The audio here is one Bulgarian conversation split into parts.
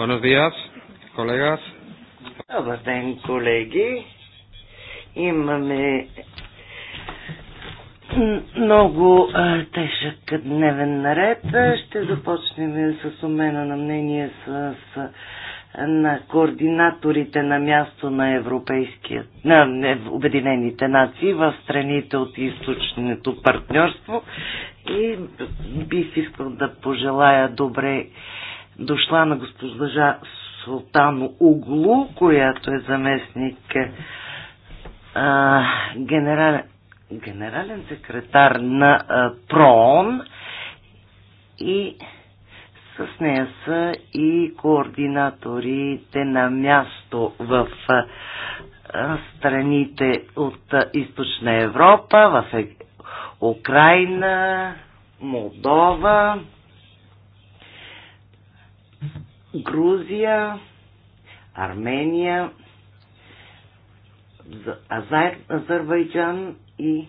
Buenos días, colegas. Добър ден, колеги. Имаме много а, тежък дневен наред. Ще започнем с умена на мнение с, с на координаторите на място на Европейския, на Обединените нации в страните от източното партньорство и бих искал да пожелая добре дошла на госпожа Султано Углу, която е заместник е, а, генерален, генерален секретар на а, ПРООН и с нея са и координаторите на място в а, страните от а, Източна Европа, в е, Украина, Молдова, Грузия, Армения, Азербайджан и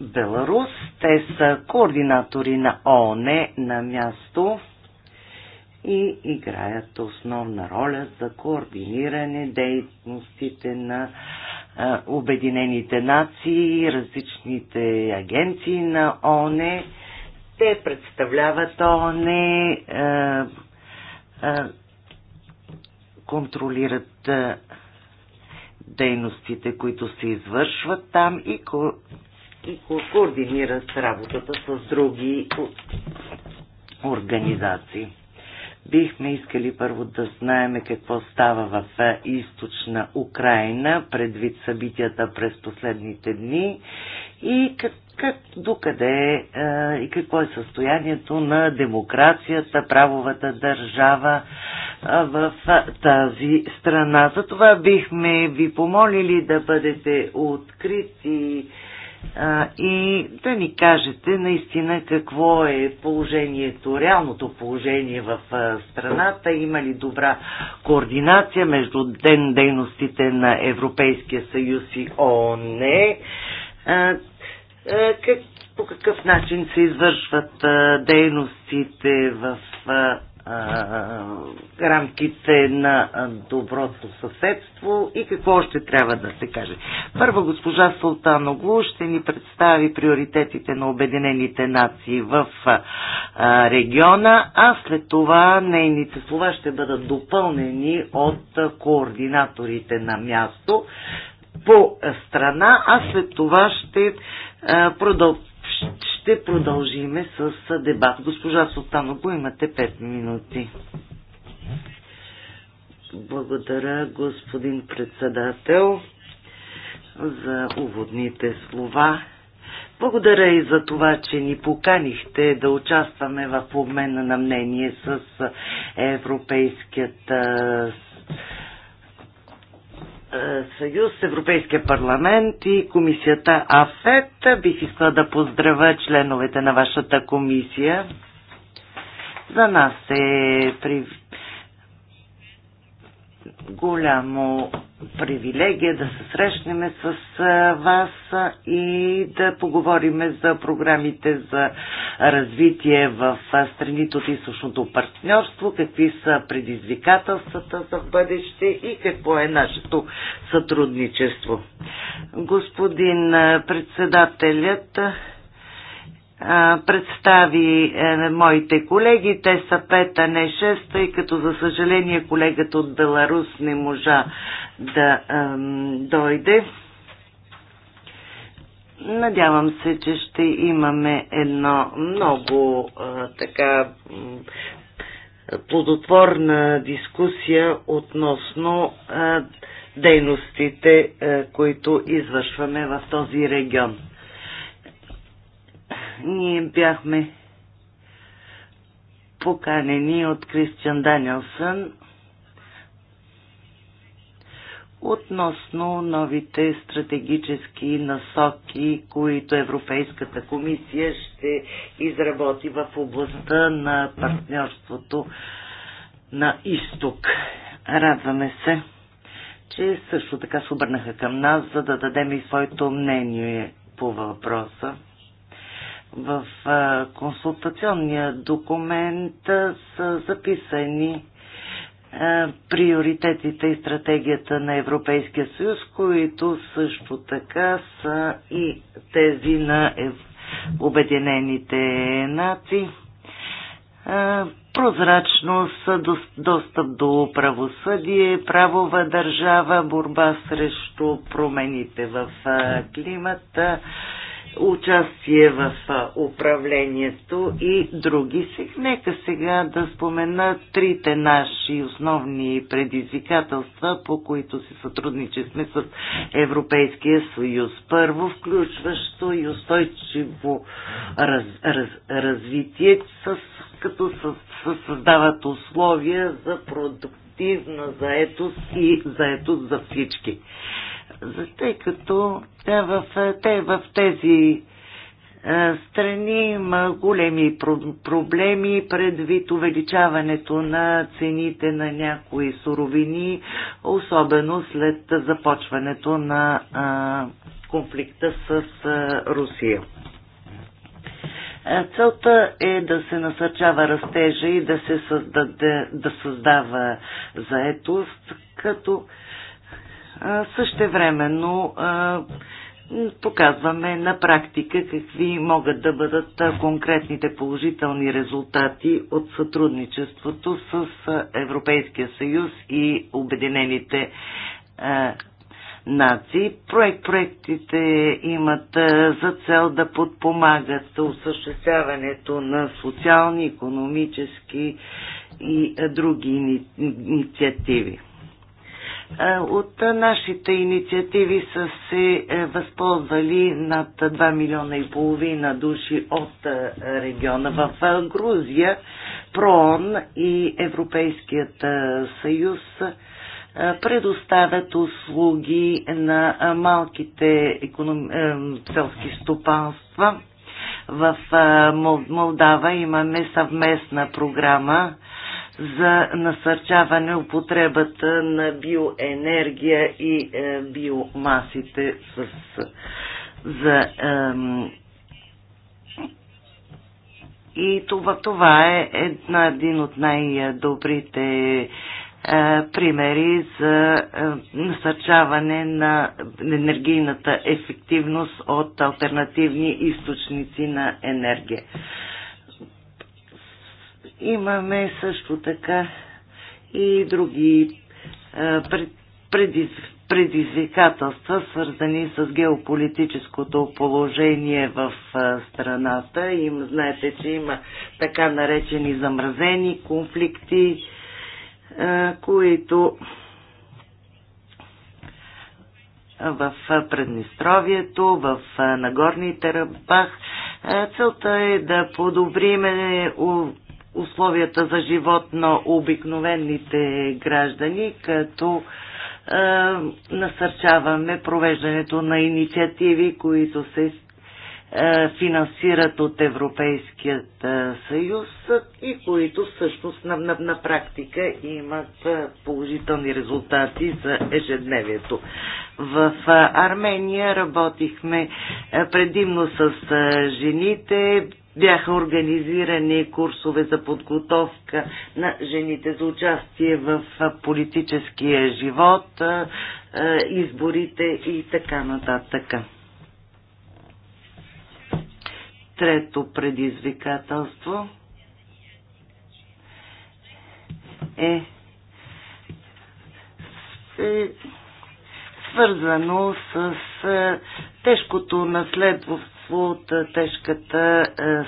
Беларус. Те са координатори на ООН на място и играят основна роля за координиране дейностите на Обединените нации, различните агенции на ООН те представляват ОНЕ, е, е, контролират е, дейностите, които се извършват там и, ко, и ко, координират работата с други организации. Бихме искали първо да знаем какво става в е, източна Украина, предвид събитията през последните дни и като как, докъде е и какво е състоянието на демокрацията, правовата държава е, в тази страна. За това бихме ви помолили да бъдете открити е, и да ни кажете наистина какво е положението, реалното положение в е, страната, има ли добра координация между ден дейностите на Европейския съюз и ООН, е, как, по какъв начин се извършват а, е, дейностите в а, е, а, рамките на доброто съседство и какво още трябва да се каже. Първо госпожа Султаноглу ще ни представи приоритетите на Обединените нации в а, региона, а след това нейните слова ще бъдат допълнени от координаторите на място, по страна, а след това ще, продъл... ще продължиме с дебат. Госпожа Султанова, имате 5 минути. Благодаря, господин председател, за уводните слова. Благодаря и за това, че ни поканихте да участваме в обмена на мнение с Европейският е, съюз, Европейския парламент и комисията АФЕТ. Бих искала да поздравя членовете на вашата комисия. За нас е голямо привилегия да се срещнем с вас и да поговорим за програмите за развитие в страните от източното партньорство, какви са предизвикателствата за бъдеще и какво е нашето сътрудничество. Господин председателят, представи е, моите колеги. Те са пет, а не шест, тъй като за съжаление колегата от Беларус не можа да дойде. Надявам се, че ще имаме едно много така плодотворна дискусия относно дейностите, които извършваме в този регион ние бяхме поканени от Кристиан Данилсън относно новите стратегически насоки, които Европейската комисия ще изработи в областта на партньорството на изток. Радваме се, че също така се обърнаха към нас, за да дадем и своето мнение по въпроса. В консултационния документ са записани приоритетите и стратегията на Европейския съюз, които също така са и тези на Обединените нации. Прозрачност, достъп до правосъдие, правова държава, борба срещу промените в климата, участие в управлението и други. Нека сега да спомена трите наши основни предизвикателства, по които си сътрудничихме с Европейския съюз. Първо, включващо и устойчиво раз, раз, развитие, с, като със, създават условия за продукт заетост и заетост за всички тъй като да, е, в, е, те в тези е, страни има големи проблеми предвид увеличаването на цените на някои суровини, особено след започването на конфликта с Русия. Целта е да се насърчава растежа и да се създаде, да създава заетост, като същевременно показваме на практика какви могат да бъдат конкретните положителни резултати от сътрудничеството с Европейския съюз и Обединените нации. Проект, проектите имат за цел да подпомагат осъществяването на социални, економически и други инициативи. Е, от нашите инициативи са се е, възползвали над 2 милиона и половина души от е, региона в Грузия. ПРООН и Европейският съюз предоставят услуги на малките економ... селски стопанства. В Молдава имаме съвместна програма за насърчаване употребата на биоенергия и е, биомасите с, за е, и това, това е една, един от най-добрите е, примери за е, насърчаване на енергийната ефективност от альтернативни източници на енергия. Имаме също така и други предизвикателства, свързани с геополитическото положение в страната. Им, знаете, че има така наречени замразени конфликти, които в Преднестровието, в Нагорни Тарабах. Целта е да подобриме условията за живот на обикновените граждани, като е, насърчаваме провеждането на инициативи, които се е, финансират от Европейският е, съюз и които всъщност на, на, на практика имат е, положителни резултати за ежедневието. В е, Армения работихме предимно с жените, бяха организирани курсове за подготовка на жените за участие в политическия живот, изборите и така нататък. Трето предизвикателство е, е свързано с тежкото наследство от тежката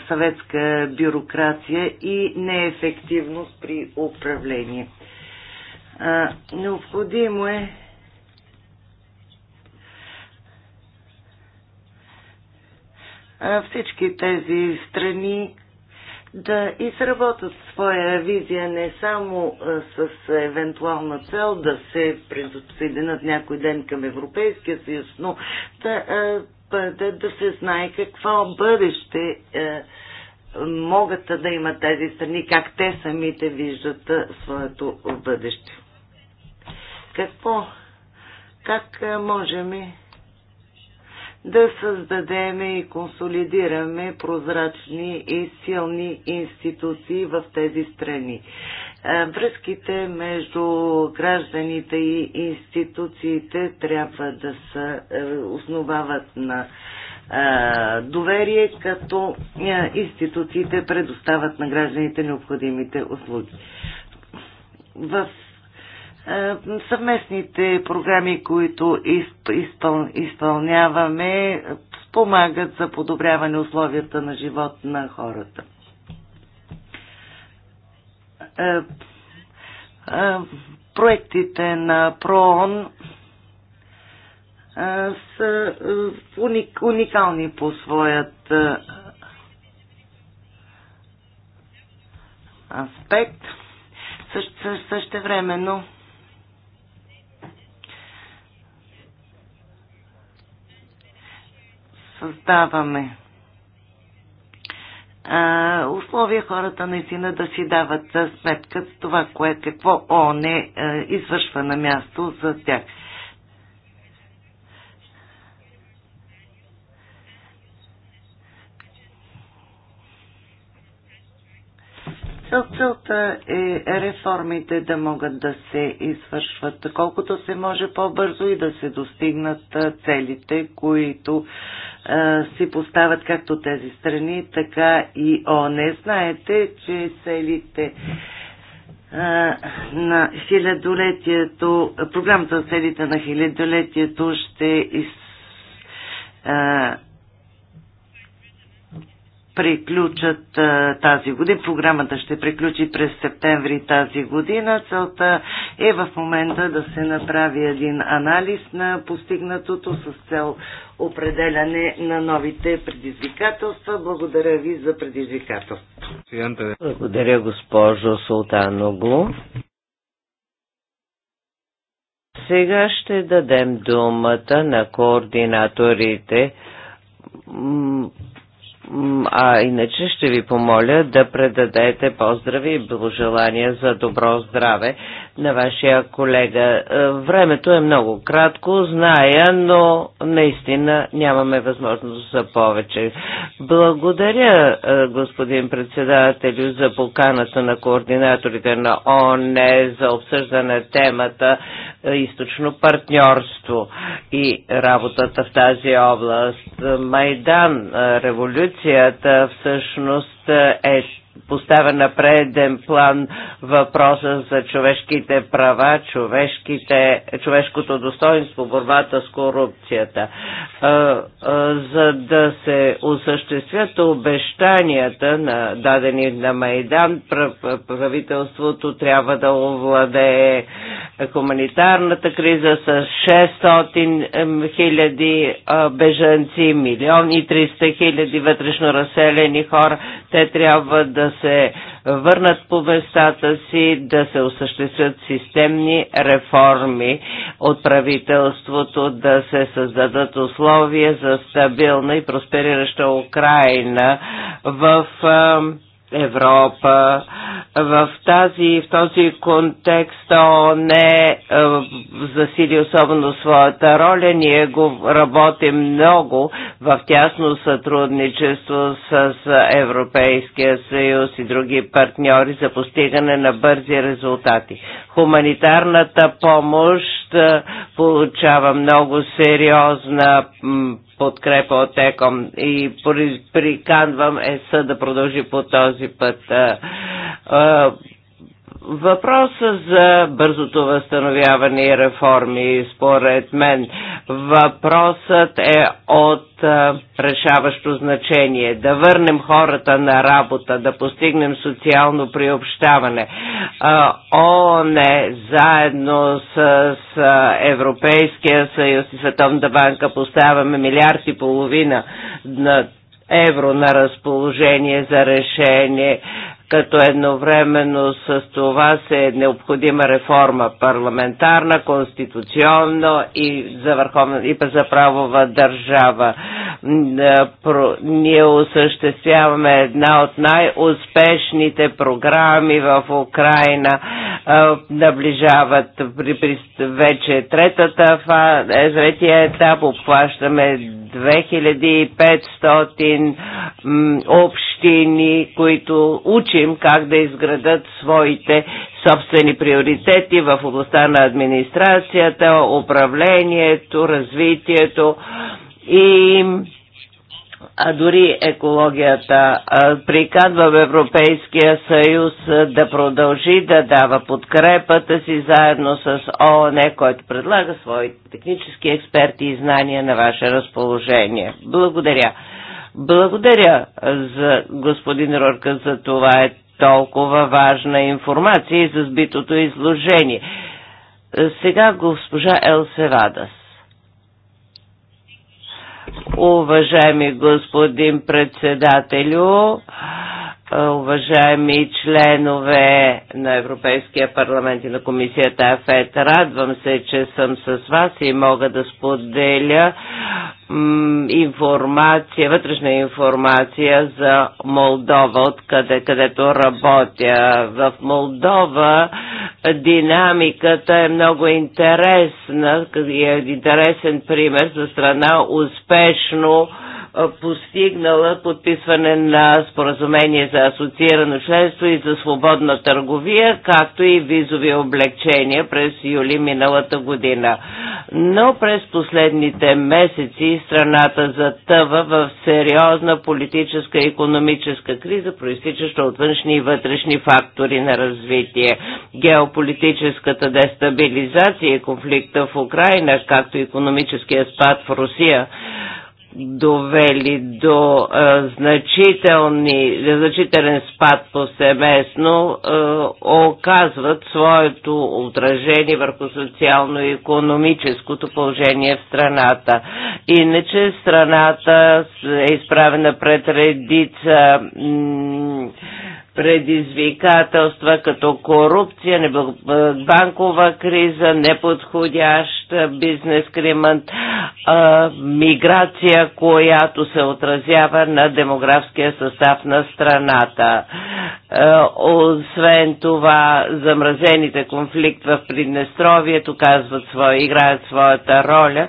съветска бюрокрация и неефективност при управление. Необходимо е всички тези страни да изработят своя визия не само с евентуална цел да се присъединят някой ден към Европейския съюз, но да бъде да се знае какво бъдеще е, могат да имат тези страни, как те самите виждат е, своето бъдеще. Какво? Как е, можем да създадем и консолидираме прозрачни и силни институции в тези страни? Е, връзките между гражданите и институциите трябва да се е, основават на е, доверие, като институциите предоставят на гражданите необходимите услуги. В съвместните програми, които изпълняваме, спомагат за подобряване условията на живот на хората. Е, е, проектите на ПРООН е, са уникални по своят аспект. Също, същевременно създаваме а, условия хората наистина да си дават сметка с това, кое, какво ООН е, извършва на място за тях. Цел, целта е реформите да могат да се извършват колкото се може по-бързо и да се достигнат целите, които а, си поставят както тези страни, така и ОНЕ. Знаете, че целите на хилядолетието, програмата за целите на хилядолетието ще из, а, приключат а, тази година. Програмата ще приключи през септември тази година. Целта е в момента да се направи един анализ на постигнатото с цел определяне на новите предизвикателства. Благодаря ви за предизвикателство. Благодаря, госпожо Султаноглу. Сега ще дадем думата на координаторите а иначе ще ви помоля да предадете поздрави и благожелания за добро здраве на вашия колега. Е, времето е много кратко, зная, но наистина нямаме възможност за повече. Благодаря, е, господин председателю, за поканата на координаторите на ООН за обсъждане темата е, източно партньорство и работата в тази област. Майдан, революцията всъщност е поставя на преден план въпроса за човешките права, човешките, човешкото достоинство, борбата с корупцията. За да се осъществят обещанията на дадени на Майдан, правителството трябва да овладее хуманитарната криза с 600 хиляди бежанци, милион и 300 хиляди вътрешно разселени хора. Те трябва да да се върнат по местата си, да се осъществят системни реформи от правителството, да се създадат условия за стабилна и просперираща Украина в Европа. В, тази, в този контекст ООН е, е, засили особено своята роля. Ние го работим много в тясно сътрудничество с Европейския съюз и други партньори за постигане на бързи резултати. Хуманитарната помощ е, получава много сериозна подкрепа от ЕКОМ и приканвам ЕСА да продължи по този път. Въпросът за бързото възстановяване и реформи, според мен, въпросът е от решаващо значение. Да върнем хората на работа, да постигнем социално приобщаване. О, не, заедно с, с Европейския съюз и Световната банка поставяме милиард и половина на евро на разположение за решение като едновременно с това се е необходима реформа парламентарна, конституционна и за, върховна, и за правова държава. Е, ние осъществяваме една от най-успешните програми в Украина. Е, наближават при, вече третата е, третия етап, обхващаме 2500 общи общини, които учим как да изградат своите собствени приоритети в областта на администрацията, управлението, развитието и а дори екологията. Приканвам Европейския съюз да продължи да дава подкрепата си заедно с ООН, който предлага своите технически експерти и знания на ваше разположение. Благодаря. Благодаря за господин Рорка за това е толкова важна информация и за сбитото изложение. Сега госпожа Елсевадас. Уважаеми господин председателю, уважаеми членове на Европейския парламент и на комисията АФЕТ. Радвам се, че съм с вас и мога да споделя информация, вътрешна информация за Молдова, откъде, където работя. В Молдова динамиката е много интересна и е интересен пример за страна успешно постигнала подписване на споразумение за асоциирано членство и за свободна търговия, както и визови облегчения през юли миналата година. Но през последните месеци страната затъва в сериозна политическа и економическа криза, проистичаща от външни и вътрешни фактори на развитие. Геополитическата дестабилизация и конфликта в Украина, както и економическия спад в Русия, довели до а, е, значителни, значителен спад повсеместно, а, е, оказват своето отражение върху социално-економическото и положение в страната. Иначе страната е изправена пред редица предизвикателства като корупция, банкова криза, неподходящ бизнес климат, миграция, която се отразява на демографския състав на страната. Освен това, замразените конфликт в Приднестровието казват своя, играят своята роля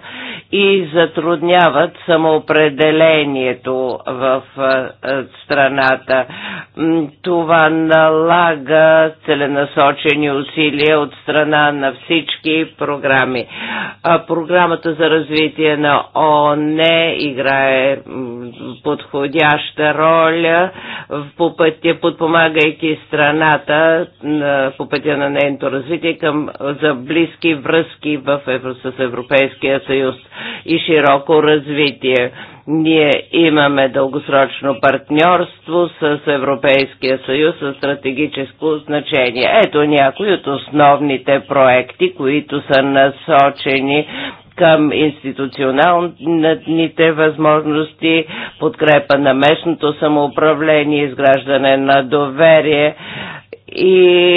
и затрудняват самоопределението в страната. То това налага целенасочени усилия от страна на всички програми. А програмата за развитие на ООН играе подходяща роля по пътя, подпомагайки страната по пътя на нейното развитие към за близки връзки в, с Европейския съюз и широко развитие. Ние имаме дългосрочно партньорство с Европейския съюз с стратегическо значение. Ето някои от основните проекти, които са насочени към институционалните възможности, подкрепа на местното самоуправление, изграждане на доверие и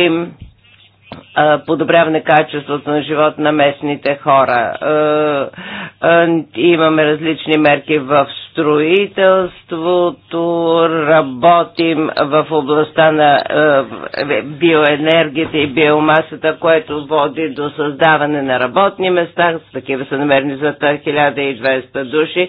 подобряване качеството на живот на местните хора. Е, Имаме различни мерки в строителството, работим в областта на биоенергията и биомасата, което води до създаване на работни места, такива са намерени за 1200 души.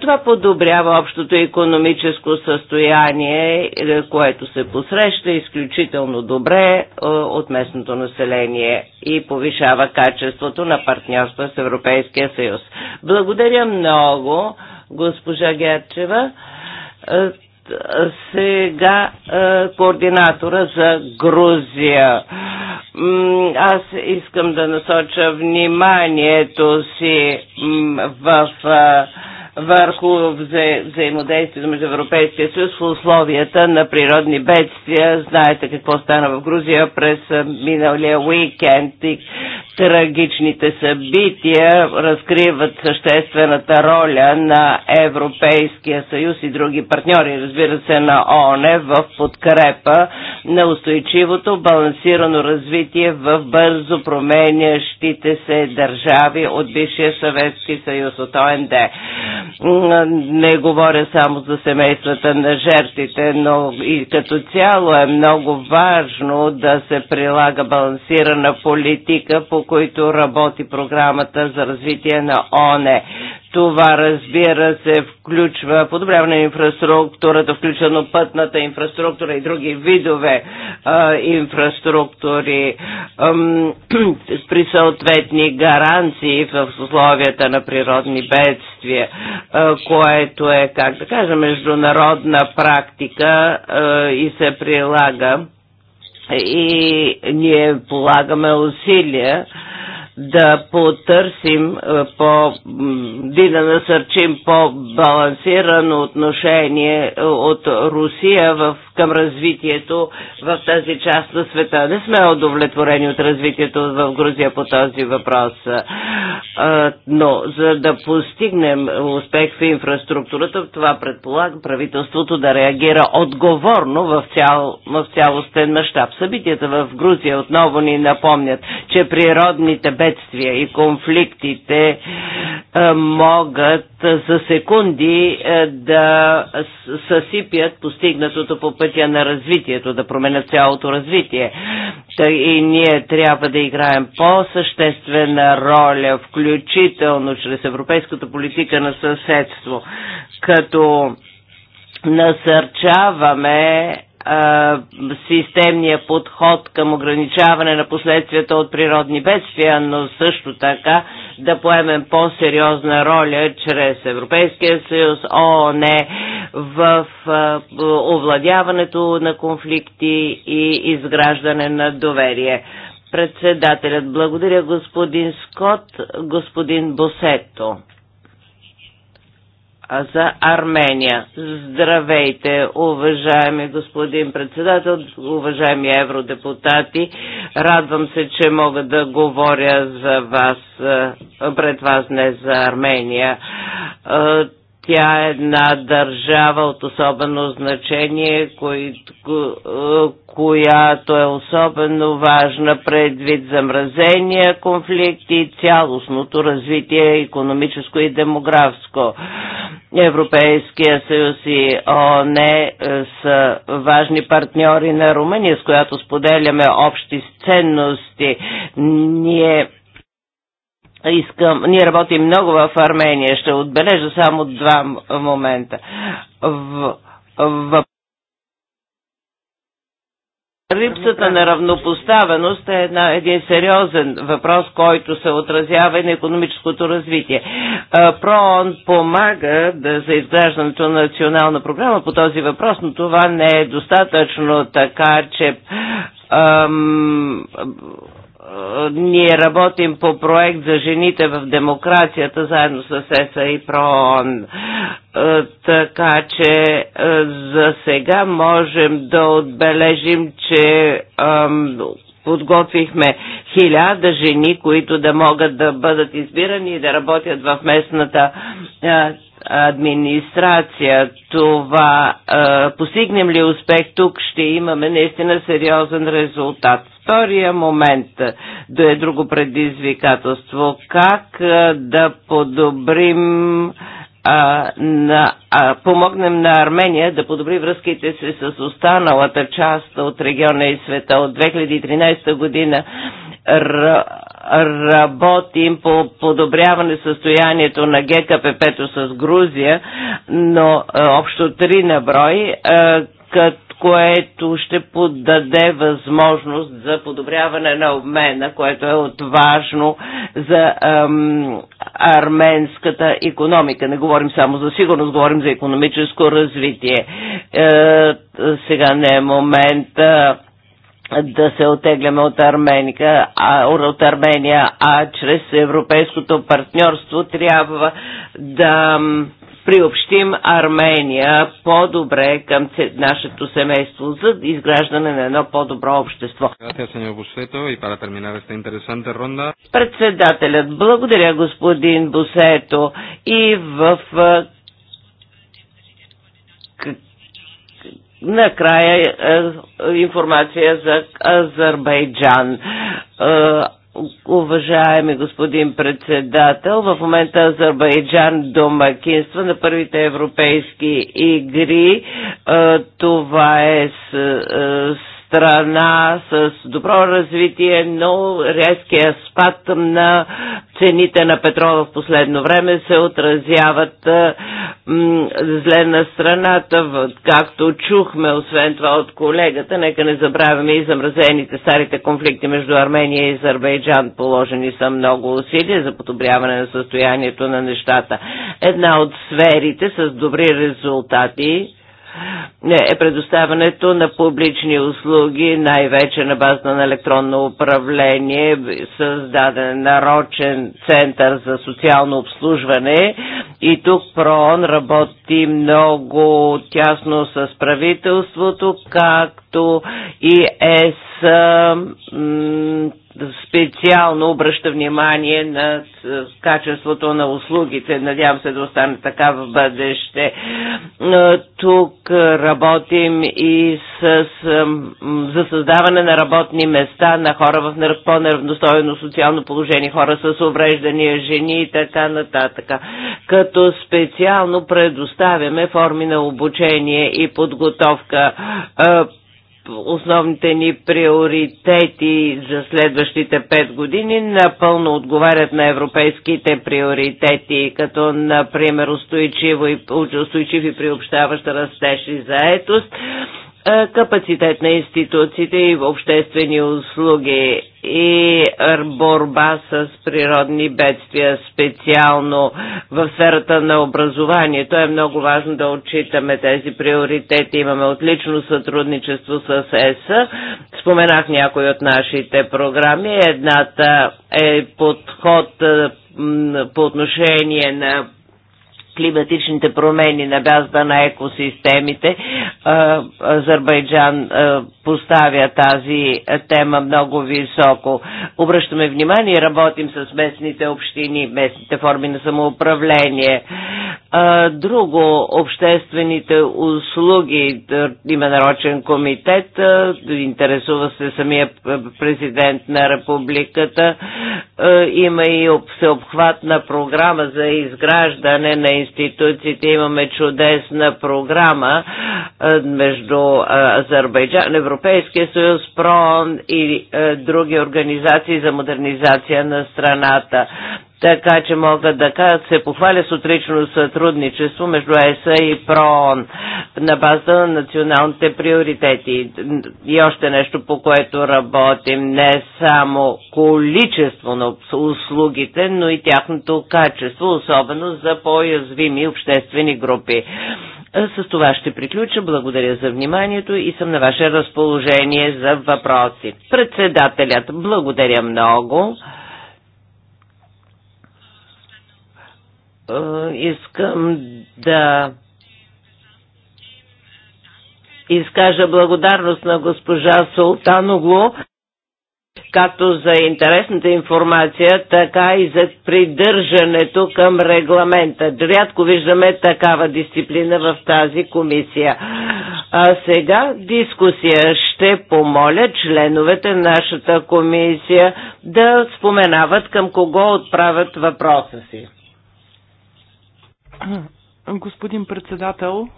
Това подобрява общото економическо състояние, е, което се посреща изключително добре е, от местното население и повишава качеството на партньорства с Европейския съюз. Благодаря много, госпожа Герчева е, сега координатора за Грузия. Аз искам да насоча вниманието си в върху вза... взаимодействието между Европейския съюз в условията на природни бедствия. Знаете какво стана в Грузия през миналия уикенд и трагичните събития разкриват съществената роля на Европейския съюз и други партньори, разбира се, на ООН в подкрепа на устойчивото балансирано развитие в бързо променящите се държави от бившия Съветски съюз, от ОНД. Не говоря само за семействата на жертвите, но и като цяло е много важно да се прилага балансирана политика, по които работи програмата за развитие на ОНЕ. Това, разбира се, включва подобряване на инфраструктурата, включено пътната инфраструктура и други видове а, инфраструктури при съответни гаранции в условията на природни бедствия, а, което е, как да кажа, международна практика а, и се прилага. И ние полагаме усилия да потърсим е, по, да насърчим по-балансирано отношение е, от Русия в към развитието в тази част на света. Не сме удовлетворени от развитието в Грузия по този въпрос. Но за да постигнем успех в инфраструктурата, това предполага правителството да реагира отговорно в, цял, в цялостен мащаб. Събитията в Грузия отново ни напомнят, че природните бедствия и конфликтите могат за секунди да съсипят постигнатото по пътя на развитието, да променят цялото развитие. и ние трябва да играем по-съществена роля, включително чрез европейската политика на съседство, като насърчаваме системния подход към ограничаване на последствията от природни бедствия, но също така да поемем по-сериозна роля чрез Европейския съюз, ООН в овладяването на конфликти и изграждане на доверие. Председателят, благодаря господин Скот, господин Босето за Армения. Здравейте, уважаеми господин председател, уважаеми евродепутати. Радвам се, че мога да говоря за вас, пред вас днес за Армения. Тя е една държава от особено значение, кои, ко, е, която е особено важна предвид замразения конфликт и цялостното развитие економическо и демографско. Европейския съюз и ООН е, са важни партньори на Румъния, с която споделяме общи ценности. Ние Искам, ние работим много в Армения, ще отбележа само два момента. В, в, Липсата на равнопоставеност е една, един сериозен въпрос, който се отразява и на економическото развитие. ПРООН помага да, за изграждането на национална програма по този въпрос, но това не е достатъчно, така че ам, ние работим по проект за жените в демокрацията заедно с ЕСА и ПРООН. Е, така че е, за сега можем да отбележим, че подготвихме хиляда жени, които да могат да бъдат избирани и да работят в местната е, администрация. Това постигнем ли успех тук, ще имаме наистина сериозен резултат втория момент до е друго предизвикателство. Как да подобрим а, на, а, помогнем на Армения да подобри връзките си с останалата част от региона и света. От 2013 година работим по подобряване състоянието на ГКПП-то с Грузия, но а, общо три на брой, а, като което ще подаде възможност за подобряване на обмена, което е отважно за ам, арменската економика. Не говорим само за сигурност, говорим за економическо развитие. Е, сега не е момент. а, да се отегляме от, Арменика, а, от Армения, а чрез европейското партньорство трябва да приобщим Армения по-добре към нашето семейство за изграждане на едно по-добро общество. Председателят, благодаря господин Бусето и в накрая информация за Азербайджан. Уважаеми господин председател, в момента Азербайджан домакинства на първите европейски игри. Е, това е с, е, страна с добро развитие, но резкия спад на цените на петрола в последно време се отразяват зле на страната, както чухме, освен това от колегата, нека не забравяме и замразените старите конфликти между Армения и Азербайджан. Положени са много усилия за подобряване на състоянието на нещата. Една от сферите с добри резултати е предоставянето на публични услуги, най-вече на база на електронно управление, създаден нарочен център за социално обслужване и тук ПРООН работи много тясно с правителството, както и ЕС специално обръща внимание на качеството на услугите. Надявам се да остане така в бъдеще. Е, тук работим и с, за създаване на работни места на хора в по-неравностойно социално положение, хора с увреждания, жени и така нататък. Като специално предоставяме форми на обучение и подготовка е, основните ни приоритети за следващите пет години напълно отговарят на европейските приоритети, като например устойчиво и, устойчив и приобщаващ растеж и заетост, е, капацитет на институциите и в обществени услуги и борба с природни бедствия, специално в сферата на образованието. Е много важно да отчитаме тези приоритети. Имаме отлично сътрудничество с ЕС. Споменах някои от нашите програми. Едната е подход по отношение на климатичните промени на газда на екосистемите. Е, е, Азербайджан е, поставя тази тема много високо. Обръщаме внимание и работим с местните общини, местните форми на самоуправление. Друго, обществените услуги, има нарочен комитет, интересува се самия президент на републиката. Има и всеобхватна програма за изграждане на институциите имаме чудесна програма между Азербайджан, Европейския съюз, ПРОН и други организации за модернизация на страната. Така че мога да кажа, се похваля с отрично сътрудничество между ЕСА и ПРООН на база на националните приоритети. И още нещо, по което работим, не само количество на услугите, но и тяхното качество, особено за по-язвими обществени групи. С това ще приключа. Благодаря за вниманието и съм на ваше разположение за въпроси. Председателят, благодаря много. искам да изкажа благодарност на госпожа Султаногло, както за интересната информация, така и за придържането към регламента. Рядко виждаме такава дисциплина в тази комисия. А сега дискусия. Ще помоля членовете на нашата комисия да споменават към кого отправят въпроса си. Господин председател,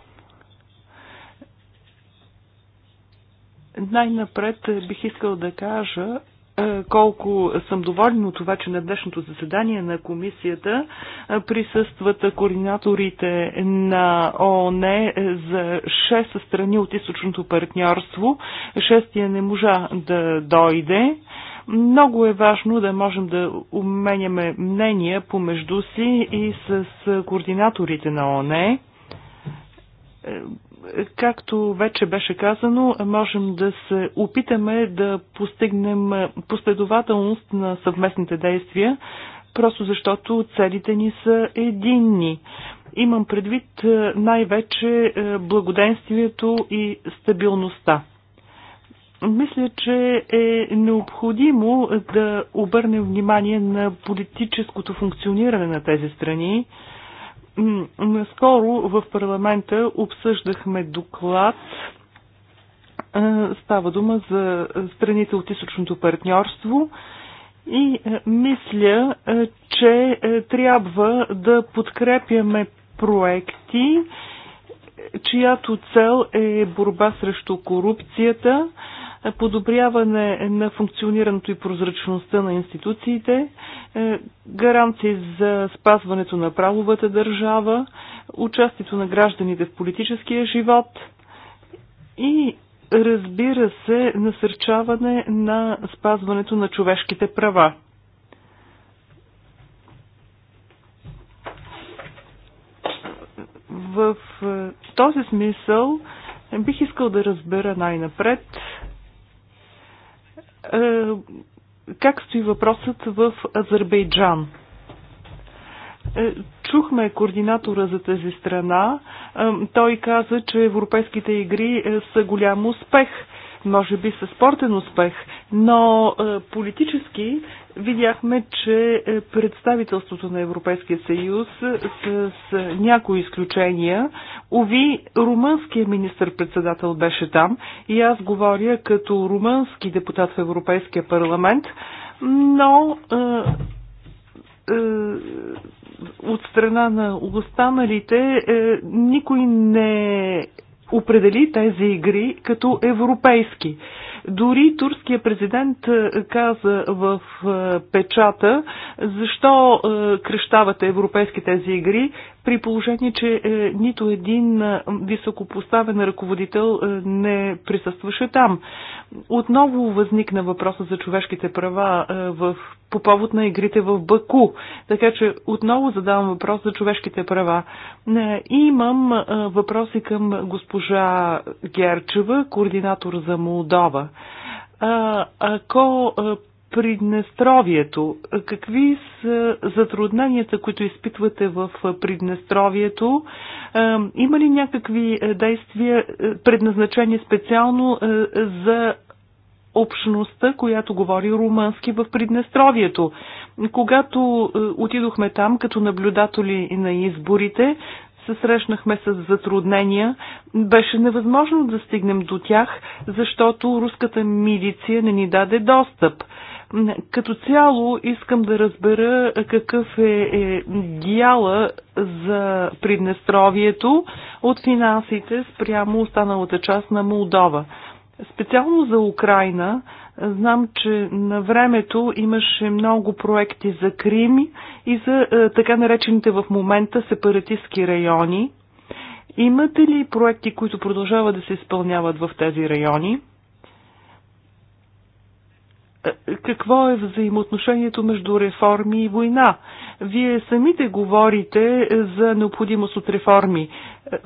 най-напред бих искал да кажа, е, колко съм доволен от това, че на днешното заседание на комисията присъстват координаторите на ООН за 6 страни от източното партньорство. Шестия не можа да дойде. Много е важно да можем да уменяме мнения помежду си и с координаторите на ОНЕ. Както вече беше казано, можем да се опитаме да постигнем последователност на съвместните действия, просто защото целите ни са единни. Имам предвид най-вече благоденствието и стабилността. Мисля, че е необходимо да обърнем внимание на политическото функциониране на тези страни. Наскоро в парламента обсъждахме доклад. Става дума за страните от източното партньорство. И мисля, че трябва да подкрепяме проекти, чиято цел е борба срещу корупцията, подобряване на функционирането и прозрачността на институциите, е, гаранции за спазването на правовата държава, участието на гражданите в политическия живот и разбира се, насърчаване на спазването на човешките права. В е, този смисъл е, бих искал да разбера най-напред е, как стои въпросът в Азербайджан? Е, чухме координатора за тази страна. Е, той каза, че европейските игри са голям успех може би със спортен успех, но е, политически видяхме, че е, представителството на Европейския съюз с, е, с някои изключения, уви, румънският министр-председател беше там и аз говоря като румънски депутат в Европейския парламент, но е, е, от страна на останалите е, никой не определи тези игри като европейски. Дори турския президент е, каза в е, печата, защо е, крещавате европейски тези игри, при положение, че е, нито един е, високопоставен ръководител е, не присъстваше там. Отново възникна въпроса за човешките права в, по повод на игрите в Баку. Така че отново задавам въпрос за човешките права. Имам въпроси към госпожа Герчева, координатор за Молдова ако Приднестровието. Какви са затрудненията, които изпитвате в Приднестровието? Е, има ли някакви е, действия, е, предназначени специално за общността, която говори румънски в Приднестровието. Когато отидохме там като наблюдатели на изборите, се срещнахме с затруднения. Беше невъзможно да стигнем до тях, защото руската милиция не ни даде достъп. Като цяло искам да разбера какъв е, е дяла за Приднестровието от финансите спрямо останалата част на Молдова. Специално за Украина знам, че на времето имаше много проекти за Крим и за е, така наречените в момента сепаратистски райони. Имате ли проекти, които продължават да се изпълняват в тези райони? Е, какво е взаимоотношението между реформи и война. Вие самите говорите е, за необходимост от реформи. Е,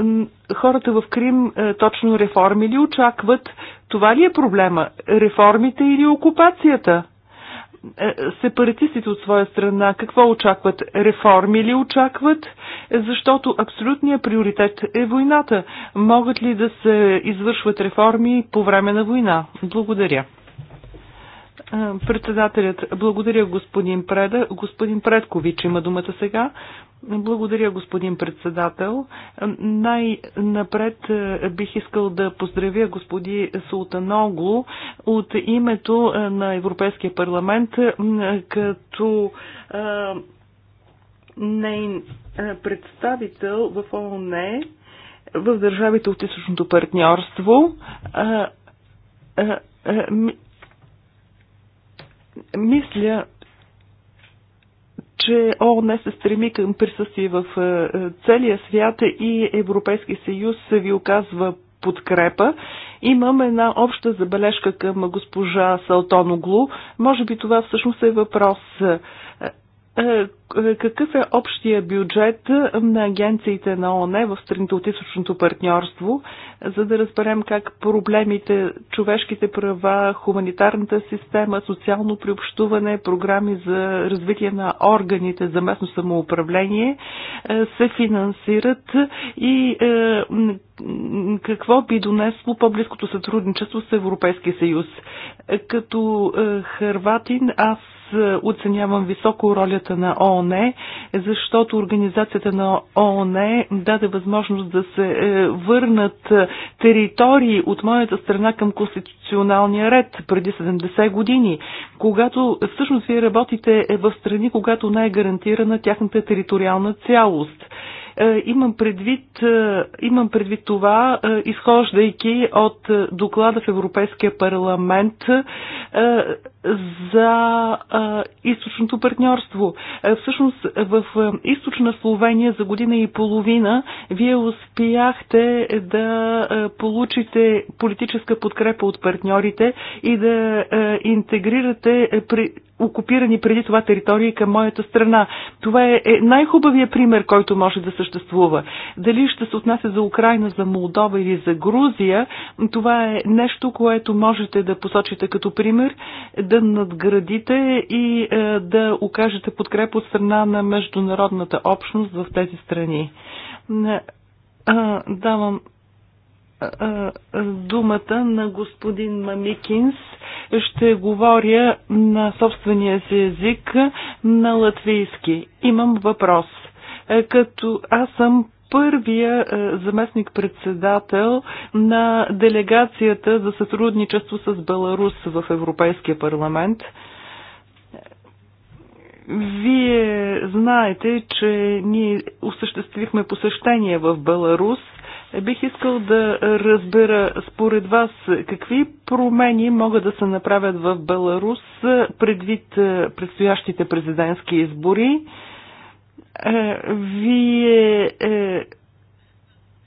хората в Крим точно реформи ли очакват? Това ли е проблема? Реформите или окупацията? Сепаратистите от своя страна какво очакват? Реформи ли очакват? Защото абсолютният приоритет е войната. Могат ли да се извършват реформи по време на война? Благодаря. Председателят, благодаря господин Преда. Господин Предкович има думата сега. Благодаря, господин председател. Най-напред бих искал да поздравя господин Султаногло от името на Европейския парламент като нейн представител в ООН в държавите от източното партньорство мисля, че ООН се стреми към присъствие в е, е, целия свят и Европейски съюз ви оказва подкрепа. Имам една обща забележка към госпожа Салтоноглу. Може би това всъщност е въпрос. Е, е, е, какъв е общия бюджет на агенциите на ООН в страните от източното партньорство, за да разберем как проблемите, човешките права, хуманитарната система, социално приобщуване, програми за развитие на органите за местно самоуправление е, се финансират и какво би донесло по-близкото сътрудничество с Европейския съюз. Като хърватин аз оценявам високо ролята на ООН, защото организацията на ООН даде възможност да се е, върнат територии от моята страна към конституционалния ред преди 70 години, когато всъщност вие работите е в страни, когато не е гарантирана тяхната териториална цялост. Е, имам предвид, е, имам предвид това, е, изхождайки от доклада в Европейския парламент за източното партньорство. Всъщност в източна Словения за година и половина вие успяхте да получите политическа подкрепа от партньорите и да интегрирате окупирани преди това територии към моята страна. Това е най-хубавия пример, който може да се съществува. Дали ще се отнася за Украина, за Молдова или за Грузия, това е нещо, което можете да посочите като пример, да надградите и е, да окажете подкрепа от страна на международната общност в тези страни. Е, е, давам думата на господин Мамикинс. Ще говоря на собствения си език на латвийски. Имам въпрос. Е, като аз съм първия е, заместник-председател на делегацията за сътрудничество с Беларус в Европейския парламент. Вие знаете, че ние осъществихме посещение в Беларус. Е, бих искал да разбера според вас какви промени могат да се направят в Беларус предвид предстоящите президентски избори. Вие е,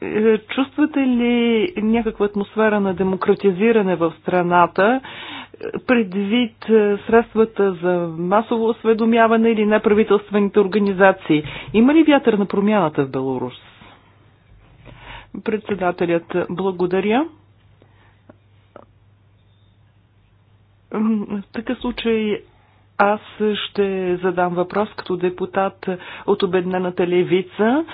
е, чувствате ли някаква атмосфера на демократизиране в страната? Е, предвид средствата за масово осведомяване или неправителствените организации. Има ли вятър на промяната в Беларус? Председателят, благодаря. В такъв случай аз ще задам въпрос като депутат от обеднената левица.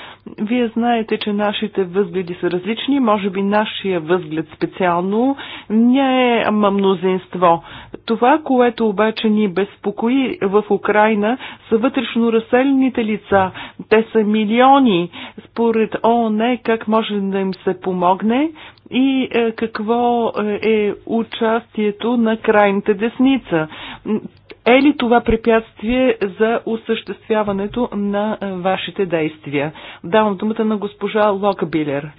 Вие знаете, че нашите възгледи са различни. Може би нашия възглед специално не е мнозинство. Това, което обаче ни безпокои в Украина, са вътрешно разселените лица. Те са милиони. Според ООН, как може да им се помогне? и е, какво е участието на крайната десница. Е ли това препятствие за осъществяването на е, вашите действия? Давам думата на госпожа Локабилер.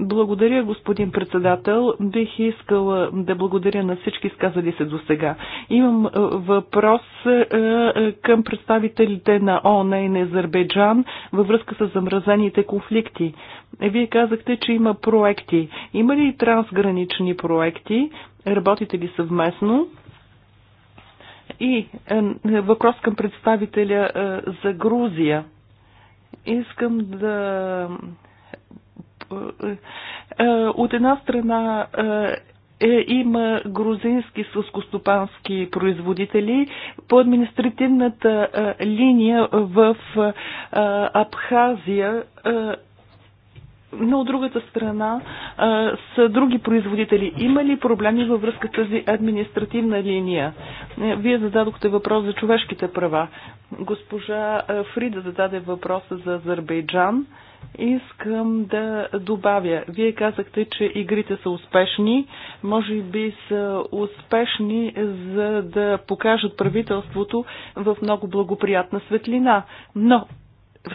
Благодаря, господин председател. Бих искала да благодаря на всички сказали се до сега. Имам е, въпрос е, към представителите на ООН и на Азербайджан във връзка с замразените конфликти. Вие казахте, че има проекти. Има ли трансгранични проекти? Работите ли съвместно? И е, въпрос към представителя е, за Грузия. Искам да. Е, от една страна е, има грузински сълскостопански производители по административната е, линия в е, Абхазия. Е, но от другата страна а, са други производители. Има ли проблеми във връзка с тази административна линия? Е, вие зададохте въпрос за човешките права. Госпожа Фрида зададе въпроса за Азербайджан. Искам да добавя. Вие казахте, че игрите са успешни. Може би са успешни, за да покажат правителството в много благоприятна светлина. Но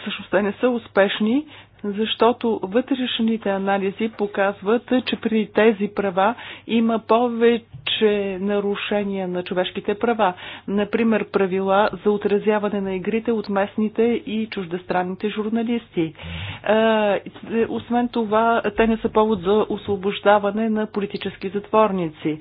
всъщност те не са успешни, защото вътрешните анализи показват, че при тези права има повече нарушения на човешките права. Например, правила за отразяване на игрите от местните и чуждестранните журналисти. Освен това, те не са повод за освобождаване на политически затворници.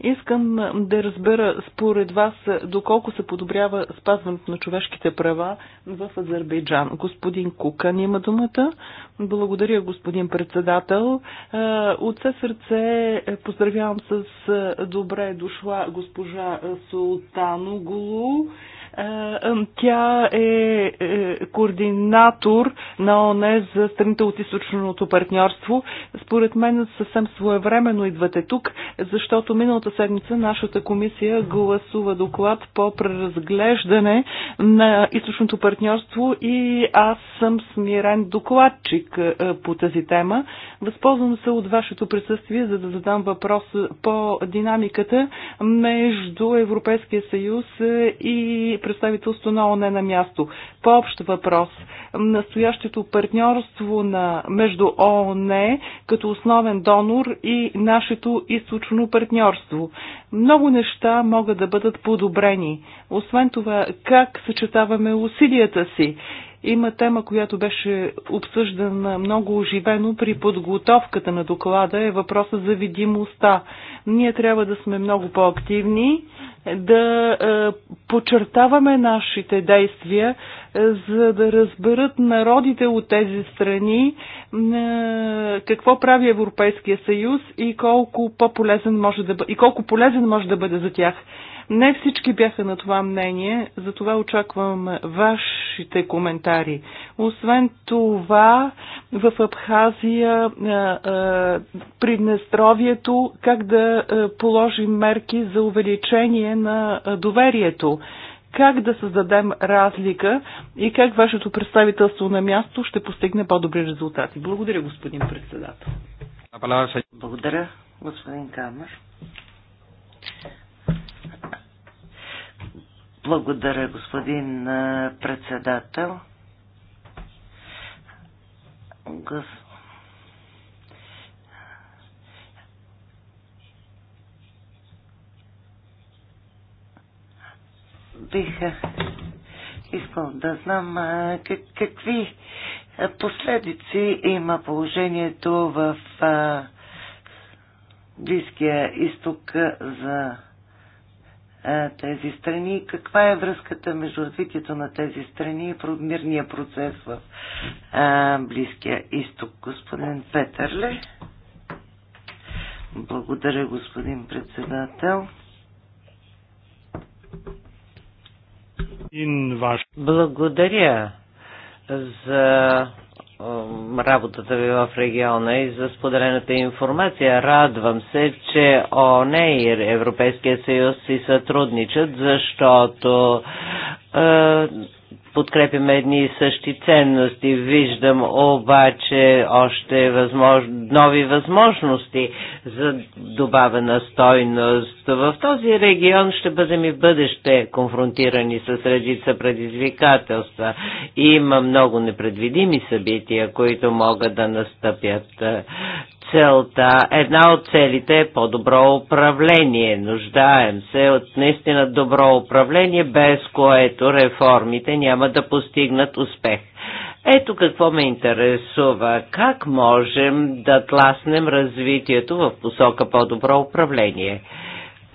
Искам да разбера според вас доколко се подобрява спазването на човешките права в Азербайджан. Господин Кукан има думата. Благодаря, господин председател. От все сърце е, поздравявам с е, добре дошла госпожа Султаноглу. Гулу тя е, е координатор на ОНЕ за страните от източното партньорство. Според мен съвсем своевременно идвате тук, защото миналата седмица нашата комисия гласува доклад по преразглеждане на източното партньорство и аз съм смирен докладчик е, по тази тема. Възползвам се от вашето присъствие, за да задам въпрос по динамиката между Европейския съюз е, и представителство на ОНЕ на място. По-общ въпрос. Настоящето партньорство на, между ООН като основен донор и нашето източно партньорство. Много неща могат да бъдат подобрени. Освен това, как съчетаваме усилията си? има тема, която беше обсъждана много оживено при подготовката на доклада е въпроса за видимостта. Ние трябва да сме много по-активни, да е, подчертаваме нашите действия, е, за да разберат народите от тези страни е, какво прави Европейския съюз и колко по-полезен може да бъ... и колко полезен може да бъде за тях. Не всички бяха на това мнение, затова очаквам вашите коментари. Освен това, в Абхазия, Приднестровието, как да положим мерки за увеличение на доверието как да създадем разлика и как вашето представителство на място ще постигне по-добри резултати. Благодаря, господин председател. Благодаря, господин Камър. Благодаря, господин председател. Гос... Бих искал да знам как, какви последици има положението в Близкия изток за тези страни. Каква е връзката между развитието на тези страни и мирния процес в а, Близкия изток, господин Петърле? Благодаря, господин председател. Благодаря за работата ви в региона и за споделената информация. Радвам се, че ОНЕ и Европейския съюз си сътрудничат, защото е, подкрепяме едни и същи ценности. Виждам обаче още възмож... нови възможности за добавена стойност. В този регион ще бъдем и бъдеще конфронтирани с редица предизвикателства. Има много непредвидими събития, които могат да настъпят целта, една от целите е по-добро управление. Нуждаем се от наистина добро управление, без което реформите няма няма да постигнат успех. Ето какво ме интересува. Как можем да тласнем развитието в посока по-добро управление?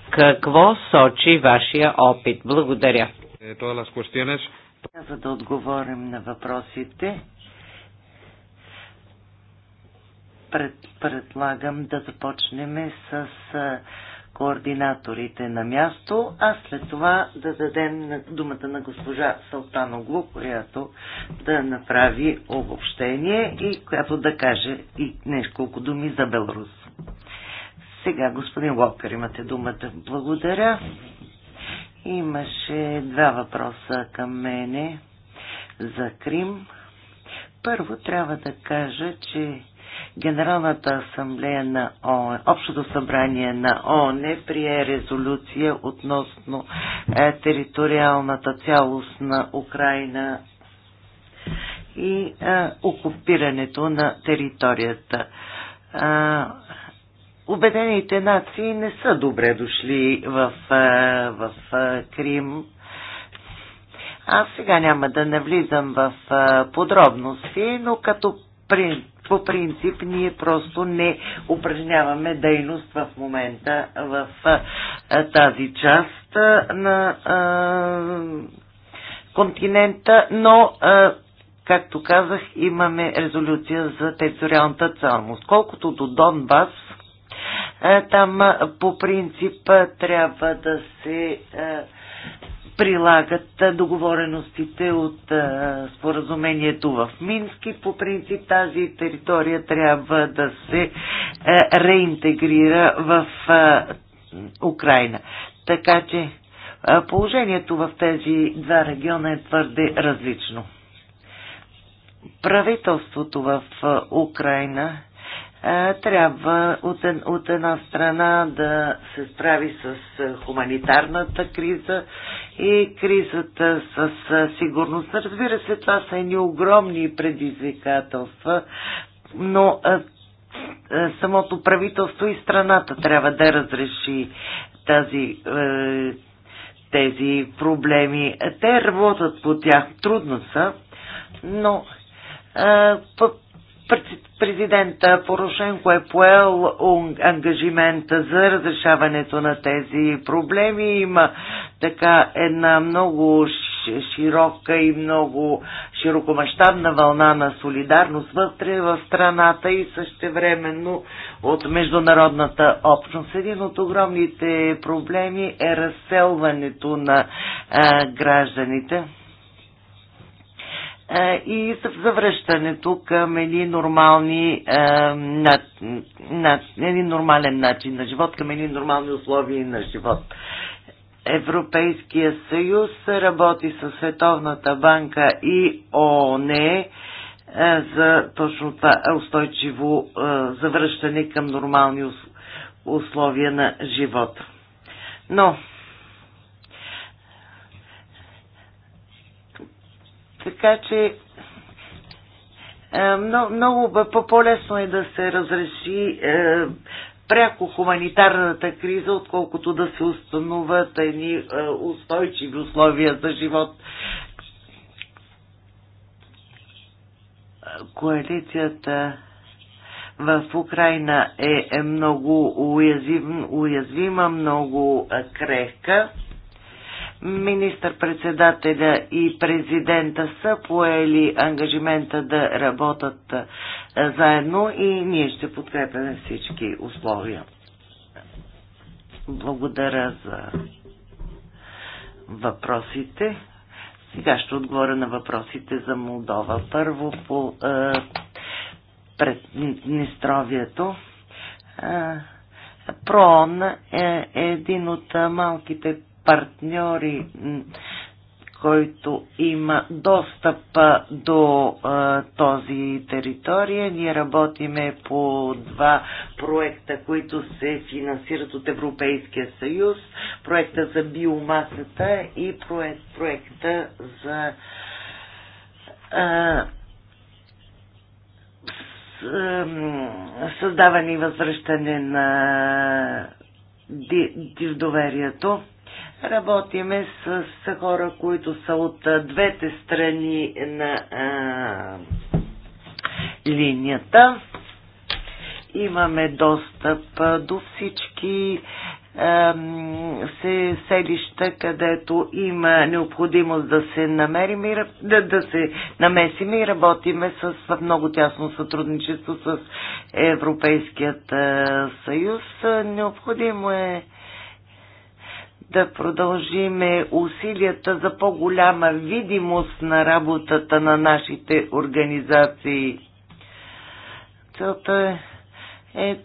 Какво сочи вашия опит? Благодаря. За да отговорим на въпросите, пред, предлагам да започнем с координаторите на място, а след това да дадем думата на госпожа Салтаноглу, която да направи обобщение и която да каже и няколко думи за Беларус. Сега, господин Локър, имате думата. Благодаря. Имаше два въпроса към мене за Крим. Първо трябва да кажа, че Генералната асамблея на ООН, Общото събрание на ООН прие резолюция относно е, териториалната цялост на Украина и е, окупирането на територията. Е, Обедените нации не са добре дошли в, е, в, в е, Крим. Аз сега няма да навлизам в е, подробности, но като при, по принцип ние просто не упражняваме дейност в момента в тази част на континента, но както казах, имаме резолюция за териториалната цялност. Колкото до Донбас, там по принцип трябва да се прилагат договореностите от споразумението в Мински. По принцип тази територия трябва да се реинтегрира в Украина. Така че положението в тези два региона е твърде различно. Правителството в Украина трябва от, е, от една страна да се справи с е, хуманитарната криза и кризата с е, сигурност. Разбира се, това са едни огромни предизвикателства, но самото правителство и страната трябва да разреши тази тези проблеми. Те работят по тях, трудно са, но а, Президента Порошенко е поел ангажимента за разрешаването на тези проблеми. Има така една много широка и много широкомащабна вълна на солидарност вътре в страната и същевременно от международната общност. Един от огромните проблеми е разселването на а, гражданите е, и завръщането към едни нормални, над, е, над, нормален начин на живот, към едни нормални условия на живот. Европейския съюз работи със Световната банка и ООН е, за точно това устойчиво завръщане към нормални условия на живот. Но Така че е, много, много по-лесно е да се разреши е, пряко хуманитарната криза, отколкото да се установят едни е, устойчиви условия за живот. Коалицията в Украина е, е много уязвим, уязвима, много крехка. Министър-председателя и президента са поели ангажимента да работят заедно и ние ще подкрепяме всички условия. Благодаря за въпросите. Сега ще отговоря на въпросите за Молдова. Първо по е, Е, Прон е един от малките партньори, който има достъп до а, този територия. Ние работиме по два проекта, които се финансират от Европейския съюз. Проекта за биомасата и проект, проекта за а, създаване и възвръщане на доверието. Работиме с, хора, които са от двете страни на а, линията. Имаме достъп до всички се селища, където има необходимост да се намерим и да, да се намесим и работиме с, в много тясно сътрудничество с Европейският съюз. Необходимо е да продължиме усилията за по-голяма видимост на работата на нашите организации. Целта е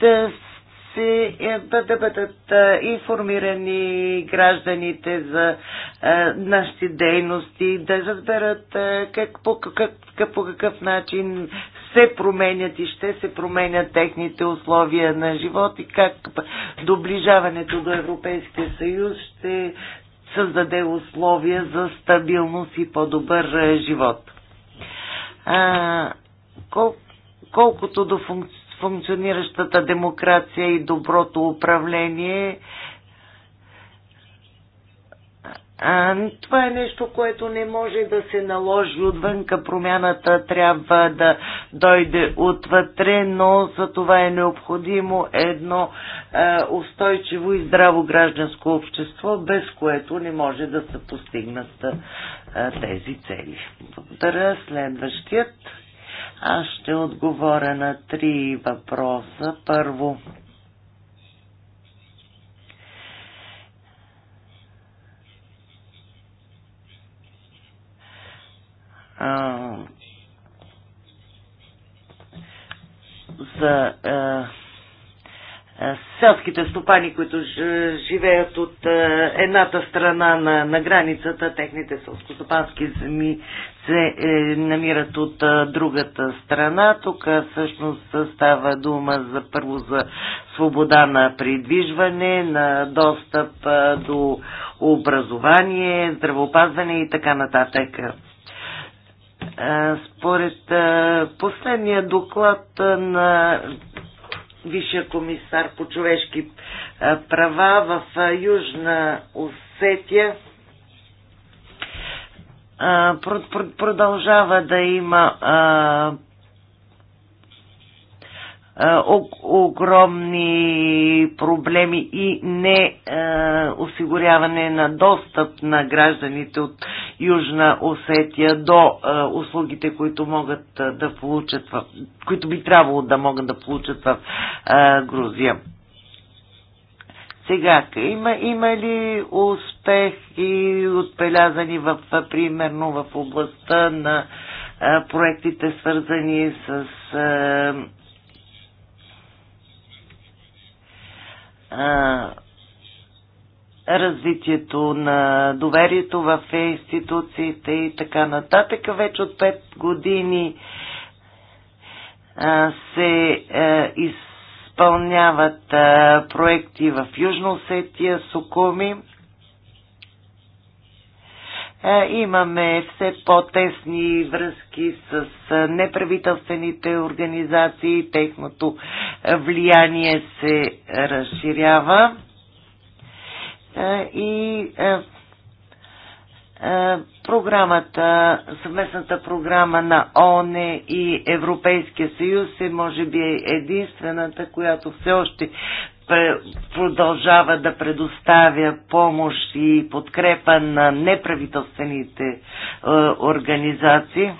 да се, е, да бъдат е, информирани гражданите за е, нашите дейности, да разберат как, по, как, по какъв начин се променят и ще се променят техните условия на живот и как доближаването до Европейския съюз ще създаде условия за стабилност и по-добър е, живот. А, кол, колкото до функци, функциониращата демокрация и доброто управление, а, това е нещо, което не може да се наложи отвънка. Промяната трябва да дойде отвътре, но за това е необходимо едно а, устойчиво и здраво гражданско общество, без което не може да се постигнат а, тези цели. Благодаря. Следващият. Аз ще отговоря на три въпроса. Първо, за а, селските стопани, които живеят от едната страна на, на границата, техните селскостопански земи се е, намират от другата страна. Тук всъщност става дума за първо за свобода на придвижване, на достъп до образование, здравеопазване и така нататък. Според последния доклад на Висшия комисар по човешки права в Южна Осетия, продължава да има е, огромни проблеми и не е, осигуряване на достъп на гражданите от Южна Осетия до е, услугите, които могат да получат в, които би трябвало да могат да получат в Грузия. Сега, има, има ли успехи отбелязани в, примерно в областта на проектите свързани с развитието на доверието в институциите и така нататък. Вече от 5 години а, се а, изпълняват а, проекти в Южно Осетия, Сукуми. Е, имаме все по-тесни връзки с е, неправителствените организации, техното е, влияние се разширява и програмата, съвместната програма на ООН и Европейския съюз е може би единствената, която все още продължава да предоставя помощ и подкрепа на неправителствените е, организации.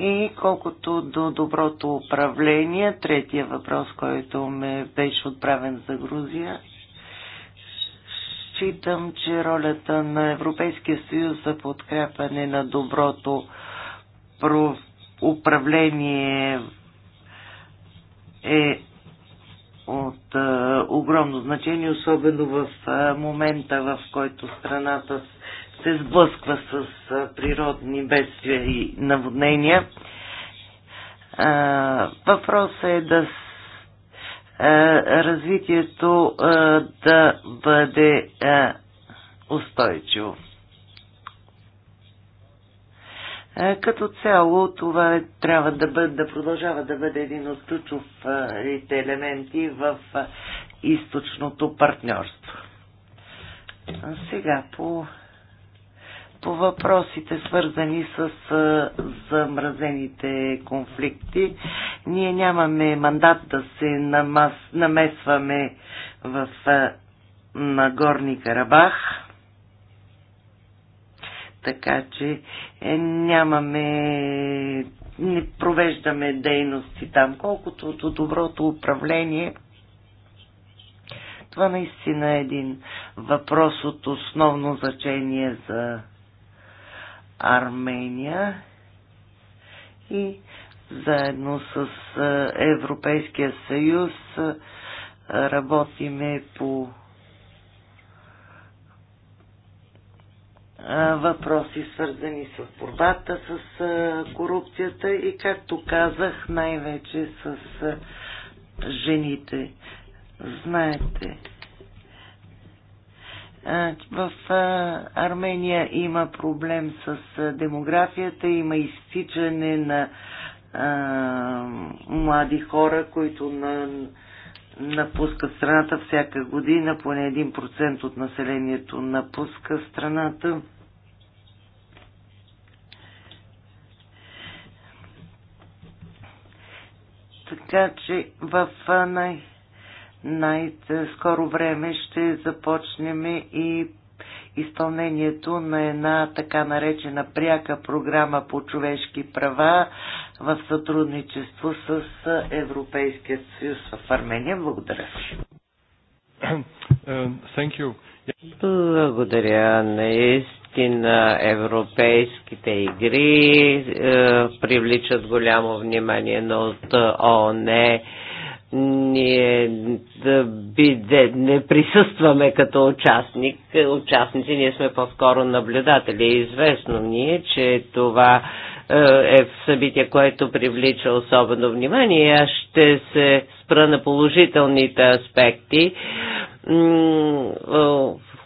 И колкото до доброто управление, третия въпрос, който ме беше отправен за Грузия, считам, че ролята на Европейския съюз за подкрепане на доброто управление е от а, е, огромно значение, особено в а, е, момента, в който страната се сблъсква с а, е, природни бедствия и наводнения. А, въпросът е да е, развитието е, да бъде е, устойчиво. Като цяло това трябва да, бъде, да продължава да бъде един от ключовите елементи в източното партньорство. сега по по въпросите свързани с замразените конфликти. Ние нямаме мандат да се намас, намесваме в Нагорни Карабах, така че е, нямаме не провеждаме дейности там, колкото до доброто управление. Това наистина е един въпрос от основно значение за Армения и заедно с Европейския съюз работиме по въпроси, свързани с борбата с корупцията и, както казах, най-вече с жените. Знаете, в Армения има проблем с демографията, има изтичане на млади хора, които на, напускат страната всяка година, поне 1% от населението напуска страната. Така че в най- най-скоро време ще започнем и изпълнението на една така наречена пряка програма по човешки права в сътрудничество с Европейският съюз в Армения. Благодаря ви. Благодаря. Наистина европейските игри е, привличат голямо внимание, но от ООН ние да биде, не присъстваме като участник, участници, ние сме по-скоро наблюдатели. Известно ни е, че това е, е събитие, което привлича особено внимание. Аз ще се спра на положителните аспекти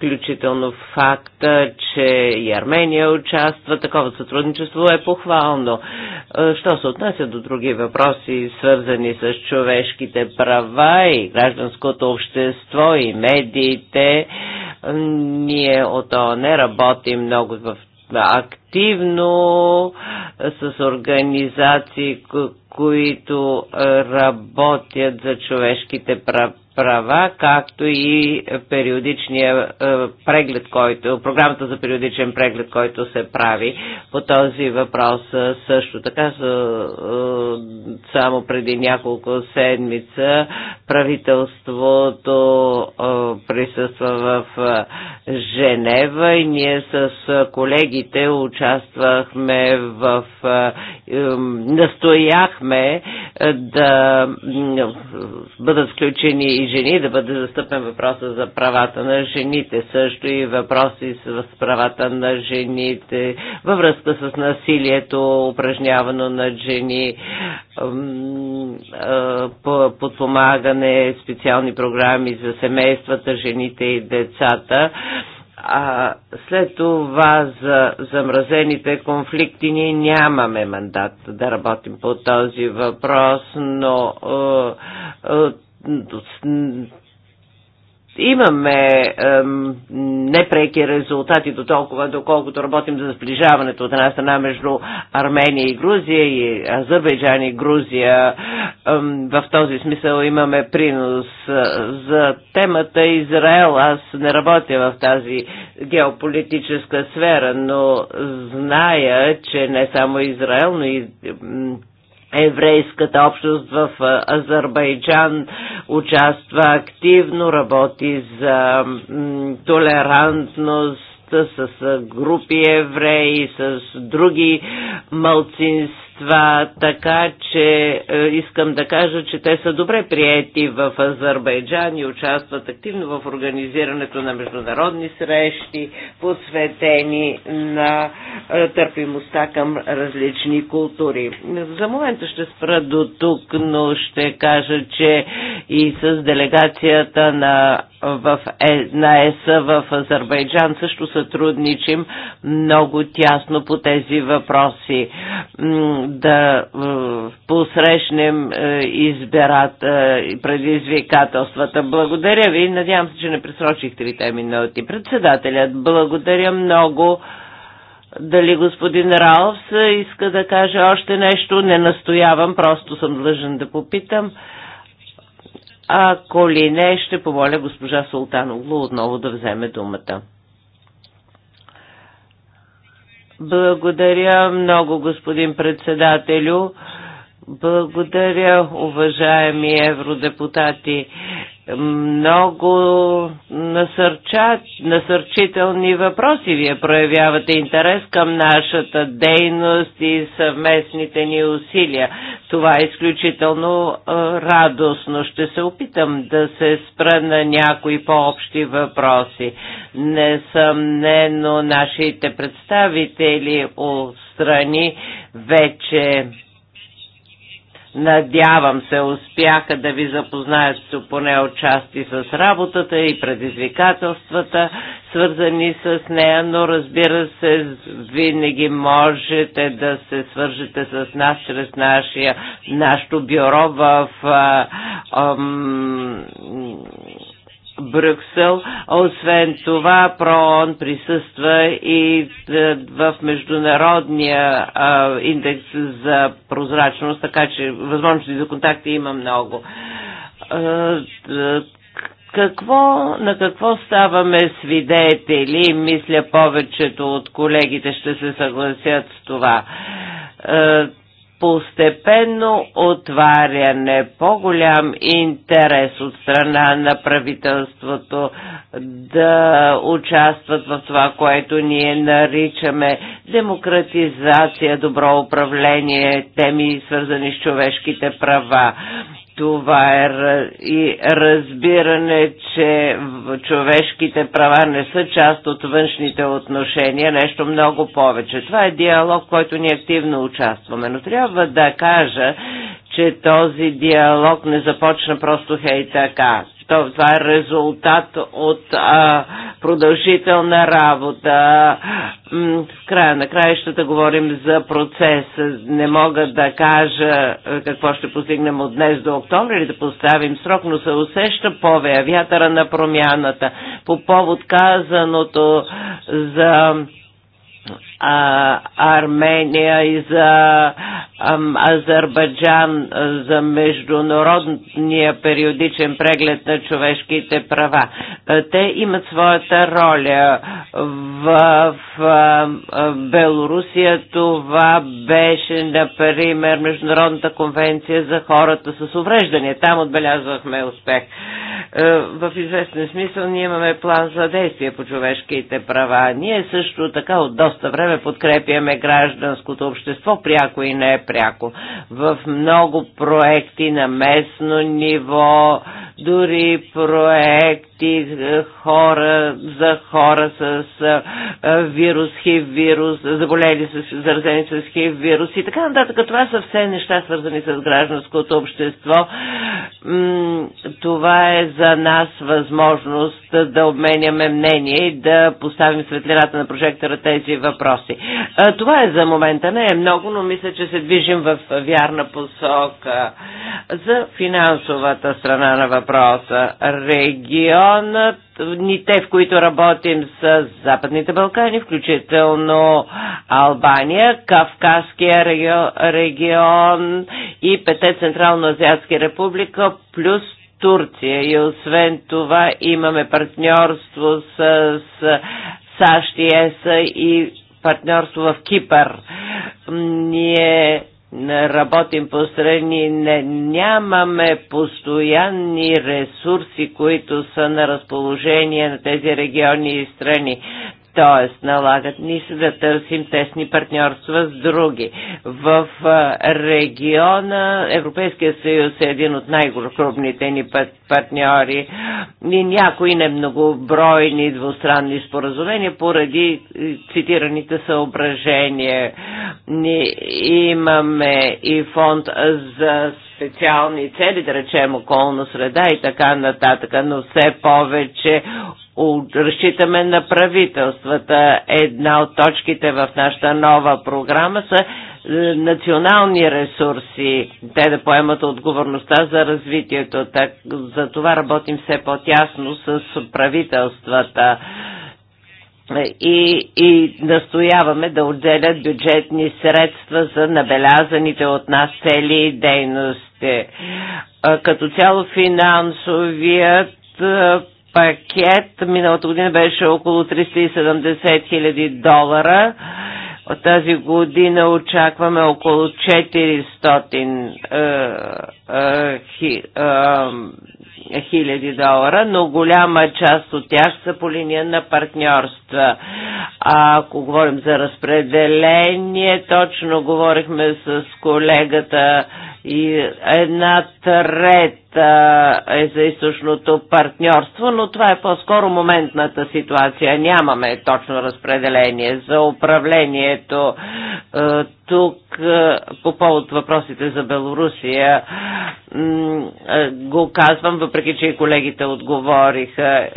включително факта, че и Армения участва. Такова сътрудничество е похвално. Е, що се отнася до други въпроси, свързани с човешките права и гражданското общество и медиите, ние от ООН работим много в активно е, с организации, които е, работят за човешките права права, както и периодичния е, преглед, който, програмата за периодичен преглед, който се прави по този въпрос. Е, също така е, само преди няколко седмица правителството присъства в Женева и ние с колегите участвахме в настояхме да бъдат включени и жени, да бъде застъпен въпроса за правата на жените, също и въпроси с правата на жените във връзка с насилието, упражнявано над жени, подпомагане, специални програми за семействата, жените и децата а след това за замразените конфликти ние нямаме мандат да работим по този въпрос, но е, е, имаме непреки резултати до толкова, доколкото работим за сближаването от една страна между Армения и Грузия и Азербайджан и Грузия. в този смисъл имаме принос е, за темата Израел. Аз не работя в тази геополитическа сфера, но зная, че не само Израел, но и еврейската общност в Азербайджан участва активно, работи за толерантност с групи евреи, с други мълцинства средства, така че е, искам да кажа, че те са добре приети в Азербайджан и участват активно в организирането на международни срещи, посветени на е, търпимостта към различни култури. За момента ще спра до тук, но ще кажа, че и с делегацията на, в, е, на ЕСА в Азербайджан също сътрудничим много тясно по тези въпроси да е, посрещнем е, и е, предизвикателствата. Благодаря ви. Надявам се, че не пресрочих трите минути. Председателят, благодаря много. Дали господин Ралфс иска да каже още нещо? Не настоявам, просто съм длъжен да попитам. Ако ли не, ще помоля госпожа Султановло отново да вземе думата. Благодаря много, господин председателю. Благодаря, уважаеми евродепутати. Много насърчителни въпроси. Вие проявявате интерес към нашата дейност и съвместните ни усилия. Това е изключително радостно. Ще се опитам да се спра на някои по-общи въпроси. Несъмнено нашите представители от страни вече Надявам се, успяха да ви запознаят поне отчасти с работата и предизвикателствата, свързани с нея, но разбира се, винаги можете да се свържете с нас чрез нашия, нашето бюро в а, ам, Брюксел. Освен това, ПРООН присъства и е, в Международния е, индекс за прозрачност, така че възможности за контакти има много е, какво, на какво ставаме свидетели, мисля повечето от колегите ще се съгласят с това постепенно отваряне, по-голям интерес от страна на правителството да участват в това, което ние наричаме демократизация, добро управление, теми свързани с човешките права. Това е и разбиране, че човешките права не са част от външните отношения, нещо много повече. Това е диалог, който ние активно участваме, но трябва да кажа, че този диалог не започна просто хей така. Това е резултат от а, продължителна работа. В края на краищата говорим за процес. Не мога да кажа какво ще постигнем от днес до октомври или да поставим срок, но се усеща повея вятъра на промяната. По повод казаното за а, Армения и за Азербайджан за международния периодичен преглед на човешките права. Те имат своята роля. В, в Белорусия това беше, например, Международната конвенция за хората с увреждания. Там отбелязвахме успех. Е, в известен смисъл ние имаме план за действие по човешките права. Ние също така от доста време подкрепяме гражданското общество, пряко и не пряко. В много проекти на местно ниво, дори проекти е, хора, за хора с е, вирус, хив вирус, заболели с, заразени с хив вирус и така нататък. Това са все неща свързани с гражданското общество. Това е за за нас възможност да обменяме мнение и да поставим светлината на прожектора тези въпроси. Това е за момента. Не е много, но мисля, че се движим в вярна посока. За финансовата страна на въпроса. Регионът те в които работим с Западните Балкани, включително Албания, Кавказския регион и пете Централно-Азиатски република, плюс Турция и освен това имаме партньорство с, с САЩ и ЕСА и партньорство в Кипър. Ние работим по страни, не, нямаме постоянни ресурси, които са на разположение на тези региони и страни. Тоест, налагат ни се да търсим тесни партньорства с други. В региона Европейския съюз е един от най-крупните ни партньори и някои немногобройни двустранни споразумения поради цитираните съображения. Ни имаме и фонд за специални цели, да речем околна среда и така нататък, но все повече разчитаме на правителствата. Една от точките в нашата нова програма са е, национални ресурси, те да поемат отговорността за развитието. Так, за това работим все по-тясно с правителствата и, и настояваме да отделят бюджетни средства за набелязаните от нас цели и дейности. Като цяло финансовият пакет миналата година беше около 370 хиляди долара. От тази година очакваме около 400 е, хиляди долара, но голяма част от тях са по линия на партньорства. А ако говорим за разпределение, точно говорихме с колегата и една трета е за източното партньорство, но това е по-скоро моментната ситуация. Нямаме точно разпределение за управлението. Е, тук е, по повод въпросите за Белорусия е, го казвам, въпреки че и колегите отговориха.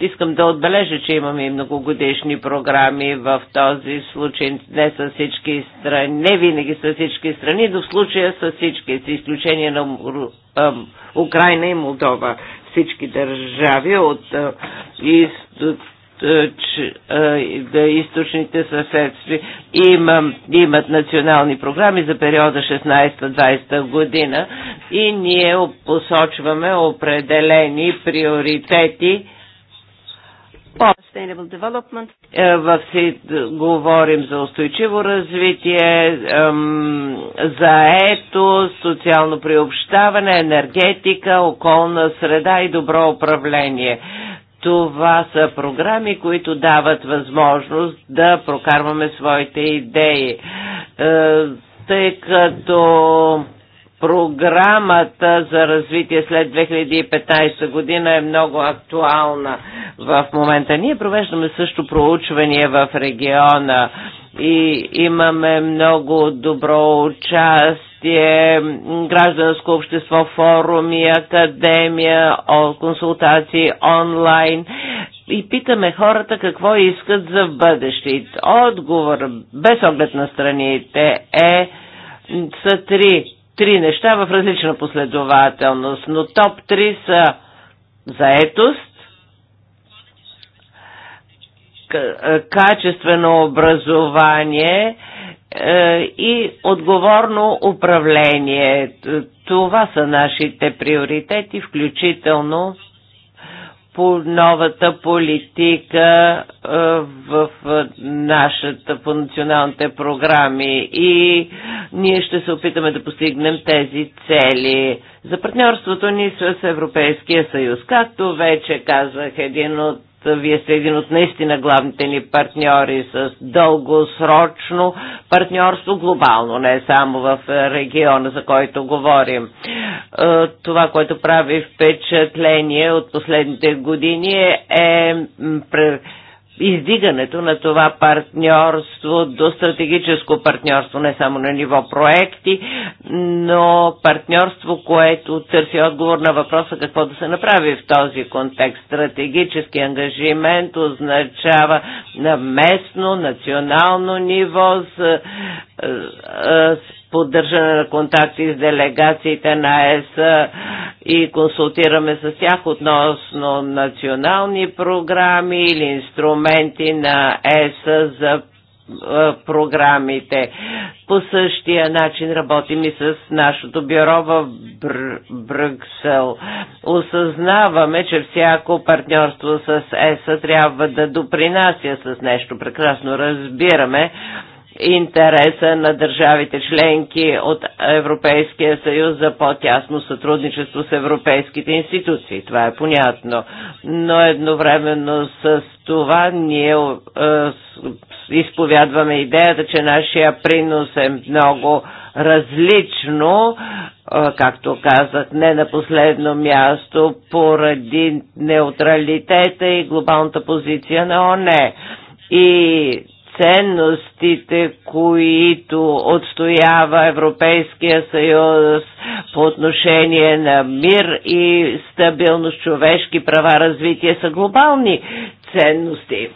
Искам да отбележа, че имаме и многогодишни програми в този случай. Не са всички страни, не винаги са всички страни, до случая случая са всички, с изключение на Украина и Молдова. Всички държави от източните съседства имат национални програми за периода 16-20 година и ние посочваме определени приоритети е, В говорим за устойчиво развитие, ето, социално приобщаване, енергетика, околна среда и добро управление. Това са програми, които дават възможност да прокарваме своите идеи. Е, тъй като Програмата за развитие след 2015 година е много актуална в момента. Ние провеждаме също проучвания в региона и имаме много добро участие, гражданско общество, форуми, академия, консултации онлайн и питаме хората какво искат за бъдеще. Отговор без оглед на страните е са три три неща в различна последователност, но топ три са заетост, е, качествено образование е, и отговорно управление. Това са нашите приоритети, включително по новата политика в нашата, по националните програми и ние ще се опитаме да постигнем тези цели. За партньорството ни с Европейския съюз, както вече казах, един от вие сте един от наистина главните ни партньори с дългосрочно партньорство глобално, не само в региона, за който говорим. Е, това, което прави впечатление от последните години е издигането на това партньорство до стратегическо партньорство, не само на ниво проекти, но партньорство, което търси отговор на въпроса какво да се направи в този контекст. Стратегически ангажимент означава на местно, национално ниво с, с поддържане на контакти с делегациите на ЕС и консултираме с тях относно национални програми или инструменти на ЕС за програмите. По същия начин работим и с нашото бюро в Бр- Брюксел. Осъзнаваме, че всяко партньорство с ЕСА трябва да допринася с нещо. Прекрасно разбираме, интереса на държавите членки от Европейския съюз за по-тясно сътрудничество с европейските институции. Това е понятно. Но едновременно с това ние е, изповядваме идеята, че нашия принос е много различно, е, както казах, не на последно място, поради неутралитета и глобалната позиция на ОНЕ. И ценностите, които отстоява Европейския съюз по отношение на мир и стабилност, човешки права, развитие са глобални ценности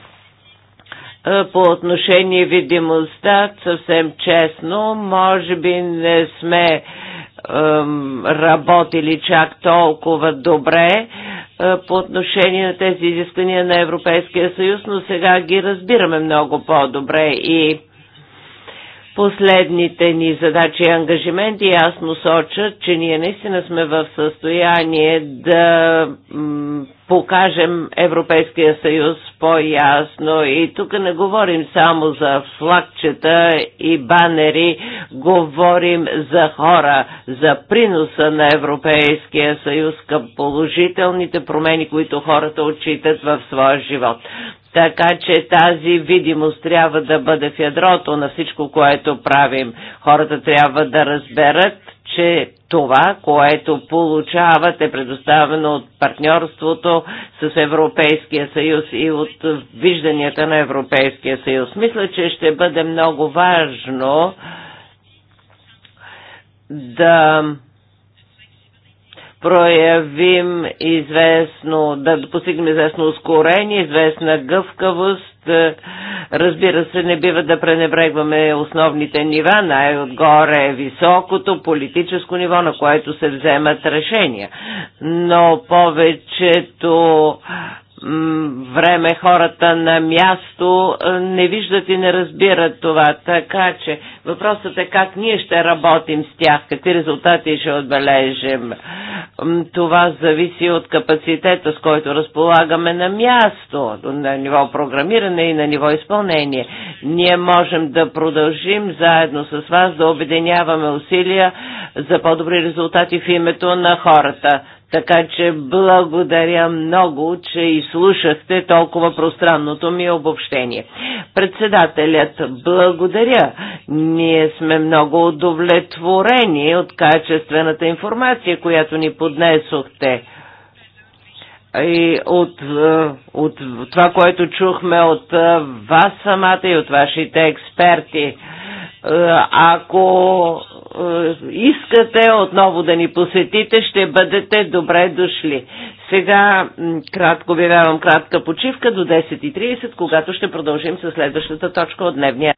е, по отношение видимостта, съвсем честно, може би не сме работили чак толкова добре по отношение на тези изисквания на Европейския съюз, но сега ги разбираме много по-добре и Последните ни задачи и ангажименти ясно сочат, че ние наистина сме в състояние да покажем Европейския съюз по-ясно. И тук не говорим само за флагчета и банери, говорим за хора, за приноса на Европейския съюз към положителните промени, които хората отчитат в своя живот. Така че тази видимост трябва да бъде в ядрото на всичко, което правим. Хората трябва да разберат, че това, което получават е предоставено от партньорството с Европейския съюз и от вижданията на Европейския съюз. Мисля, че ще бъде много важно да проявим известно, да постигнем известно ускорение, известна гъвкавост. Е, разбира се, не бива да пренебрегваме основните нива. Най-отгоре е високото политическо ниво, на което се вземат решения. Но повечето време хората на място не виждат и не разбират това. Така че въпросът е как ние ще работим с тях, какви резултати ще отбележим. Това зависи от капацитета, с който разполагаме на място, на ниво програмиране и на ниво изпълнение. Ние можем да продължим заедно с вас да обединяваме усилия за по-добри резултати в името на хората. Така че благодаря много, че изслушахте толкова пространното ми обобщение. Председателят, благодаря. Ние сме много удовлетворени от качествената информация, която ни поднесохте и от, е, от това, което чухме от е, вас самата и от вашите експерти. Е, ако е, искате отново да ни посетите, ще бъдете добре дошли. Сега кратко обявявам кратка почивка до 10.30, когато ще продължим с следващата точка от дневния.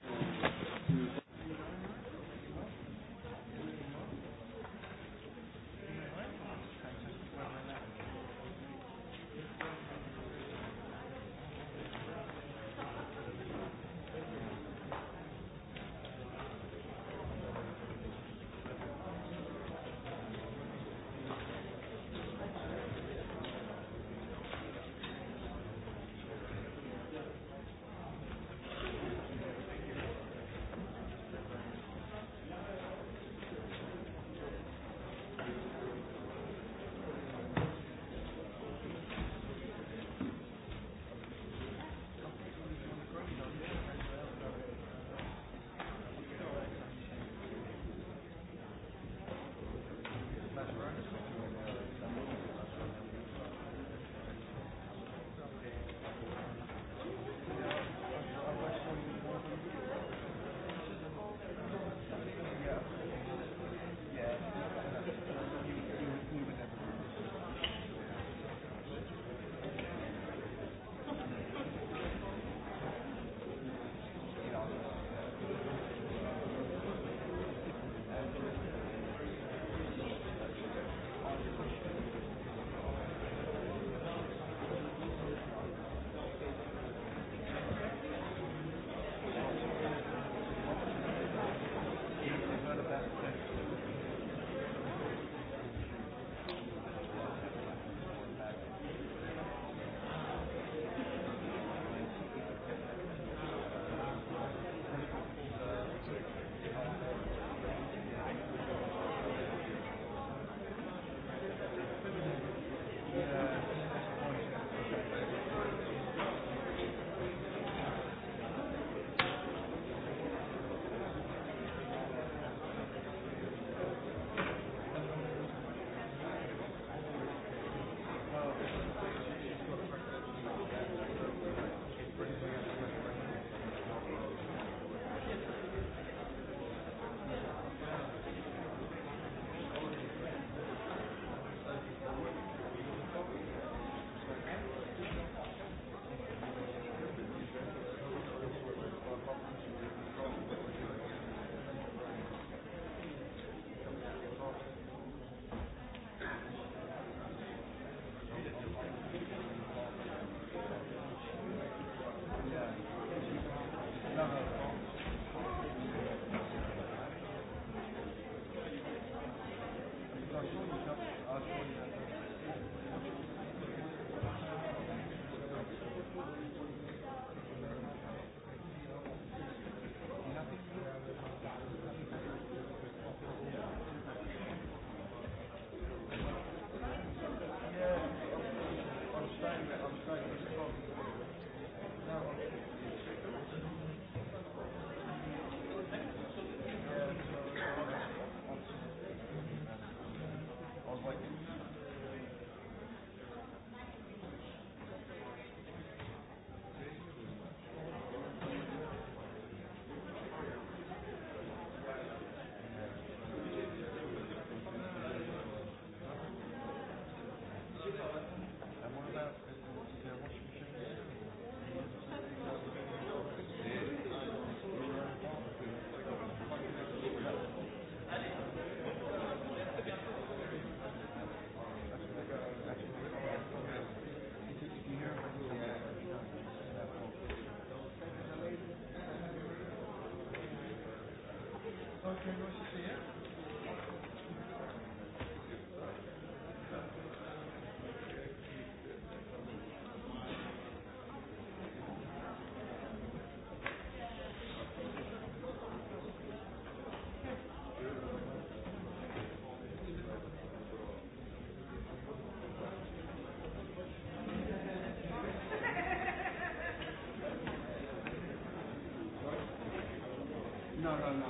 no, no, no.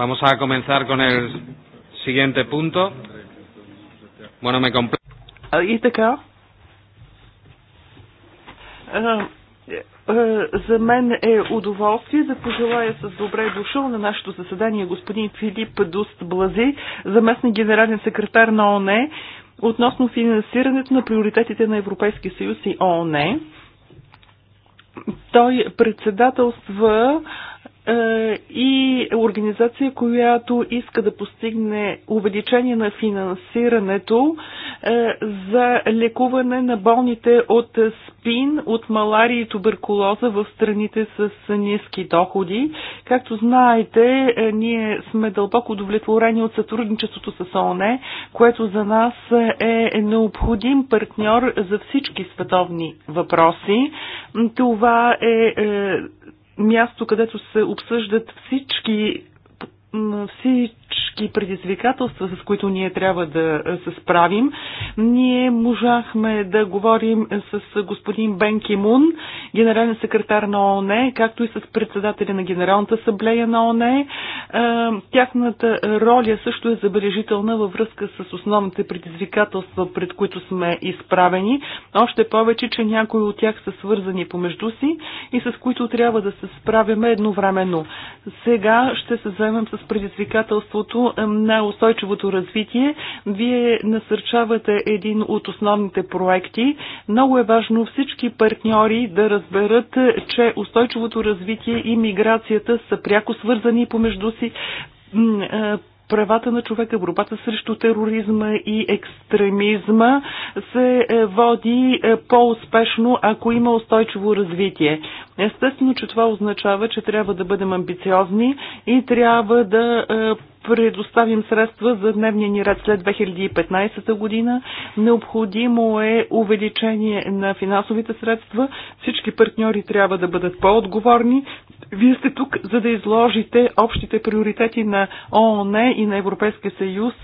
Vamos a comenzar con el siguiente punto. Bueno, me comp... И така. За мен е удоволствие да пожелая с добре дошъл на нашето заседание господин Филип Дуст Блази, заместник генерален секретар на ОНЕ, относно финансирането на приоритетите на Европейския съюз и ООН. Той председателства е, и организация, която иска да постигне увеличение на финансирането е, за лекуване на болните от спин, от малария и туберкулоза в страните с ниски доходи. Както знаете, е, ние сме дълбоко удовлетворени от сътрудничеството с ОНЕ, което за нас е необходим партньор за всички световни въпроси. Това е място, където се обсъждат всички, всички и предизвикателства, с които ние трябва да е, се справим. Ние можахме да говорим с господин Бен Кимун, генерален секретар на ООН, както и с председателя на Генералната асамблея на ООН. Е, тяхната роля също е забележителна във връзка с основните предизвикателства, пред които сме изправени. Още повече, че някои от тях са свързани помежду си и с които трябва да се справяме едновременно. Сега ще се займем с предизвикателството на устойчивото развитие. Вие насърчавате един от основните проекти. Много е важно всички партньори да разберат, че устойчивото развитие и миграцията са пряко свързани помежду си правата на човека, борбата срещу тероризма и екстремизма се е, води е, по-успешно, ако има устойчиво развитие. Естествено, че това означава, че трябва да бъдем амбициозни и трябва да е, предоставим средства за дневния ни ред след 2015 година. Необходимо е увеличение на финансовите средства. Всички партньори трябва да бъдат по-отговорни. Вие сте тук, за да изложите общите приоритети на ООН и на Европейския съюз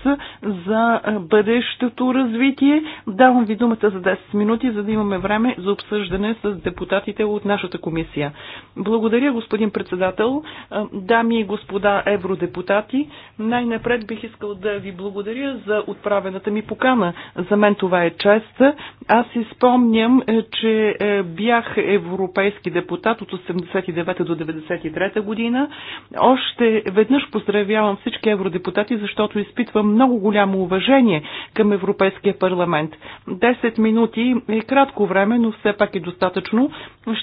за е, бъдещото развитие. Давам ви думата за 10 минути, за да имаме време за обсъждане с депутатите от нашата комисия комисия. Благодаря, господин председател, е, дами и господа евродепутати. Най-напред бих искал да ви благодаря за отправената ми покана. За мен това е чест. Аз изпомням, е, че е, бях европейски депутат от 89 до 93 година. Още веднъж поздравявам всички евродепутати, защото изпитвам много голямо уважение към Европейския парламент. 10 минути е кратко време, но все пак е достатъчно.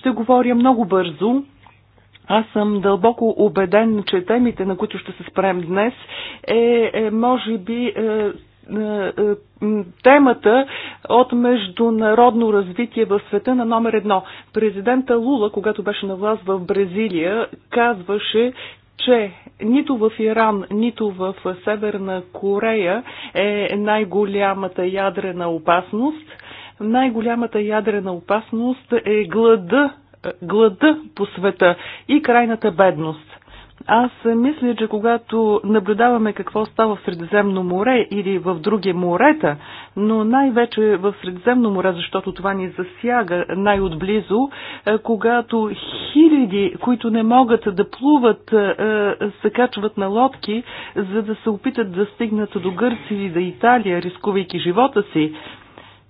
Ще говоря много много бързо. Аз съм дълбоко убеден, че темите, на които ще се спрем днес, е, е може би е, е, е темата от международно развитие в света на номер едно. Президента Лула, когато беше на власт в Бразилия, казваше, че нито в Иран, нито в Северна Корея е най-голямата ядрена опасност. Най-голямата ядрена опасност е глада глада по света и крайната бедност. Аз мисля, че когато наблюдаваме какво става в Средиземно море или в други морета, но най-вече в Средиземно море, защото това ни засяга най-отблизо, е, когато хиляди, които не могат да плуват, е, е, се качват на лодки, за да се опитат да стигнат до Гърция или до Италия, рискувайки живота си,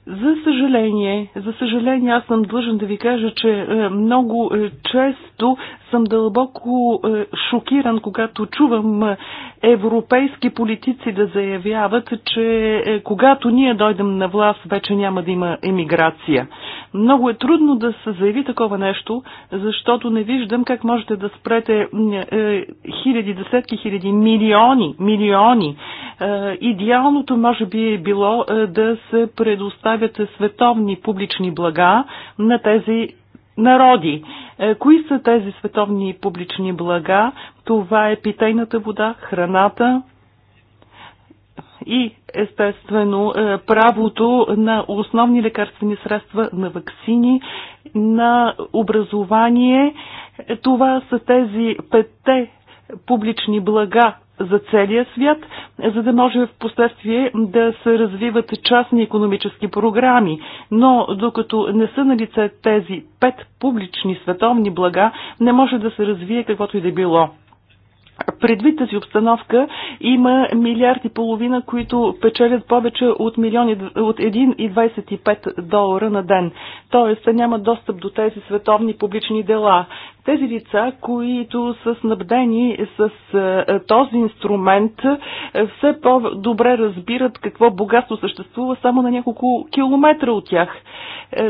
за съжаление, за съжаление, аз съм длъжен да ви кажа, че е, много е, често съм дълбоко е, шокиран, когато чувам европейски политици да заявяват, че когато ние дойдем на власт, вече няма да има емиграция. Много е трудно да се заяви такова нещо, защото не виждам как можете да спрете хиляди, десетки хиляди, милиони, милиони. Идеалното може би е било да се предостави предоставят световни публични блага на тези народи. Е, кои са тези световни публични блага? Това е питейната вода, храната и естествено е, правото на основни лекарствени средства, на вакцини, на образование. Е, това са тези петте публични блага, за целия свят, за да може в последствие да се развиват частни економически програми. Но докато не са на лице тези пет публични световни блага, не може да се развие каквото и да било. Предвид тази обстановка има милиард и половина, които печелят повече от, милиони, от 1,25 долара на ден. Тоест, нямат достъп до тези световни публични дела. Тези лица, които са снабдени с е, е, този инструмент, е, все по-добре разбират какво богатство съществува само на няколко километра от тях.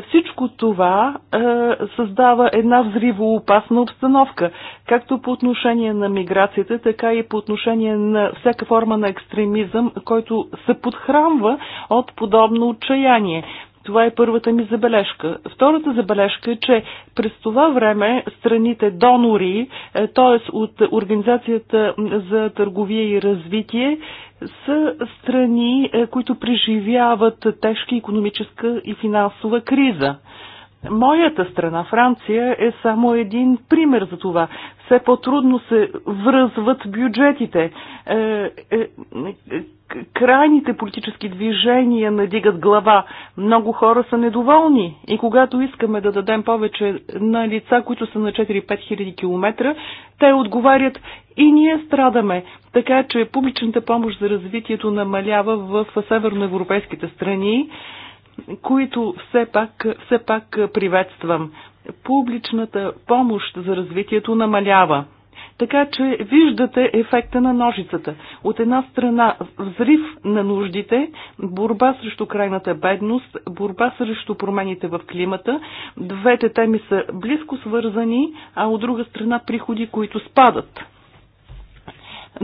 Всичко това създава една взривоопасна обстановка, както по отношение на миграцията, така и по отношение на всяка форма на екстремизъм, който се подхранва от подобно отчаяние. Това е първата ми забележка. Втората забележка е, че през това време страните донори, е, т.е. от Организацията за търговия и развитие, са страни, е, които преживяват тежка економическа и финансова криза. Моята страна, Франция, е само един пример за това. Все по-трудно се връзват бюджетите. Е, е, е крайните политически движения надигат глава. Много хора са недоволни и когато искаме да дадем повече на лица, които са на 4-5 хиляди километра, те отговарят и ние страдаме. Така че публичната помощ за развитието намалява в северноевропейските страни които все пак, все пак приветствам. Публичната помощ за развитието намалява. Така че виждате ефекта на ножицата. От една страна взрив на нуждите, борба срещу крайната бедност, борба срещу промените в климата. Двете теми са близко свързани, а от друга страна приходи, които спадат.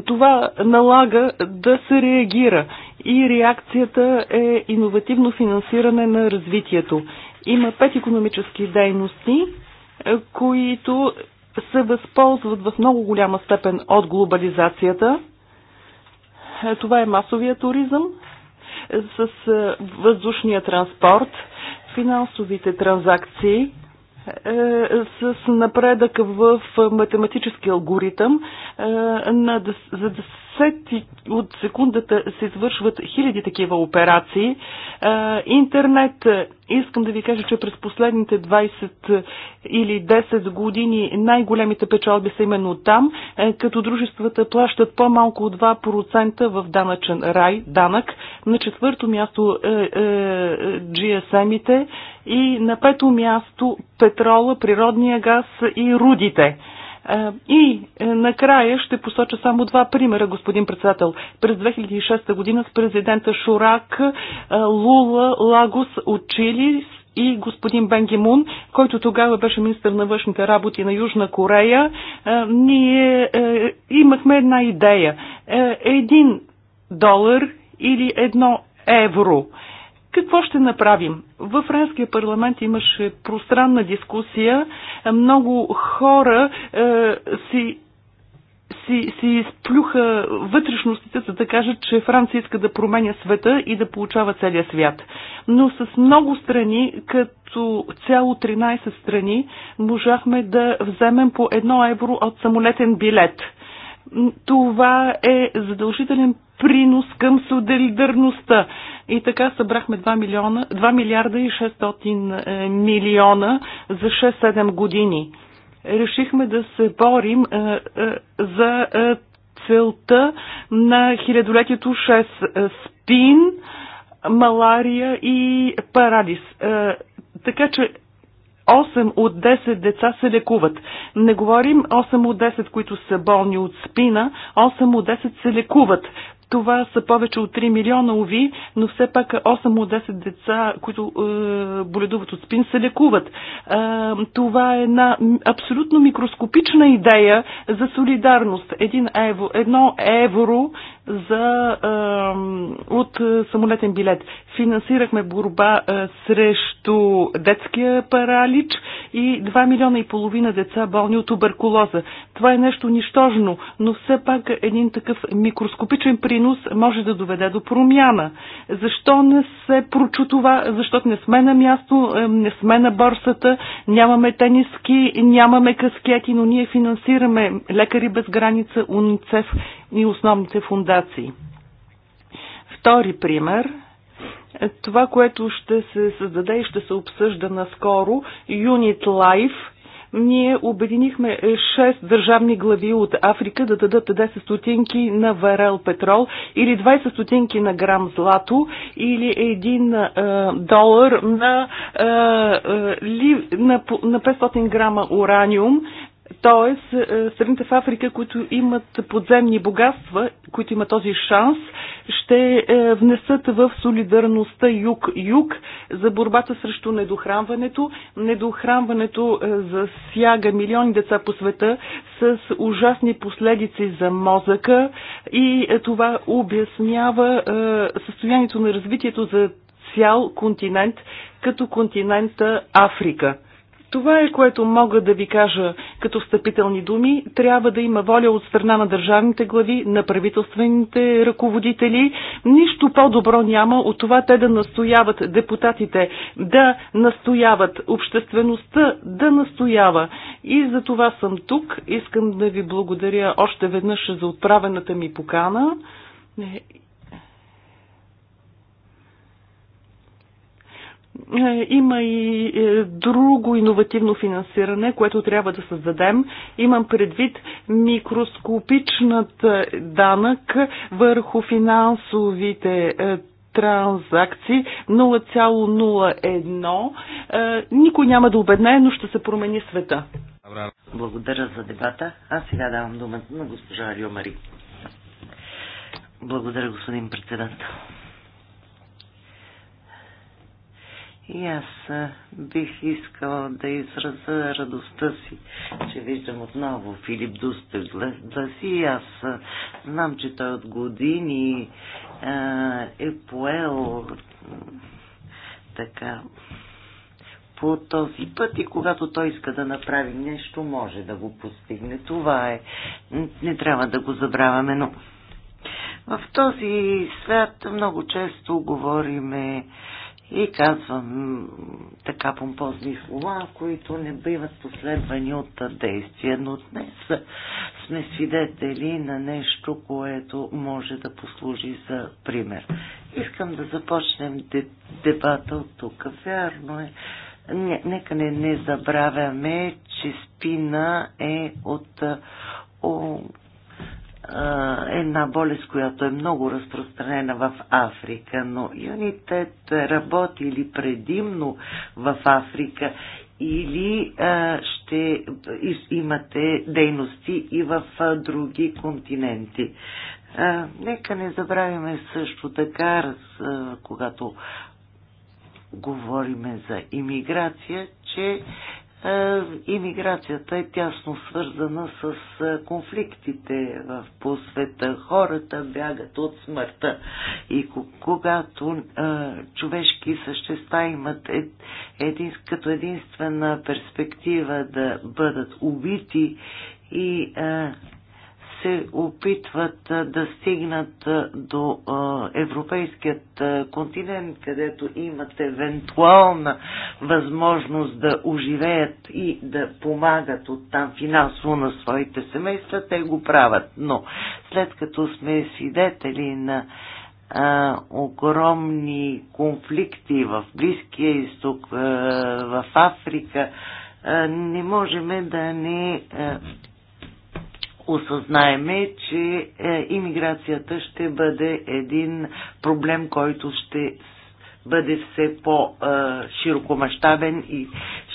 Това налага да се реагира и реакцията е иновативно финансиране на развитието. Има пет економически дейности, е, които се възползват в много голяма степен от глобализацията. Е, това е масовия туризъм е, с въздушния транспорт, финансовите транзакции, е, с напредък в математически алгоритъм. Е, на, за десети от секундата се извършват хиляди такива операции. Е, интернет, искам да ви кажа, че през последните 20 или 10 години най-големите печалби са именно там, като дружествата плащат по-малко от 2% в данъчен рай, данък. На четвърто място е GSM-ите и на пето място петрола, природния газ и рудите. Е, и е, накрая ще посоча само два примера, господин председател. През 2006 година с президента Шурак, е, Лула, Лагос от и господин Бенги Мун, който тогава беше министр на външните работи на Южна Корея, ние имахме една идея. Един долар или едно евро – какво ще направим? Във Френския парламент имаше пространна дискусия. Много хора е, си си, си изплюха вътрешностите, за да кажат, че Франция иска да променя света и да получава целия свят. Но с много страни, като цяло 13 страни, можахме да вземем по едно евро от самолетен билет. Това е задължителен принос към солидарността. И така събрахме 2, милиона, 2 милиарда и 600 е, милиона за 6-7 години. Решихме да се борим е, е, за целта на хилядолетието 6 спин, малария и парадис. Така че 8 от 10 деца се лекуват. Не говорим 8 от 10, които са болни от спина, 8 от 10 се лекуват. Това са повече от 3 милиона, ОВИ, но все пак 8 от 10 деца, които е, боледуват от спин, се лекуват. Е, това е една абсолютно микроскопична идея за солидарност. Един евро, едно евро за, от е, самолетен билет. Финансирахме борба е, срещу детския паралич и 2 милиона и половина деца болни от туберкулоза. Това е нещо нищожно, но все пак един такъв микроскопичен принос може да доведе до промяна. Защо не се прочу това? Защото не сме на място, е, не сме на борсата, нямаме тениски, нямаме каскети, но ние финансираме лекари без граница, УНЦЕФ и основните фундации. Втори пример е това, което ще се създаде и ще се обсъжда наскоро, Unit Life, ние обединихме 6 държавни глави от Африка да дадат 10 стотинки на варел петрол или 20 стотинки на грам злато или 1 е, долар на, е, е ли, на, на 500 грама ураниум. Тоест, е, страните в Африка, които имат подземни богатства, които имат този шанс, ще е, внесат в солидарността юг-юг за борбата срещу недохранването. Недохранването е, засяга милиони деца по света с ужасни последици за мозъка и това обяснява състоянието на развитието за цял континент, като континента Африка. Това е което мога да ви кажа като встъпителни думи. Трябва да има воля от страна на държавните глави, на правителствените ръководители. Нищо по-добро няма от това те да настояват депутатите, да настояват обществеността, да настоява. И за това съм тук. Искам да ви благодаря още веднъж за отправената ми покана Е, има и е, друго иновативно финансиране, което трябва да създадем. Имам предвид микроскопичният данък върху финансовите е, транзакции 0,01. Никой няма да обедне, но ще се промени света. Благодаря за дебата. Аз сега давам думата на госпожа Рио Мари. Благодаря, господин председател. И аз бих искала да израза радостта си, че виждам отново Филип Дустев гласи. Аз знам, че той от години е поел така по този път и когато той иска да направи нещо, може да го постигне. Това е. Не трябва да го забравяме, но в този свят много често говориме и казвам така помпозни слова, които не биват последвани от действия, но днес сме свидетели на нещо, което може да послужи за пример. Искам да започнем дебата от тук. Вярно е, нека не, не забравяме, че спина е от о, една болест, която е много разпространена в Африка, но Юнитет работи или предимно в Африка или а, ще имате дейности и в а, други континенти. А, нека не забравяме също така, раз, а, когато говориме за иммиграция, че е, имиграцията е тясно свързана с е, конфликтите в по света. Хората бягат от смъртта и когато а, е, човешки същества имат един, като единствена перспектива да бъдат убити и а, се опитват да стигнат до европейският континент, където имат евентуална възможност да оживеят и да помагат оттам финансово на своите семейства, те го правят. Но след като сме свидетели на а, огромни конфликти в Близкия изток, а, в Африка, а, не можем да не а, осъзнаеме, че е, иммиграцията ще бъде един проблем, който ще бъде все по-широкомащабен и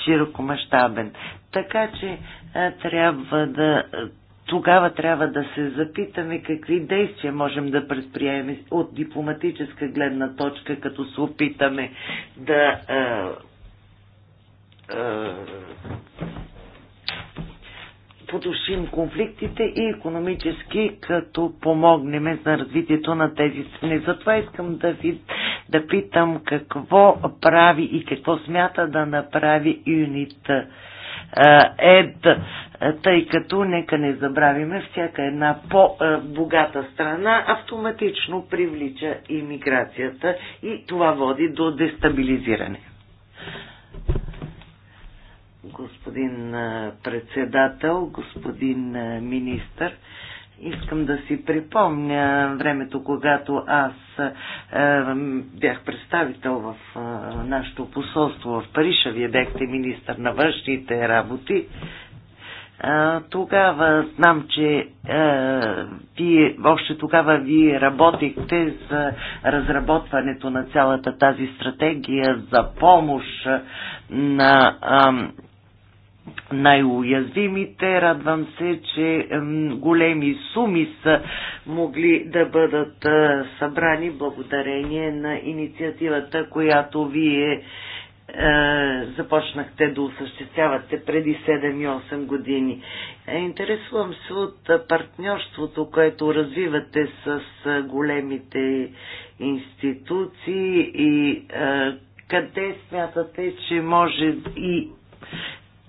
широкомащабен. Така че е, трябва да е, тогава трябва да се запитаме какви действия можем да предприемем от дипломатическа гледна точка, като се опитаме да е, е, потушим конфликтите и економически, като помогнем за развитието на тези страни. Затова искам да ви да питам какво прави и какво смята да направи ЮНИТ ЕД, тъй като, нека не забравиме, всяка една по-богата страна автоматично привлича иммиграцията и това води до дестабилизиране господин председател, господин министър. Искам да си припомня времето, когато аз е, бях представител в е, нашето посолство в Париша. Вие бяхте министър на външните работи. Е, тогава знам, че е, вие, още тогава вие работихте за разработването на цялата тази стратегия за помощ на най-уязвимите. Радвам се, че големи суми са могли да бъдат събрани благодарение на инициативата, която вие започнахте да осъществявате преди 7-8 години. Интересувам се от партньорството, което развивате с големите институции и къде смятате, че може и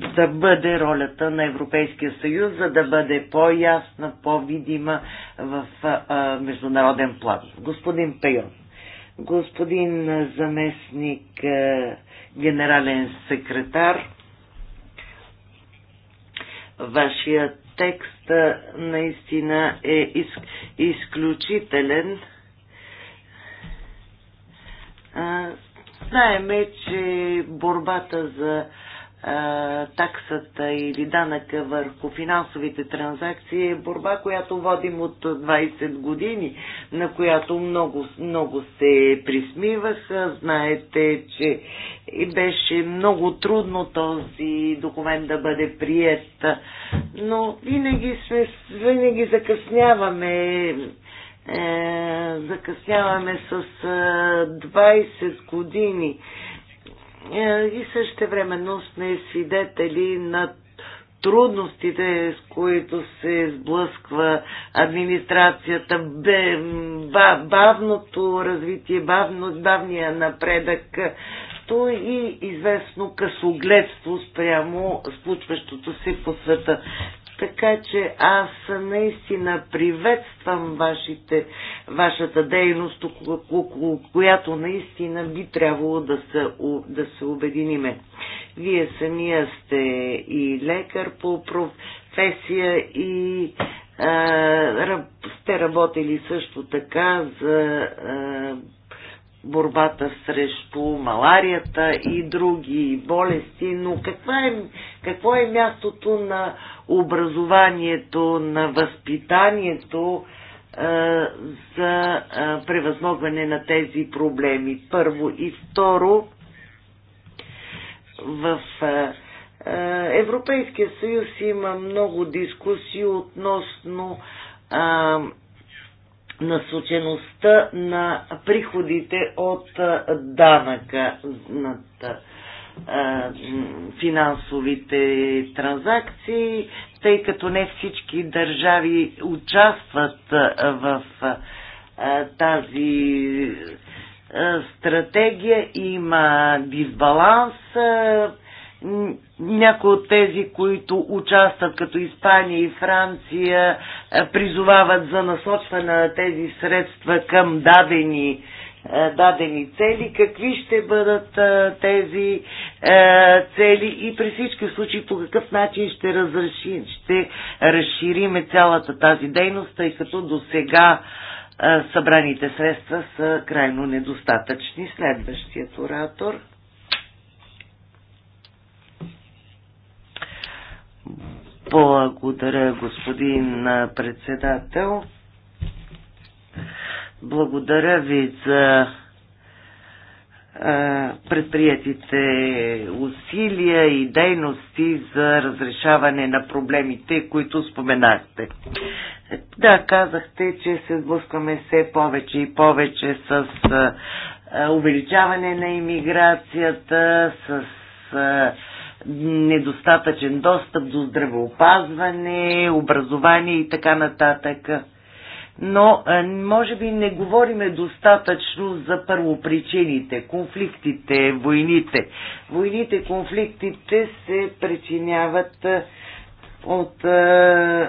да бъде ролята на Европейския съюз, за да бъде по-ясна, по-видима в а, а, международен план. Господин Пейон, господин заместник а, генерален секретар, вашия текст а, наистина е из, изключителен. А, знаеме, че борбата за таксата или данъка върху финансовите транзакции е борба, която водим от 20 години, на която много, много се присмиваха. Знаете, че беше много трудно този документ да бъде прият, но винаги, сме, винаги закъсняваме е, закъсняваме с е, 20 години. Е, и също времено сме свидетели на трудностите, с които се сблъсква администрацията, бавното развитие, бавно, бавния напредък, то и известно късогледство спрямо случващото се по света. Така че аз наистина приветствам вашите вашата дейност, около която наистина би трябвало да се, да се обединиме. Вие самия сте и лекар по професия и а, сте работили също така за а, борбата срещу маларията и други болести, но каква е, какво е мястото на образованието, на възпитанието за превъзмогване на тези проблеми. Първо и второ, в Европейския съюз има много дискусии относно насочеността на приходите от данъка над финансовите транзакции тъй като не всички държави участват в тази стратегия, има дисбаланс. Някои от тези, които участват като Испания и Франция, призовават за насочване на тези средства към дадени е, дадени цели, какви ще бъдат е, тези е, цели и при всички случаи по какъв начин ще, разреши, ще разшириме цялата тази дейност, тъй като до сега събраните средства са крайно недостатъчни. Следващият оратор. Благодаря, господин председател. Благодаря ви за предприятите усилия и дейности за разрешаване на проблемите, които споменахте. Да, казахте, че се сблъскваме все повече и повече с увеличаване на иммиграцията, с недостатъчен достъп до здравеопазване, образование и така нататък но е, може би не говориме достатъчно за първопричините, конфликтите, войните. Войните, конфликтите се причиняват е, от е,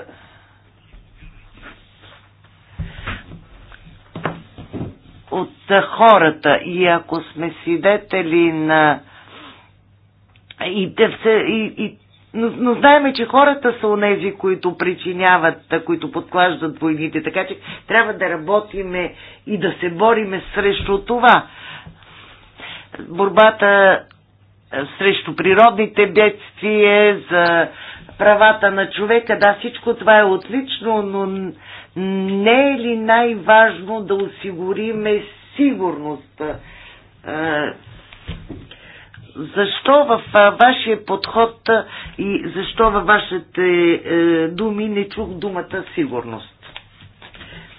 от хората и ако сме свидетели на и, и, и но, но знаеме, че хората са онези, които причиняват, които подклаждат войните, така че трябва да работиме и да се бориме срещу това. Борбата е, срещу природните бедствия, за правата на човека, да, всичко това е отлично, но не е ли най-важно да осигуриме сигурност? Е, защо в вашия подход и защо във вашите е, думи не чух думата сигурност?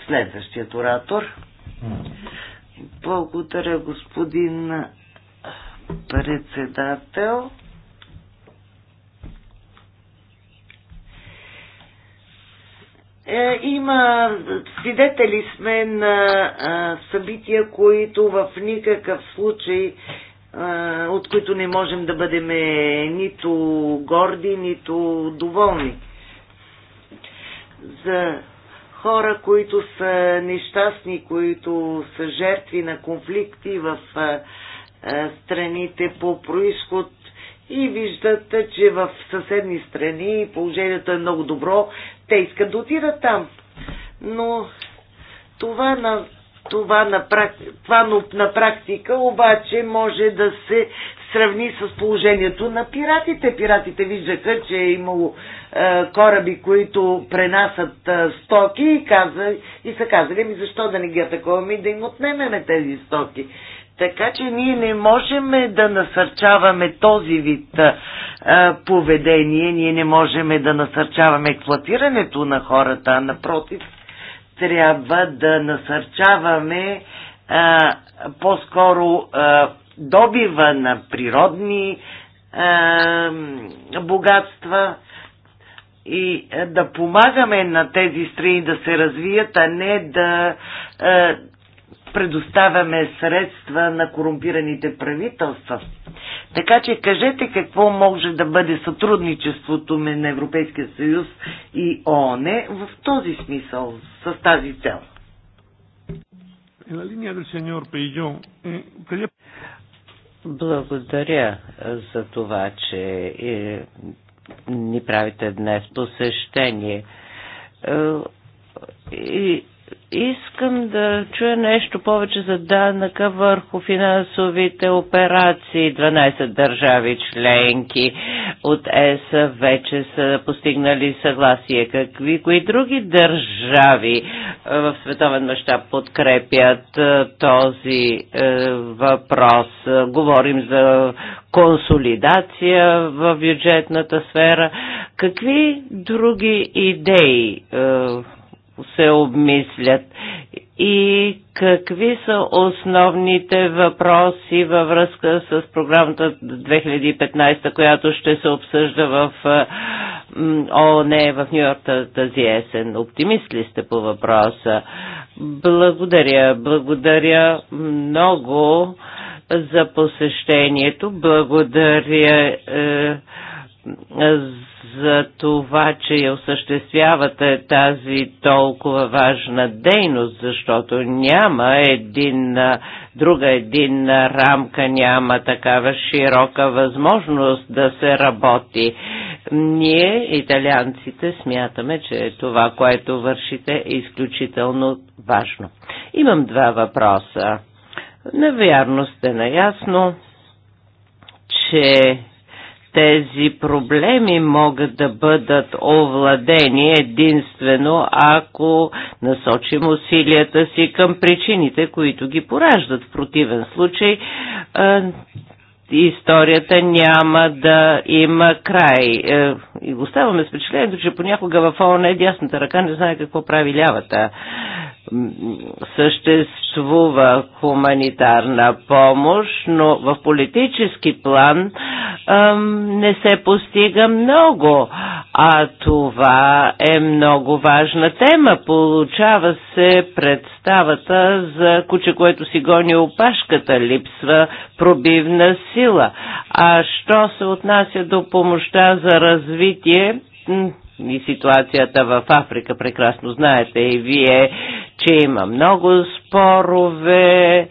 Следващият оратор. Благодаря, господин председател. Е, има, свидетели сме на а, събития, които в никакъв случай от които не можем да бъдем нито горди, нито доволни. За хора, които са нещастни, които са жертви на конфликти в страните по происход и виждат, че в съседни страни положението е много добро, те искат да отидат там. Но това на това на, практика, това на практика обаче може да се сравни с положението на пиратите. Пиратите виждаха, че е имало е, кораби, които пренасят е, стоки и, каза, и са казали, ми защо да не ги атакуваме и да им отнемеме тези стоки. Така че ние не можем да насърчаваме този вид а, е, поведение, ние не можем да насърчаваме експлуатирането на хората, а напротив, трябва да насърчаваме по-скоро добива на природни а, богатства и да помагаме на тези страни да се развият, а не да а, предоставяме средства на корумпираните правителства. Така че кажете какво може да бъде сътрудничеството на Европейския съюз и ООН в този смисъл, с тази цел. Е, Благодаря за това, че е, ни правите днес посещение. Е, и Искам да чуя нещо повече за данъка върху финансовите операции. 12 държави членки от ЕС вече са постигнали съгласие. Какви, кои други държави е, в световен мащаб подкрепят е, този е, въпрос? Говорим за консолидация в бюджетната сфера. Какви други идеи се обмислят и какви са основните въпроси във връзка с програмата 2015, която ще се обсъжда в ООН в Нью Йорк тази есен. Оптимист ли сте по въпроса? Благодаря, благодаря много за посещението. Благодаря е, за това, че я осъществявате тази толкова важна дейност, защото няма един, друга един рамка, няма такава широка възможност да се работи. Ние, италианците, смятаме, че това, което вършите е изключително важно. Имам два въпроса. Навярно сте наясно, че тези проблеми могат да бъдат овладени единствено ако насочим усилията си към причините, които ги пораждат. В противен случай историята няма да има край. Е, и оставаме с впечатлението, че понякога в ООН е дясната ръка не знае какво прави лявата съществува хуманитарна помощ, но в политически план не се постига много, а това е много важна тема. Получава се представата за куче, което си гони опашката, липсва пробивна сила. А що се отнася до помощта за развитие, и ситуацията в Африка. Прекрасно знаете и вие, че има много спорове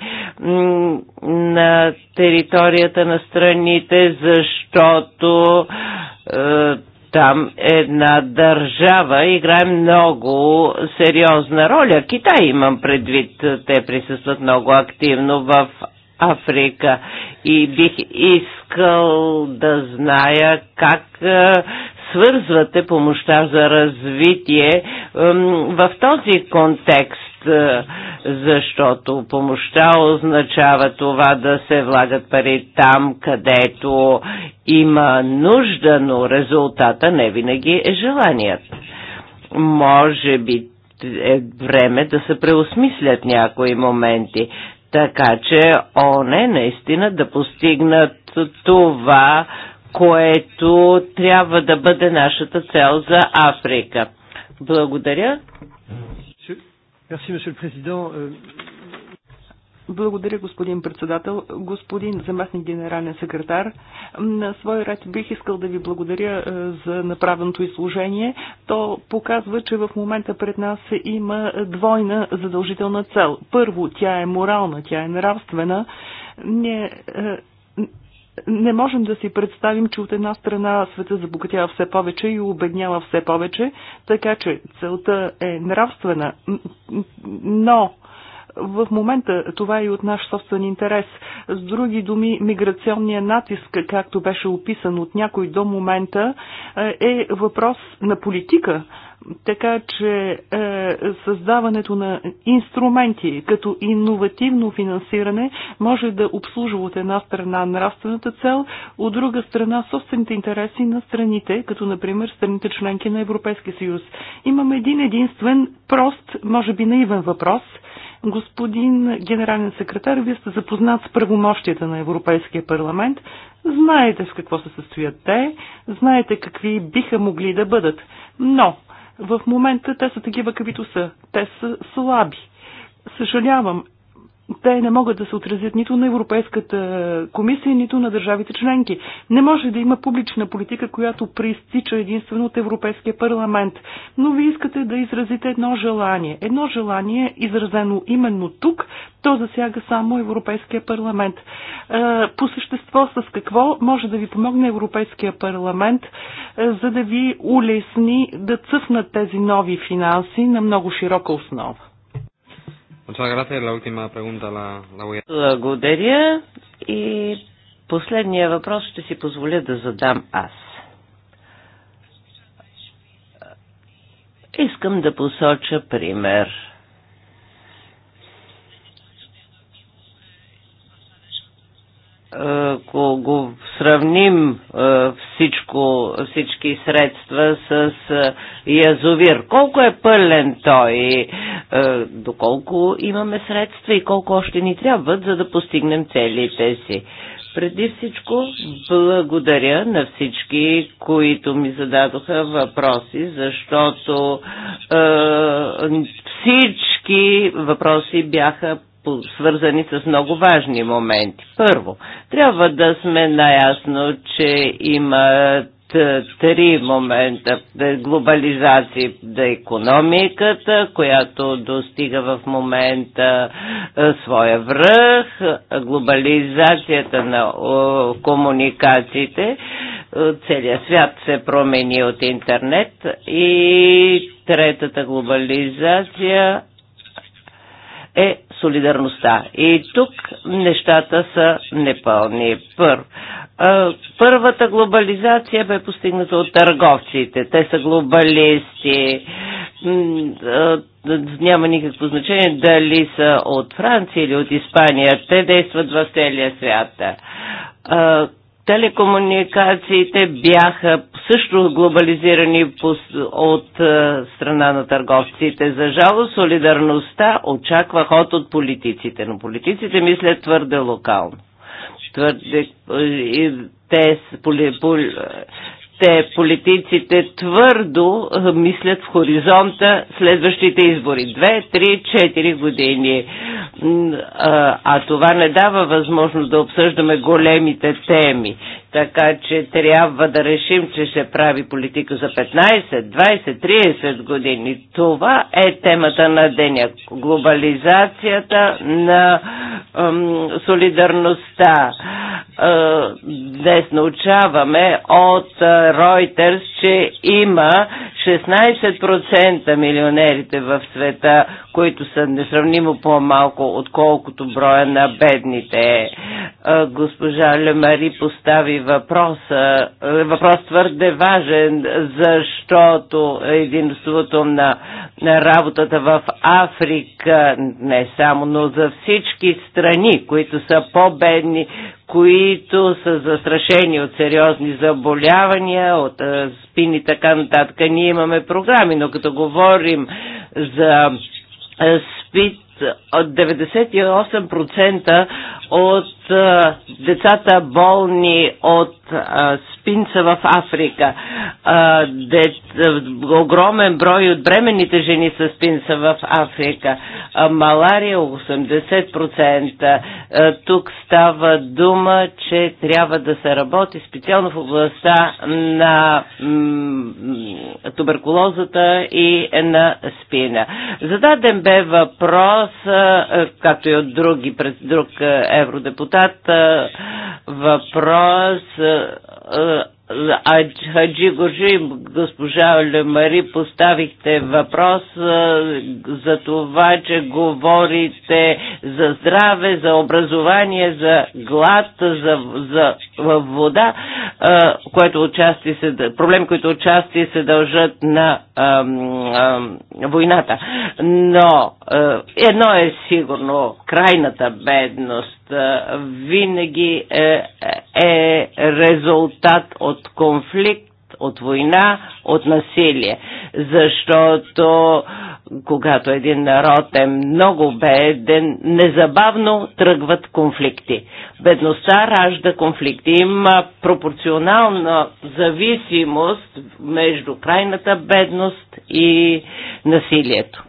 на територията на страните, защото е, там една държава играе много сериозна роля. Китай имам предвид, те присъстват много активно в Африка и бих искал да зная как е, свързвате помощта за развитие в този контекст, е, защото помощта означава това да се влагат пари там, където има нужда, но резултата не винаги е желаният. Може би е време да се преосмислят някои моменти, така че ОНЕ наистина да постигнат това, което трябва да бъде нашата цел за Африка. Благодаря. Е, благодаря, господин председател. Господин заместник генерален секретар, на свой ред бих искал да ви благодаря е, за направеното изложение. То показва, че в момента пред нас има двойна задължителна цел. Първо, тя е морална, тя е нравствена. Ние е, не можем да си представим, че от една страна света забогатява все повече и обеднява все повече, така че целта е нравствена, но в момента това е и от наш собствен интерес. С други думи, миграционният натиск, както беше описан от някой до момента, е, е въпрос на политика, така че е, създаването на инструменти като иновативно финансиране може да обслужва от една страна нравствената цел, от друга страна собствените интереси на страните, като например страните членки на Европейския съюз. Имаме един единствен прост, може би наивен въпрос. Господин генерален секретар, вие сте запознат с правомощията на Европейския парламент. Знаете с какво се състоят те, знаете какви биха могли да бъдат. Но в момента те са такива, каквито са. Те са слаби. Съжалявам, те не могат да се отразят нито на Европейската комисия, нито на държавите членки. Не може да има публична политика, която преистича единствено от Европейския парламент. Но ви искате да изразите едно желание. Едно желание, изразено именно тук, то засяга само Европейския парламент. Е, по същество с какво може да ви помогне Европейския парламент, е, за да ви улесни да цъфнат тези нови финанси на много широка основа? Muchas gracias. La última pregunta la, la voy a... Благодаря. И последния въпрос ще си позволя да задам аз. Искам да посоча пример ако го сравним е, всичко, всички средства с е, язовир, колко е пълен той, е, доколко имаме средства и колко още ни трябват, за да постигнем целите си. Преди всичко благодаря на всички, които ми зададоха въпроси, защото е, всички въпроси бяха свързани с много важни моменти. Първо, трябва да сме наясно, че има е, три момента. Е, глобализация на економиката, която достига в момента е, своя връх, глобализацията на комуникациите, целият свят се промени от интернет и третата глобализация е солидарността. И тук нещата са непълни. Пър, първата глобализация бе постигната от търговците. Те са глобалисти. Няма никакво значение дали са от Франция или от Испания. Те действат в целия свят Телекомуникациите бяха също глобализирани от е, страна на търговците. За жало, солидарността очаква ход от политиците, но политиците мислят твърде локално. Твърде, е, и те те, политиците, твърдо е, мислят в хоризонта следващите избори. Две, три, четири години. А, това не дава възможност да обсъждаме големите теми. Така че трябва да решим, че ще прави политика за 15, 20, 30 години. Това е темата на деня. Глобализацията на ем, солидарността. днес научаваме от Reuters, че има 16% милионерите в света, които са несравнимо по-малко, отколкото броя на бедните. Госпожа Лемари постави въпроса, въпрос твърде важен, защото единството на, на работата в Африка, не само, но за всички страни, които са по-бедни, които са застрашени от сериозни заболявания, от спин и така нататък. Ние имаме програми, но като говорим за спит, от 98% от децата болни от спинца в Африка. А, дет, огромен брой от бременните жени са спинца в Африка. А, малария 80%. А, тук става дума, че трябва да се работи специално в областта на туберкулозата и на спина. Зададен бе въпрос, както и от други, друг евродепутат, въпрос Хаджи Горжи, госпожа Лемари, поставихте въпрос за това, че говорите за здраве, за образование, за глад, за, за вода, което отчасти се, проблем, които отчасти се дължат на ам, ам, войната. Но едно е сигурно, крайната бедност винаги е, е резултат от конфликт, от война, от насилие. Защото когато един народ е много беден, незабавно тръгват конфликти. Бедността ражда конфликти. Има пропорционална зависимост между крайната бедност и насилието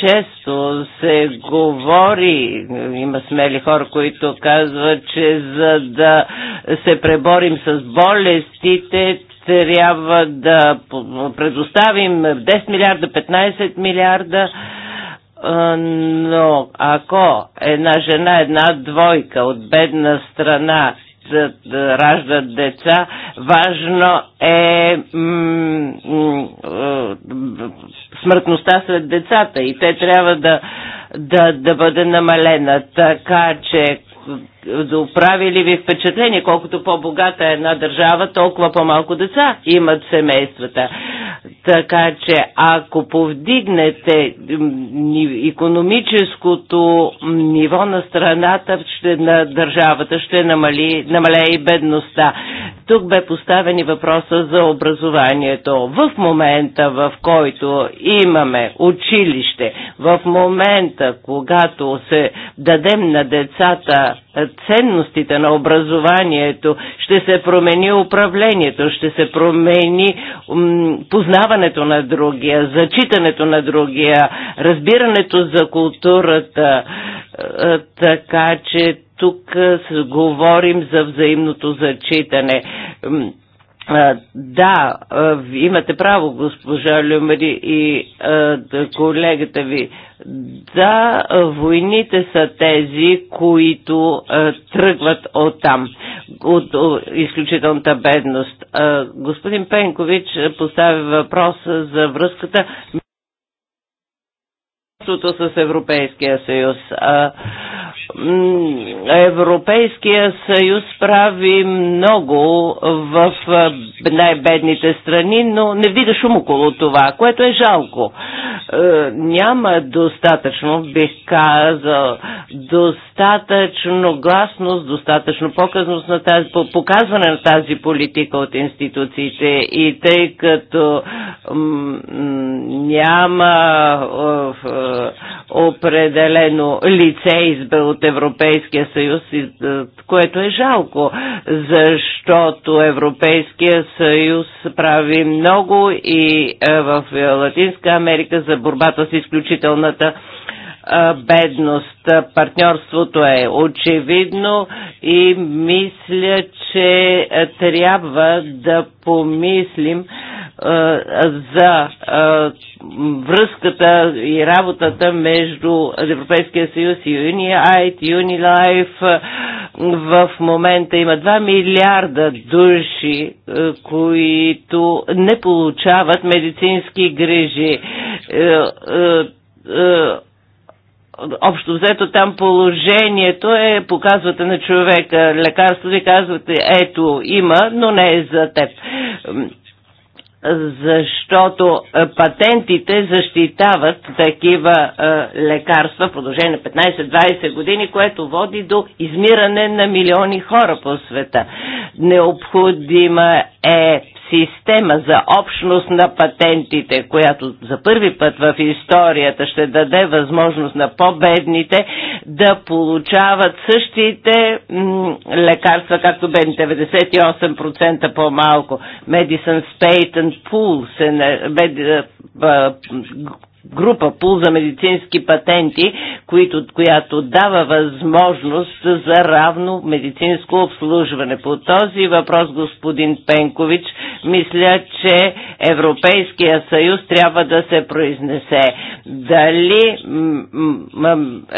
често се говори, има смели хора, които казват, че за да се преборим с болестите, трябва да предоставим 10 милиарда, 15 милиарда но ако една жена, една двойка от бедна страна раждат деца. Важно е, е смъртността сред децата и те трябва да, да, да бъде намалена. Така че Доправи ли ви впечатление, колкото по-богата е една държава, толкова по-малко деца имат семействата. Така че ако повдигнете економическото ниво на страната, ще, на държавата, ще намали, намалее и бедността. Тук бе поставен и въпроса за образованието. В момента, в който имаме училище, в момента, когато се дадем на децата ценностите на образованието, ще се промени управлението, ще се промени познаването на другия, зачитането на другия, разбирането за културата. Е, е, така че тук е, говорим за взаимното зачитане. Да, имате право, госпожа Люмери и колегата ви. Да, войните са тези, които тръгват от там, от изключителната бедност. Господин Пенкович постави въпроса за връзката партньорството с Европейския съюз. Европейския съюз прави много в най-бедните страни, но не вдига шум около това, което е жалко. Няма достатъчно, бих казал, достатъчно гласност, достатъчно показност на тази, показване на тази политика от институциите и тъй като няма е, определено лице избе от Европейския съюз, е, което е жалко, защото Европейския съюз прави много и е, в Латинска Америка за борбата с изключителната бедност. Партньорството е очевидно и мисля, че е, трябва да помислим е, за е, връзката и работата между Европейския съюз и UNIAID, UNILIFE. В момента има 2 милиарда души, които не получават медицински грижи общо взето там положението е, показвате на човека лекарството и казвате, ето има, но не е за теб защото е, патентите защитават такива е, лекарства в продължение на 15-20 години, което води до измиране на милиони хора по света. Необходима е система за общност на патентите, която за първи път в историята ще даде възможност на по-бедните да получават същите лекарства, както бедните, 98% по-малко. Medicines Patent Pool се, група пул за медицински патенти, които, която дава възможност за равно медицинско обслужване. По този въпрос, господин Пенкович, мисля, че Европейския съюз трябва да се произнесе. Дали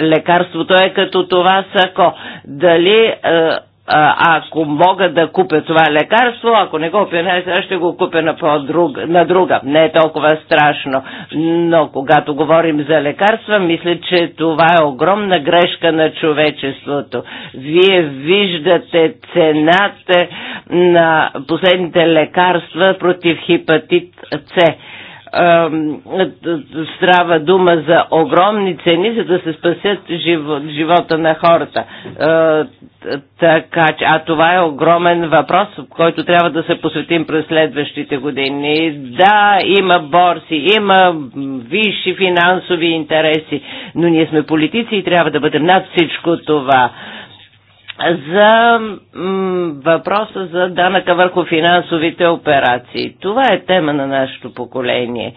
лекарството е като това сако? Дали е, ако мога да купя това лекарство, ако не го купя, ще го купя на, -друг, на друга. Не е толкова страшно. Но когато говорим за лекарства, мисля, че това е огромна грешка на човечеството. Вие виждате цената на последните лекарства против хепатит С страва дума за огромни цени, за да се спасят живот, живота на хората. Така, а това е огромен въпрос, който трябва да се посветим през следващите години. Да, има борси, има висши финансови интереси, но ние сме политици и трябва да бъдем над всичко това за въпроса за данъка върху финансовите операции. Това е тема на нашето поколение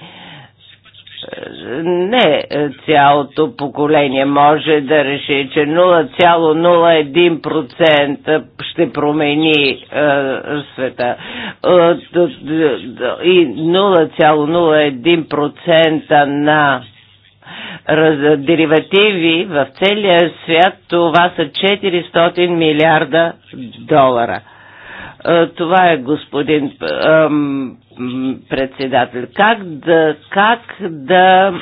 не цялото поколение може да реши, че 0,01% ще промени е, света е, и 0,01% на деривативи в целия свят, това са 400 милиарда долара. Е, това е господин председател. Как да, как да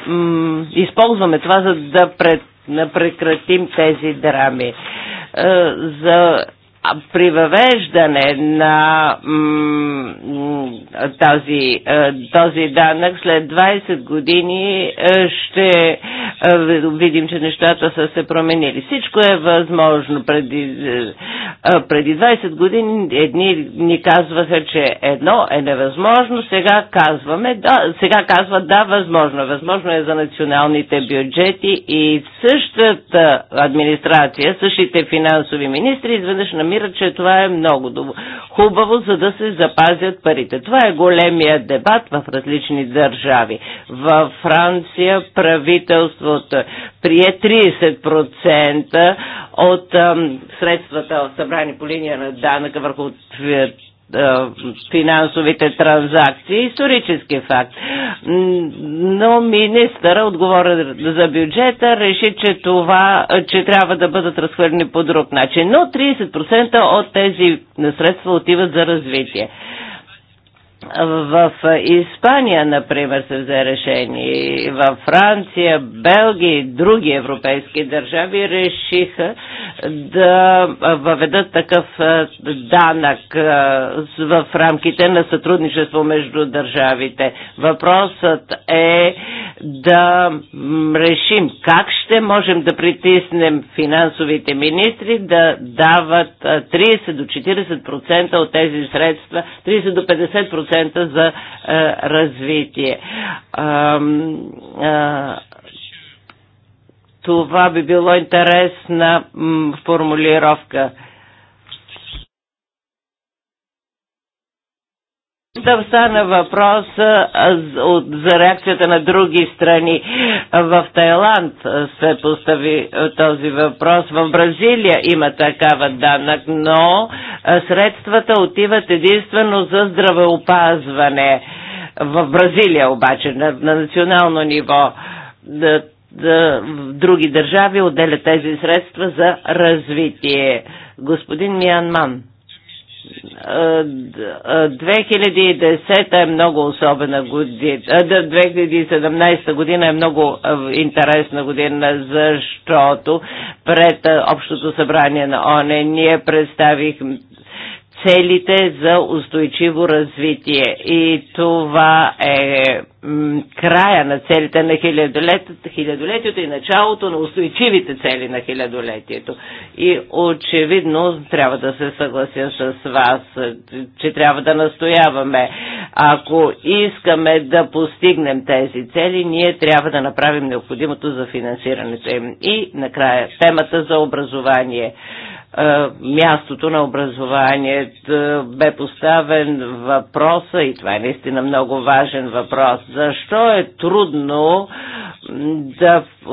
използваме това, за да пред, прекратим тези драми? Е, за при въвеждане на този, е, този данък след 20 години е, ще е, видим, че нещата са се променили. Всичко е възможно. Преди, преди 20 години едни ни казваха, че едно е невъзможно, сега казваме да, сега казва да, възможно. Възможно е за националните бюджети и същата администрация, същите финансови министри изведнъж намерят намира, че това е много хубаво, за да се запазят парите. Това е големия дебат в различни държави. Във Франция правителството прие 30% от ам, средствата събрани по линия на данъка върху финансовите транзакции. Исторически факт. Но министъра, отговорен за бюджета, реши, че това, че трябва да бъдат разхвърлени по друг начин. Но 30% от тези средства отиват за развитие в Испания, например, се взе решение, във Франция, Белгия и други европейски държави решиха да въведат такъв данък в рамките на сътрудничество между държавите. Въпросът е да решим как ще можем да притиснем финансовите министри да дават 30 до 40% от тези средства, 30 до 50% процента за е, развитие. Е, това би било интересна формулировка. Да стана въпрос за реакцията на други страни. В Тайланд се постави този въпрос. В Бразилия има такава данък, но средствата отиват единствено за здравеопазване. В Бразилия обаче, на, на национално ниво, да, да, в други държави отделят тези средства за развитие. Господин Мианман. 2010 е много особена година. 2017 година е много интересна година, защото пред Общото събрание на ОНЕ ние представихме целите за устойчиво развитие. И това е края на целите на хилядолетието и началото на устойчивите цели на хилядолетието. И очевидно трябва да се съглася с вас, че трябва да настояваме. Ако искаме да постигнем тези цели, ние трябва да направим необходимото за финансирането им. И накрая темата за образование. Е, мястото на образованието. Е, бе поставен въпроса, и това е наистина много важен въпрос, защо е трудно да е,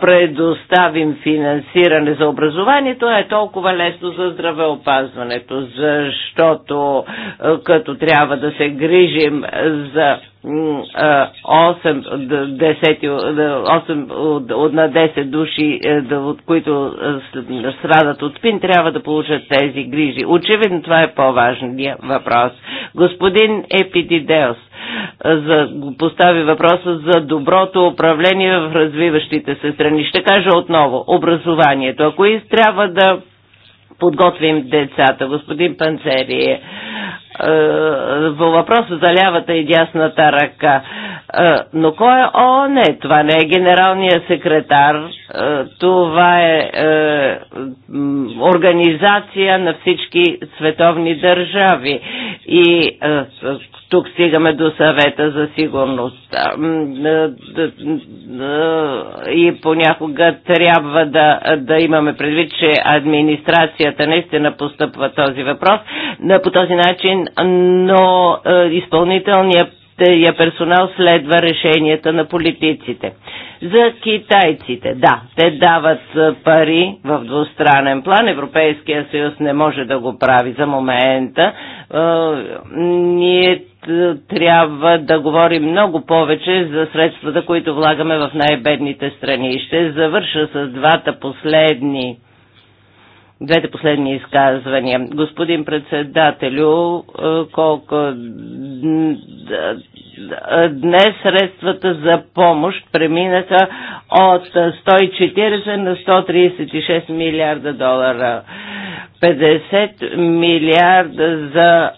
предоставим финансиране за образованието, е толкова лесно за здравеопазването, защото е, като трябва да се грижим за 8, е, от на 10 души, от които страдат от пин, трябва да получат тези грижи. Очевидно това е по-важният въпрос. Господин Епидидеос, за, постави въпроса за доброто управление в развиващите се страни. Ще кажа отново, образованието. Ако и трябва да подготвим децата, господин е, е, във въпроса за лявата и дясната ръка. Е, но кой е О, не, това не е генералният секретар, е, това е организация на всички световни държави. И тук стигаме до съвета за сигурност. И понякога трябва да, да имаме предвид, че администрацията наистина постъпва този въпрос по този начин, но изпълнителният е, персонал следва решенията на политиците. За китайците, да, те дават пари в двустранен план. Европейския съюз не може да го прави за момента. Ние трябва да говорим много повече за средствата, които влагаме в най-бедните страни. И ще завърша с двата последни двете последни изказвания. Господин председателю, е, колко е, е, днес средствата за помощ преминаха от 140 на 136 милиарда долара. 50 милиарда за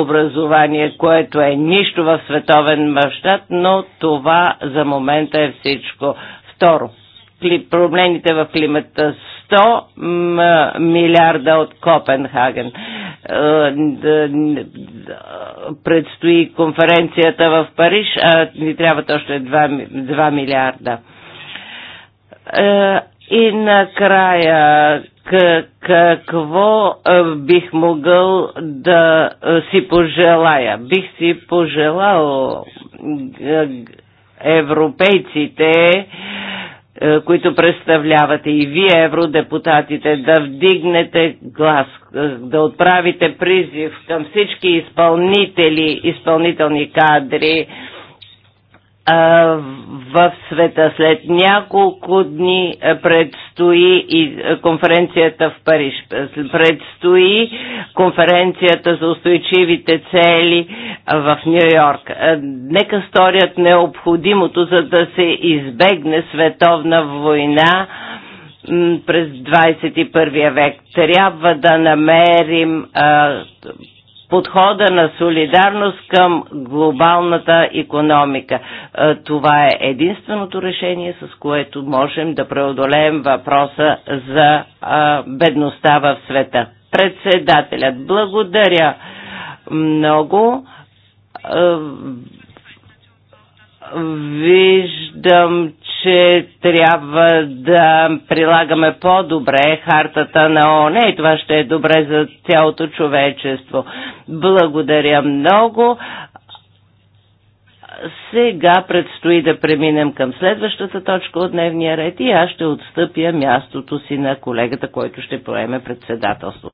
образование, което е нищо в световен мащаб, но това за момента е всичко. Второ, проблемите в климата 100 милиарда от Копенхаген. Е, предстои конференцията в Париж, а ни трябват още 2, 2 милиарда. Е, и накрая, какво е, бих могъл да си пожелая? Бих си пожелал европейците е, които представлявате и вие, евродепутатите, да вдигнете глас, е, да отправите призив към всички изпълнители, изпълнителни кадри, в света. След няколко дни предстои и конференцията в Париж. Предстои конференцията за устойчивите цели в Нью Йорк. Нека сторят необходимото, за да се избегне световна война през 21 век. Трябва да намерим а, подхода на солидарност към глобалната економика. Е, това е единственото решение, с което можем да преодолеем въпроса за бедността в света. Председателят, благодаря много е, виждам, че трябва да прилагаме по-добре хартата на ООН и това ще е добре за цялото човечество. Благодаря много. Сега предстои да преминем към следващата точка от дневния ред и аз ще отстъпя мястото си на колегата, който ще поеме председателството.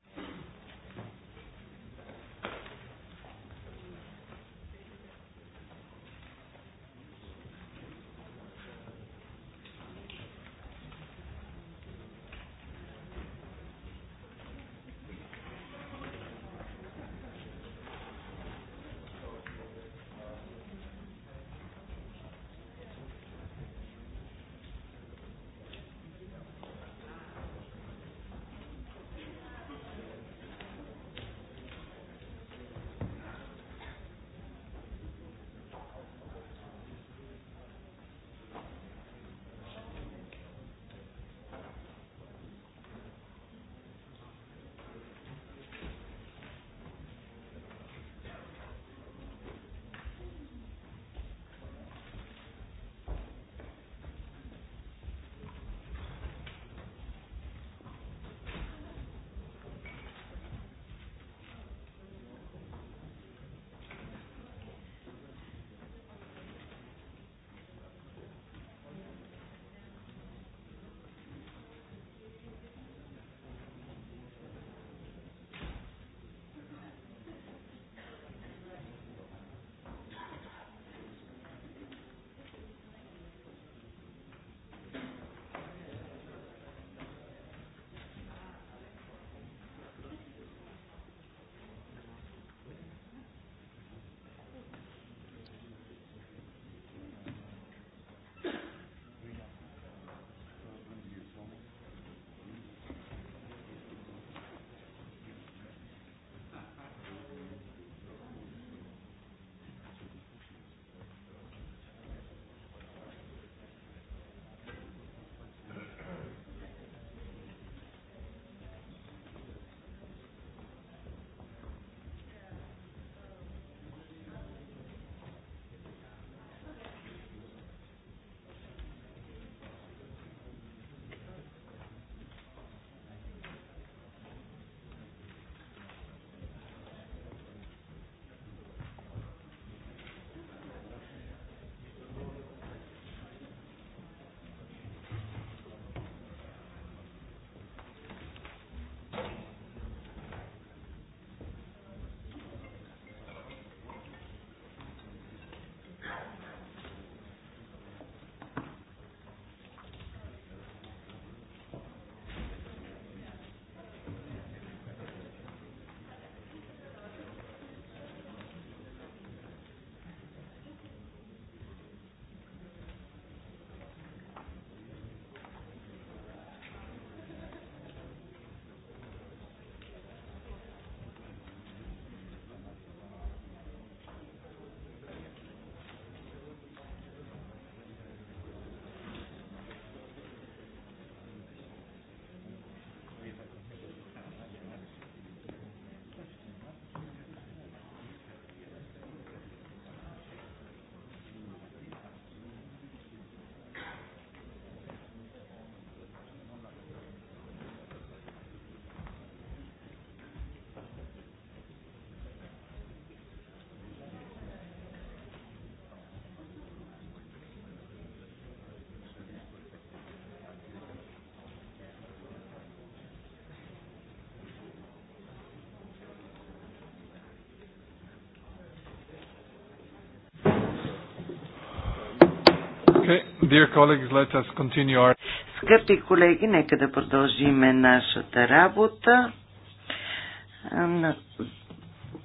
Dear colleagues, let us continue our... Скъпи колеги, нека да продължиме нашата работа.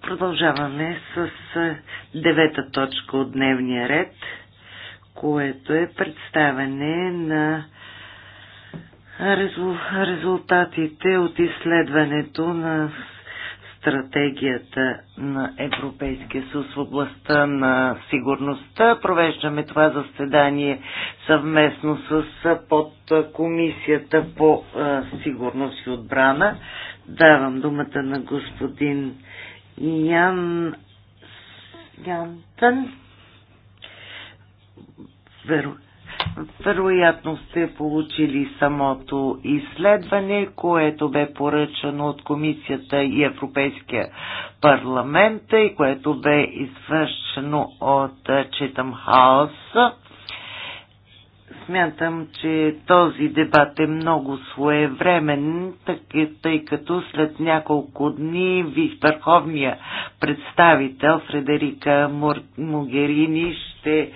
Продължаваме с девета точка от дневния ред, което е представяне на резултатите от изследването на стратегията на Европейския съюз в областта на сигурността. Провеждаме това заседание съвместно с подкомисията по сигурност и отбрана. Давам думата на господин Ян Янтън. Веро... Вероятно сте получили самото изследване, което бе поръчано от Комисията и Европейския парламент и което бе извършено от Читам Смятам, че този дебат е много своевремен, тъй като след няколко дни върховния представител Фредерика Могерини ще е,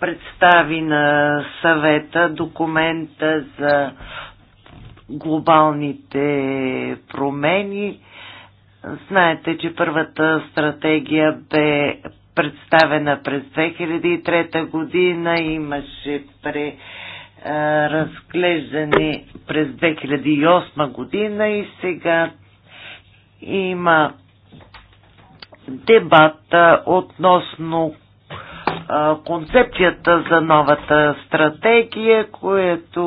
представи на съвета документа за глобалните промени. Знаете, че първата стратегия бе представена през 2003 година, имаше пре разглеждане през 2008 година и сега има дебата относно концепцията за новата стратегия, което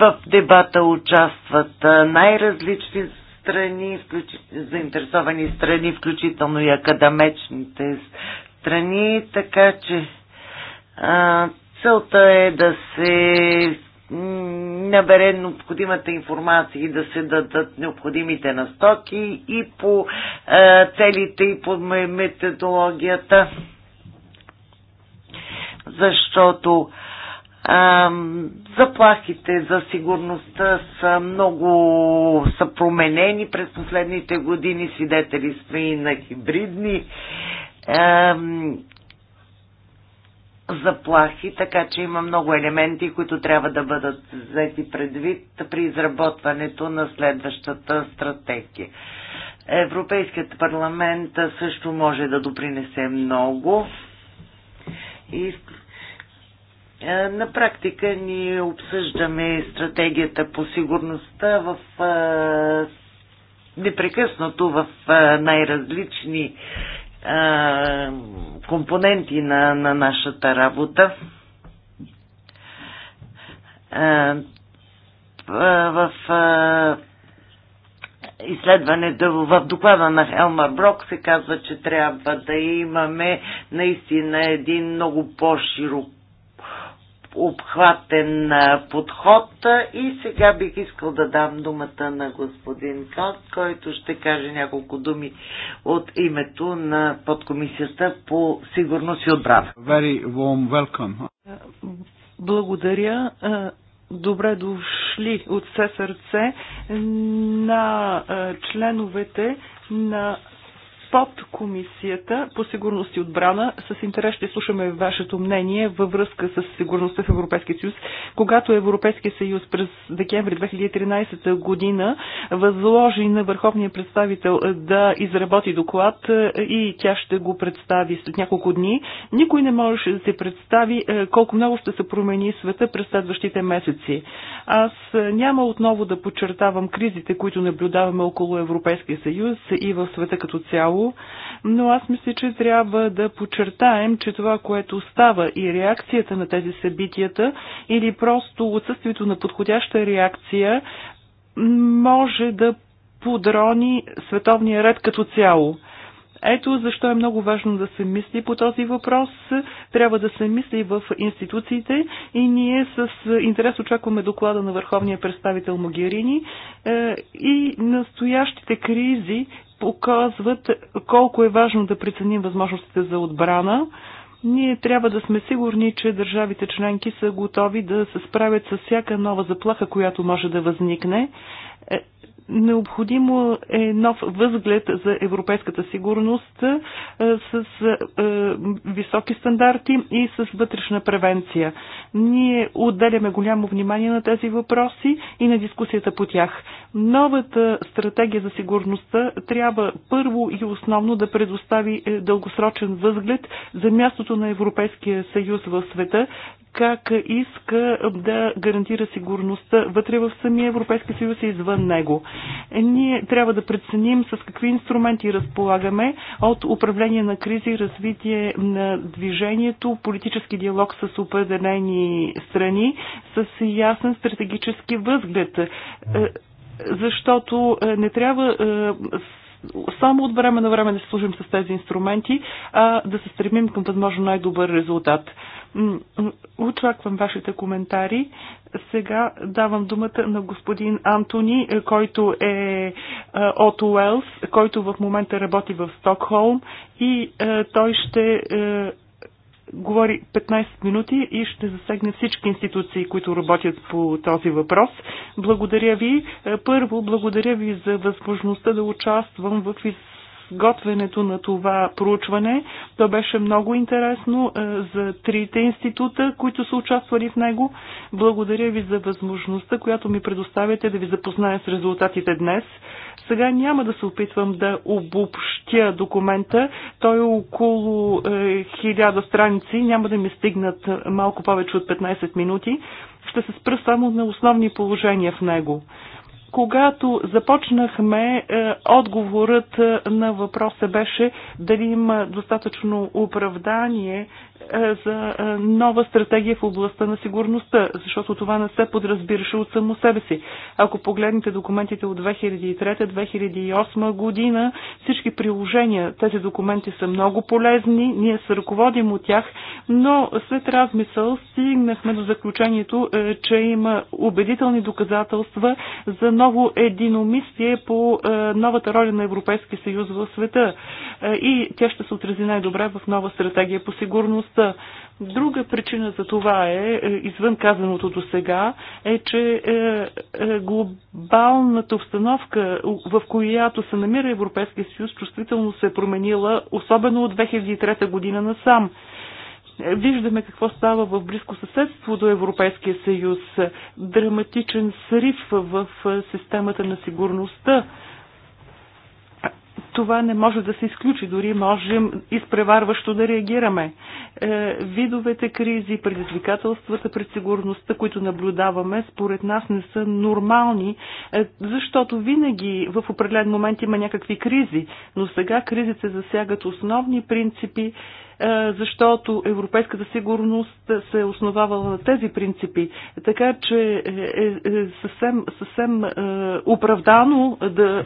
в дебата участват най-различни страни, включи, заинтересовани страни, включително и академичните страни, така че а, целта е да се набере необходимата информация и да се дадат необходимите настоки и по а, целите и по методологията, защото а, Заплахите за сигурността са много са променени през последните години. Свидетели сме и на хибридни заплахи, така че има много елементи, които трябва да бъдат взети предвид при изработването на следващата стратегия. Европейският парламент също може да допринесе много и е, на практика ние обсъждаме стратегията по сигурността в е, непрекъснато в е, най-различни компоненти на, на нашата работа. В изследването в доклада на Хелмар Брок се казва, че трябва да имаме наистина един много по-широк обхватен подход. И сега бих искал да дам думата на господин Кат, който ще каже няколко думи от името на подкомисията по сигурност и отбрана. Very warm welcome. Благодаря. Добре дошли от все сърце на членовете на под комисията по сигурност и отбрана. С интерес ще слушаме вашето мнение във връзка с сигурността в Европейския съюз. Когато Европейския съюз през декември 2013 година възложи на върховния представител да изработи доклад е, и тя ще го представи след няколко дни, никой не можеше да се представи е, колко много ще се промени света през следващите месеци. Аз е, няма отново да подчертавам кризите, които наблюдаваме около Европейския съюз и в света като цяло цяло, но аз мисля, че трябва да подчертаем, че това, което става и реакцията на тези събитията или просто отсъствието на подходяща реакция може да подрони световния ред като цяло. Ето защо е много важно да се мисли по този въпрос. Трябва да се мисли в институциите и ние с интерес очакваме доклада на върховния представител Могерини е, и настоящите кризи показват колко е важно да преценим възможностите за отбрана. Ние трябва да сме сигурни, че държавите членки са готови да се справят с всяка нова заплаха, която може да възникне. Е, Необходимо е нов възглед за европейската сигурност е, с е, високи стандарти и с вътрешна превенция. Ние отделяме голямо внимание на тези въпроси и на дискусията по тях. Новата стратегия за сигурността трябва първо и основно да предостави е, дългосрочен възглед за мястото на Европейския съюз в света, как иска да гарантира сигурността вътре в самия Европейски съюз и извън него. Ние трябва да преценим с какви инструменти разполагаме от управление на кризи, развитие на движението, политически диалог с определени страни, с ясен стратегически възглед е, защото е, не трябва е, само от време на време да се служим с тези инструменти, а да се стремим към възможно най-добър резултат. Очаквам вашите коментари. Сега давам думата на господин Антони, който е от Уелс, който в момента работи в Стокхолм и той ще е, говори 15 минути и ще засегне всички институции, които работят по този въпрос. Благодаря ви. Първо, благодаря ви за възможността да участвам в готвенето на това проучване. То беше много интересно е, за трите института, които са участвали в него. Благодаря ви за възможността, която ми предоставяте да ви запозная с резултатите днес. Сега няма да се опитвам да обобщя документа. Той е около 1000 е, страници. Няма да ми стигнат малко повече от 15 минути. Ще се спра само на основни положения в него когато започнахме, е, отговорът е, на въпроса беше дали има достатъчно оправдание е, за е, нова стратегия в областта на сигурността, защото това не се подразбираше от само себе си. Ако погледнете документите от 2003-2008 година, всички приложения, тези документи са много полезни, ние се ръководим от тях, но след размисъл стигнахме до заключението, е, че има убедителни доказателства за ново единомислие по новата роля на Европейския съюз в света и тя ще се отрази най-добре в нова стратегия по сигурност властта. Друга причина за това е, е, извън казаното до сега, е, че е, е, глобалната обстановка, в която се намира Европейския съюз, чувствително се е променила, особено от 2003 година насам. Виждаме какво става в близко съседство до Европейския съюз. Драматичен срив в системата на сигурността това не може да се изключи, дори можем изпреварващо да реагираме. Е, видовете кризи, предизвикателствата пред сигурността, които наблюдаваме, според нас не са нормални, е, защото винаги в определен момент има някакви кризи, но сега кризите засягат основни принципи, е, защото европейската сигурност се е основавала на тези принципи. Така че е, е съвсем, съвсем оправдано да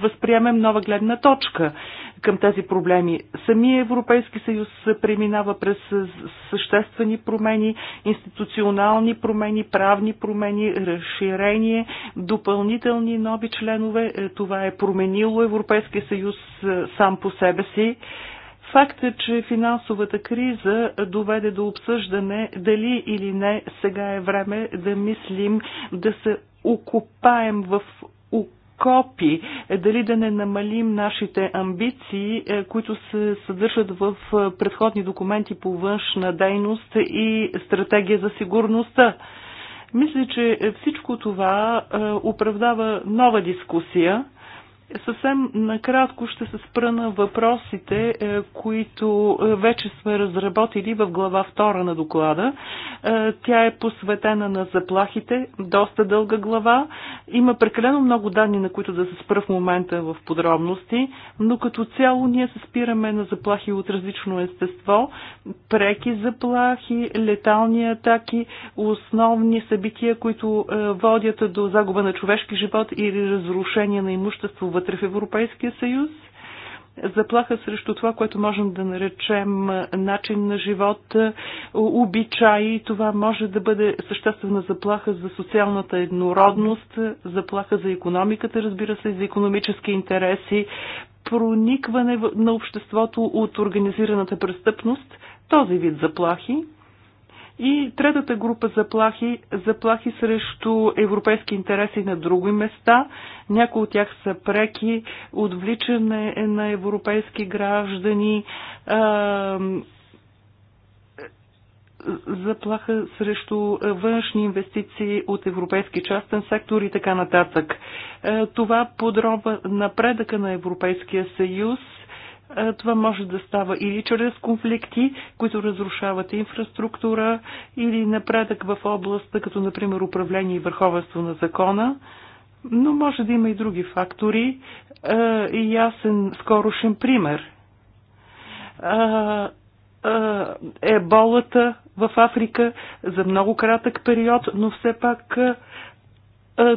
възприемем нова гледна точка към тези проблеми. Самия Европейски съюз преминава през съществени промени, институционални промени, правни промени, разширение, допълнителни нови членове. Това е променило Европейския съюз сам по себе си. Факт е, че финансовата криза доведе до обсъждане дали или не сега е време да мислим да се окупаем в копи, дали да не намалим нашите амбиции, е, които се съдържат в е, предходни документи по външна дейност и стратегия за сигурността. Мисля, че всичко това е, оправдава нова дискусия. Съвсем накратко ще се спра на въпросите, е, които е, вече сме разработили в глава 2 на доклада. Е, тя е посветена на заплахите, доста дълга глава. Има прекалено много данни, на които да се спра в момента в подробности, но като цяло ние се спираме на заплахи от различно естество, преки заплахи, летални атаки, основни събития, които водят до загуба на човешки живот или разрушение на имущество вътре в Европейския съюз, заплаха срещу това, което можем да наречем начин на живот, обичаи. Това може да бъде съществена заплаха за социалната еднородност, заплаха за економиката, разбира се, за економически интереси, проникване на обществото от организираната престъпност, този вид заплахи – и третата група заплахи, заплахи срещу европейски интереси на други места. Някои от тях са преки, отвличане на европейски граждани, заплаха срещу външни инвестиции от европейски частен сектор и така нататък. Е, това подроба напредъка на Европейския съюз – това може да става или чрез конфликти, които разрушават инфраструктура, или напредък в областта, като например управление и върховенство на закона, но може да има и други фактори. И ясен скорошен пример. Еболата в Африка за много кратък период, но все пак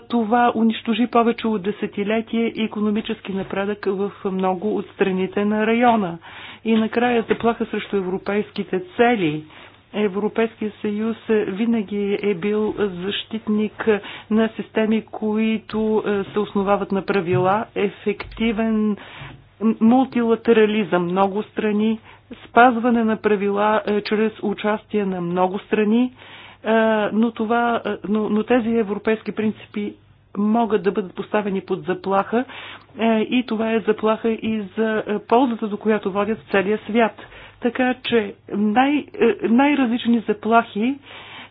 това унищожи повече от десетилетие економически напредък в много от страните на района. И накрая заплаха срещу европейските цели. Европейския съюз винаги е бил защитник на системи, които се основават на правила, ефективен мултилатерализъм, много страни, спазване на правила чрез участие на много страни, е, но, това, е, но, но тези европейски принципи могат да бъдат поставени под заплаха е, и това е заплаха и за ползата, до която водят целия свят. Така че най, най-различни заплахи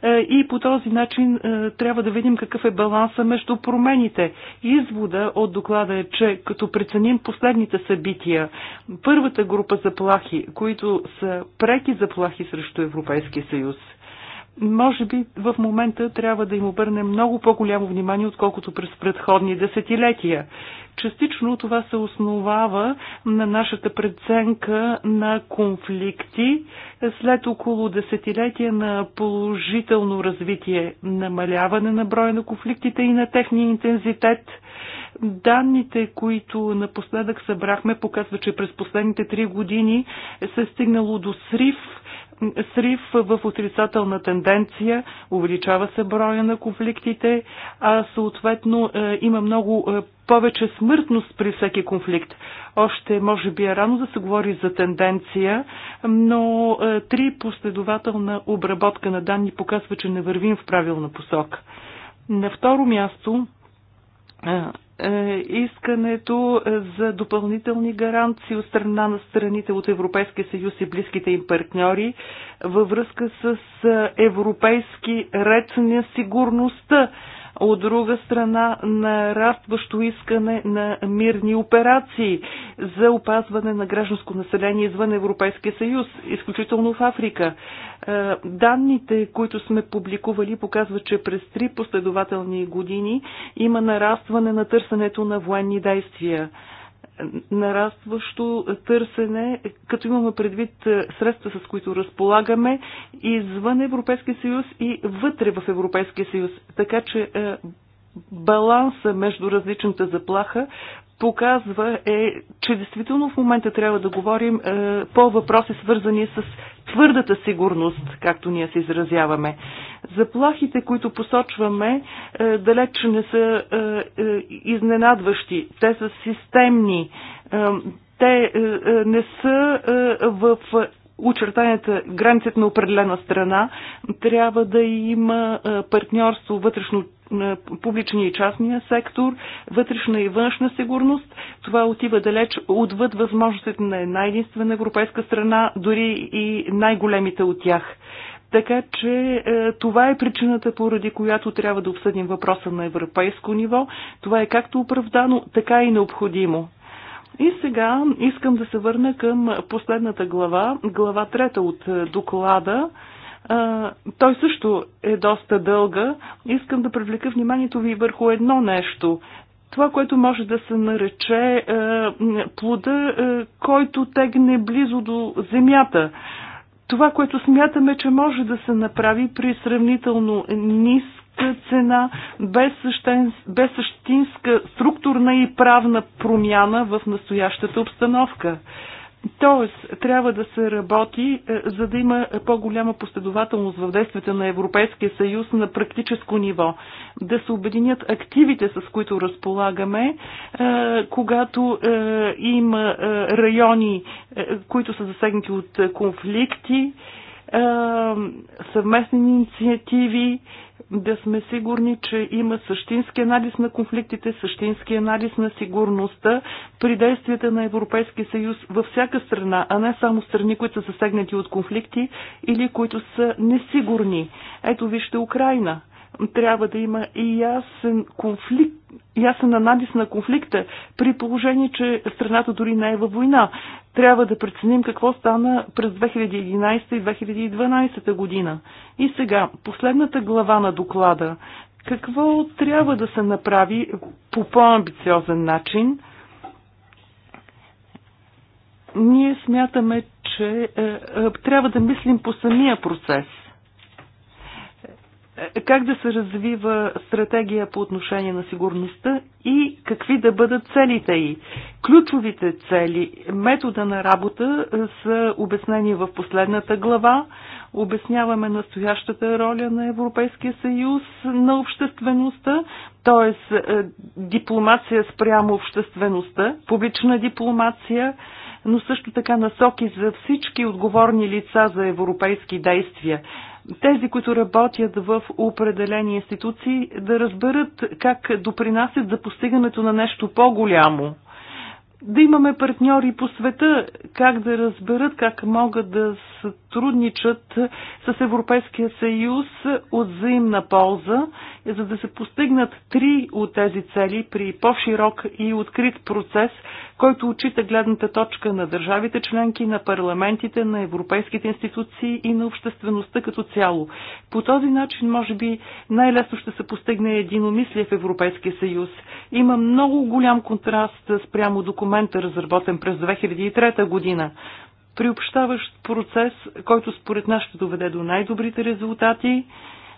и по този начин трябва да видим какъв е баланса между промените. Извода от доклада е, че като преценим последните събития, първата група заплахи, които са преки заплахи срещу Европейския съюз – може би в момента трябва да им обърнем много по-голямо внимание, отколкото през предходни десетилетия. Частично това се основава на нашата преценка на конфликти след около десетилетия на положително развитие, намаляване на броя на конфликтите и на техния интензитет. Данните, които напоследък събрахме, показват, че през последните три години се е стигнало до срив срив в отрицателна тенденция, увеличава се броя на конфликтите, а съответно е, има много е, повече смъртност при всеки конфликт. Още може би е рано да се говори за тенденция, но е, три последователна обработка на данни показва, че не вървим в правилна посока. На второ място е, искането за допълнителни гаранции от страна на страните от Европейския съюз и близките им партньори във връзка с е, европейски ред на сигурността от друга страна нарастващо искане на мирни операции за опазване на гражданско население извън Европейския съюз, изключително в Африка. Е, данните, които сме публикували, показват, че през три последователни години има нарастване на търсенето на военни действия нарастващо търсене, като имаме предвид е, средства, с които разполагаме извън Европейския съюз и вътре в Европейския съюз. Така че е, баланса между различната заплаха показва е, че действително в момента трябва да говорим е, по въпроси свързани с твърдата сигурност, както ние се изразяваме. Заплахите, които посочваме, е, далеч не са е, е, изненадващи. Те са системни. Е, те е, е не са е, в очертанията, границата на определена страна, трябва да има е, партньорство вътрешно на публичния и частния сектор, вътрешна и външна сигурност. Това отива далеч отвъд възможностите на една единствена европейска страна, дори и най-големите от тях. Така че е, това е причината, поради която трябва да обсъдим въпроса на европейско ниво. Това е както оправдано, така и необходимо. И сега искам да се върна към последната глава, глава трета от доклада той също е доста дълга. Искам да привлека вниманието ви върху едно нещо. Това, което може да се нарече е, плода, е, който тегне близо до земята. Това, което смятаме, че може да се направи при сравнително ниска цена, без, същен, без същинска структурна и правна промяна в настоящата обстановка. Тоест, трябва да се работи, е, за да има по-голяма последователност в действията на Европейския съюз на практическо ниво. Да се обединят активите, с които разполагаме, е, когато е, има райони, които са засегнати от конфликти, съвместни инициативи, да сме сигурни, че има същински анализ на конфликтите, същински анализ на сигурността при действията на Европейския съюз във всяка страна, а не само страни, които са засегнати от конфликти или които са несигурни. Ето вижте Украина. Трябва да има и ясен конфликт, ясен анализ на конфликта, при положение, че страната дори не е във война. Трябва да преценим какво стана през 2011 и 2012 година. И сега, последната глава на доклада. Какво трябва да се направи по по-амбициозен начин? Ние смятаме, че е, е, трябва да мислим по самия процес – как да се развива стратегия по отношение на сигурността и какви да бъдат целите й. Ключовите цели, метода на работа е, са обяснени в последната глава. Обясняваме настоящата роля на Европейския съюз на обществеността, т.е. Е, дипломация спрямо обществеността, публична дипломация, но също така насоки за всички отговорни лица за европейски действия тези, които работят в определени институции, да разберат как допринасят за постигането на нещо по-голямо. Да имаме партньори по света, как да разберат как могат да сътрудничат с Европейския съюз от взаимна полза, за да се постигнат три от тези цели при по-широк и открит процес, който отчита гледната точка на държавите членки, на парламентите, на европейските институции и на обществеността като цяло. По този начин, може би, най-лесно ще се постигне единомислие в Европейския съюз. Има много голям контраст спрямо документа, разработен през 2003 година приобщаващ процес, който според нас ще доведе до най-добрите резултати.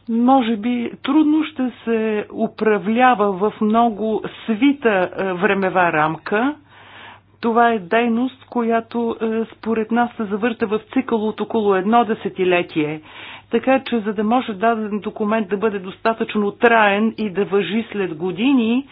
Може би трудно ще се управлява в много свита е, времева рамка, това е дейност, която е, според нас се завърта в цикъл от около едно десетилетие. Така че, за да може даден документ да бъде достатъчно траен и да въжи след години,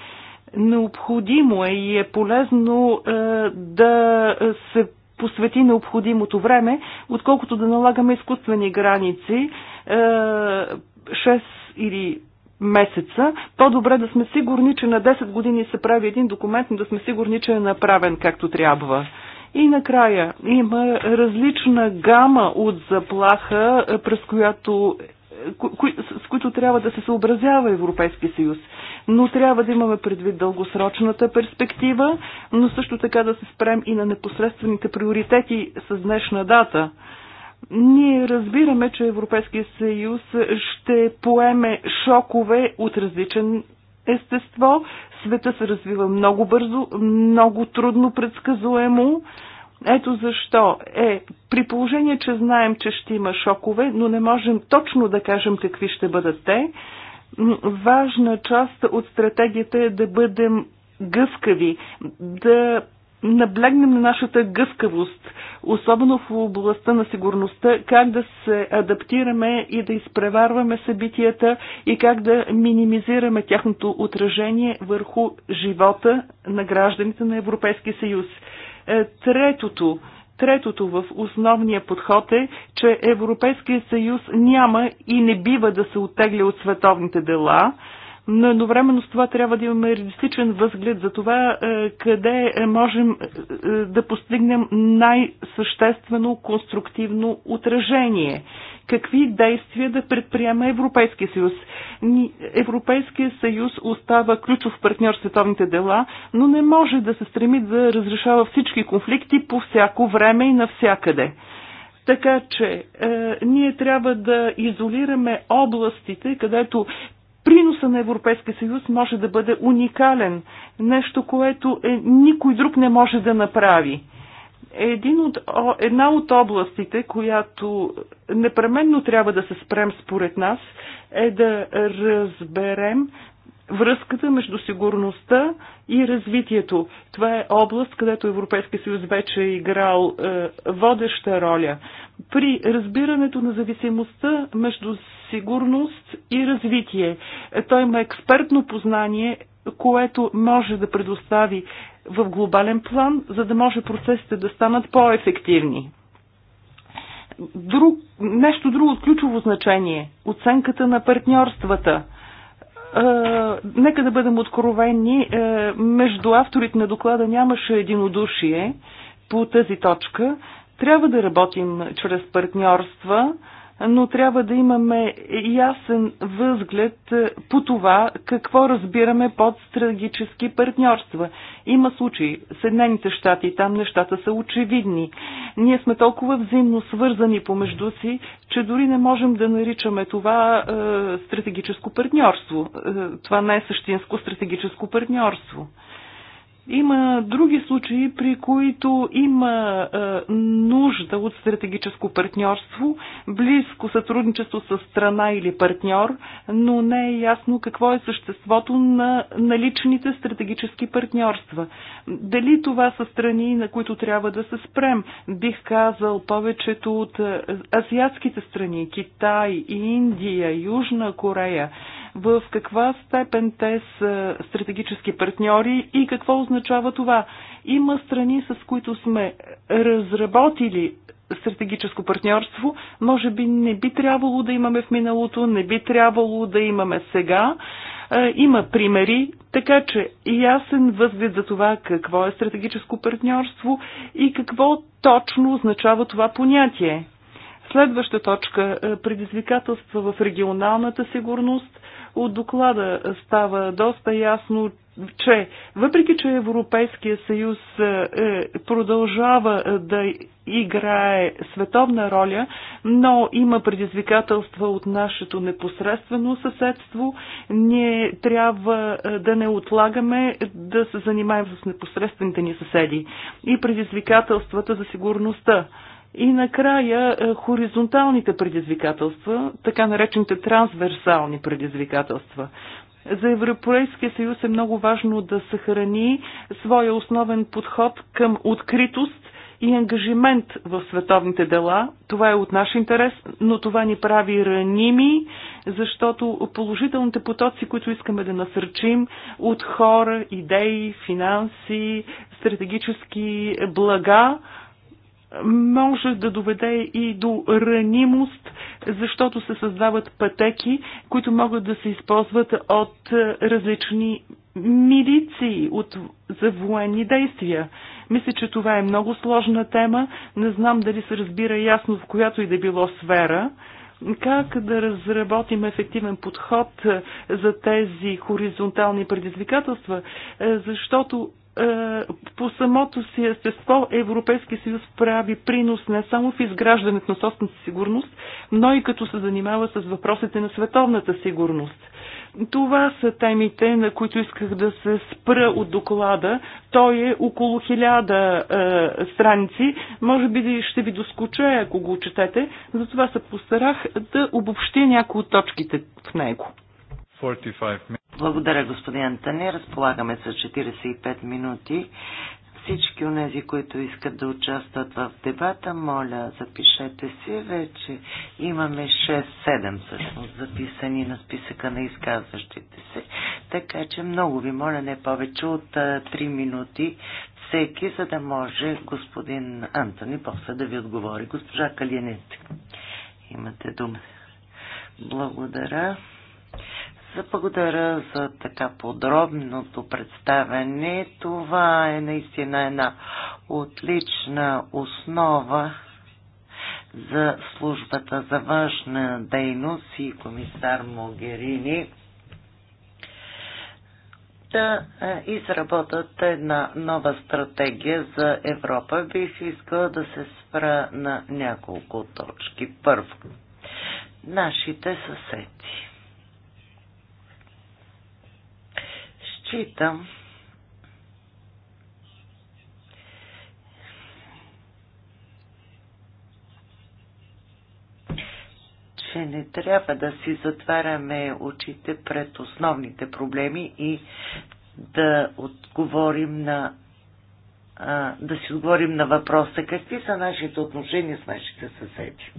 необходимо е и е полезно е, да се посвети необходимото време, отколкото да налагаме изкуствени граници. 6 е, или месеца, по-добре да сме сигурни, че на 10 години се прави един документ, но да сме сигурни, че е направен както трябва. И накрая има различна гама от заплаха, е, през която е, с които трябва да се съобразява Европейски съюз. Но трябва да имаме предвид дългосрочната перспектива, но също така да се спрем и на непосредствените приоритети с днешна дата. Ние разбираме, че Европейския съюз ще поеме шокове от различен естество. Света се развива много бързо, много трудно предсказуемо. Ето защо е, при положение, че знаем, че ще има шокове, но не можем точно да кажем какви ще бъдат те, важна част от стратегията е да бъдем гъвкави, да наблегнем на нашата гъвкавост, особено в областта на сигурността, как да се адаптираме и да изпреварваме събитията и как да минимизираме тяхното отражение върху живота на гражданите на Европейския съюз. Е, третото, Третото в основния подход е, че Европейския съюз няма и не бива да се отегля от световните дела, но едновременно с това трябва да имаме реалистичен възглед за това е, къде можем е, да постигнем най-съществено конструктивно отражение. Какви действия да предприема Европейския съюз? Европейския съюз остава ключов партньор в световните дела, но не може да се стреми да разрешава всички конфликти по всяко време и навсякъде. Така че е, ние трябва да изолираме областите, където приноса на Европейския съюз може да бъде уникален. Нещо, което е, никой друг не може да направи. Един от, една от областите, която непременно трябва да се спрем според нас, е да разберем връзката между сигурността и развитието. Това е област, където Европейския съюз вече е играл е, водеща роля. При разбирането на зависимостта между сигурност и развитие. Той има експертно познание, което може да предостави в глобален план, за да може процесите да станат по-ефективни. Друг, нещо друго от ключово значение оценката на партньорствата е, нека да бъдем откровени, е, между авторите на доклада нямаше единодушие по тази точка. Трябва да работим чрез партньорства, но трябва да имаме ясен възглед е, по това какво разбираме под стратегически партньорства. Има случаи. Съединените щати, там нещата са очевидни. Ние сме толкова взаимно свързани помежду си, че дори не можем да наричаме това е, стратегическо партньорство. Е, това не е същинско стратегическо партньорство. Има други случаи, при които има е, нужда от стратегическо партньорство, близко сътрудничество с страна или партньор, но не е ясно какво е съществото на наличните стратегически партньорства. Дали това са страни, на които трябва да се спрем? Бих казал повечето от е, азиатските страни Китай, Индия, Южна Корея в каква степен те са стратегически партньори и какво означава това. Има страни, с които сме разработили стратегическо партньорство, може би не би трябвало да имаме в миналото, не би трябвало да имаме сега. Е, има примери, така че ясен възглед за това какво е стратегическо партньорство и какво точно означава това понятие. Следваща точка – предизвикателства в регионалната сигурност, от доклада става доста ясно, че въпреки, че Европейския съюз е, продължава е, да играе световна роля, но има предизвикателства от нашето непосредствено съседство. Ние трябва е, да не отлагаме да се занимаем с непосредствените ни съседи и предизвикателствата за сигурността. И накрая е, хоризонталните предизвикателства, така наречените трансверсални предизвикателства. За Европейския съюз е много важно да съхрани своя основен подход към откритост и ангажимент в световните дела. Това е от наш интерес, но това ни прави раними, защото положителните потоци, които искаме да насърчим от хора, идеи, финанси, стратегически блага, може да доведе и до ранимост, защото се създават пътеки, които могат да се използват от различни милиции от, за военни действия. Мисля, че това е много сложна тема. Не знам дали се разбира ясно в която и да било сфера. Как да разработим ефективен подход е, за тези хоризонтални предизвикателства? Е, защото е, по самото си естество Европейския съюз прави принос не само в изграждането на собствената сигурност, но и като се занимава с въпросите на световната сигурност. Това са темите, на които исках да се спра от доклада. Той е около хиляда е, страници. Може би ще ви доскоча, ако го четете. Затова се постарах да обобщя някои от точките в него. Благодаря, господин Антони. Разполагаме с 45 минути. Всички от тези, които искат да участват в дебата, моля, запишете си. Вече имаме 6-7 всъщност записани на списъка на изказващите се. Така че много ви моля не повече от 3 минути всеки, за да може господин Антони после да ви отговори. Госпожа Калиенет, имате дума. Благодаря. Благодаря за така подробното представене. Това е наистина една отлична основа за службата за външна дейност и комисар Могерини да е, изработят една нова стратегия за Европа. Бих искала да се спра на няколко точки. Първо, нашите съседи. считам, че не трябва да си затваряме очите пред основните проблеми и да отговорим на да си отговорим на въпроса какви са нашите отношения с нашите съседи.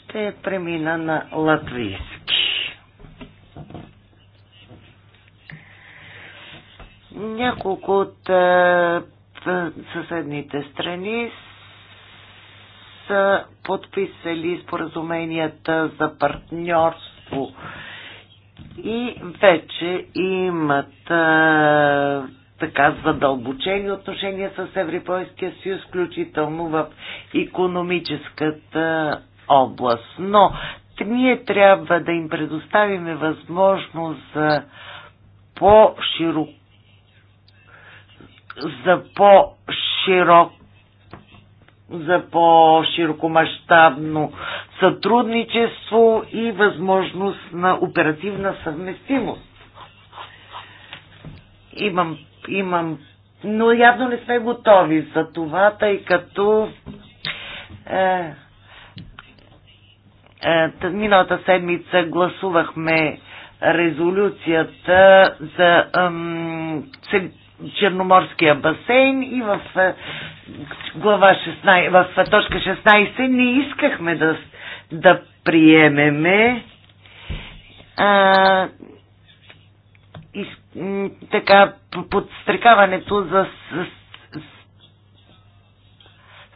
Ще премина на Латвис. Няколко от е, съседните страни са подписали споразуменията за партньорство и вече имат а, е, така задълбочени отношения с Европейския съюз, включително в економическата област. Но ние трябва да им предоставим възможност за по-широко за по-широк за по-широкомащабно сътрудничество и възможност на оперативна съвместимост. Имам, имам, но явно не сме готови за това, тъй като е, е, миналата седмица гласувахме резолюцията за е, Черноморския басейн и в е, глава 16, в точка 16 не искахме да, да приемеме а, и, така подстрекаването за с, с,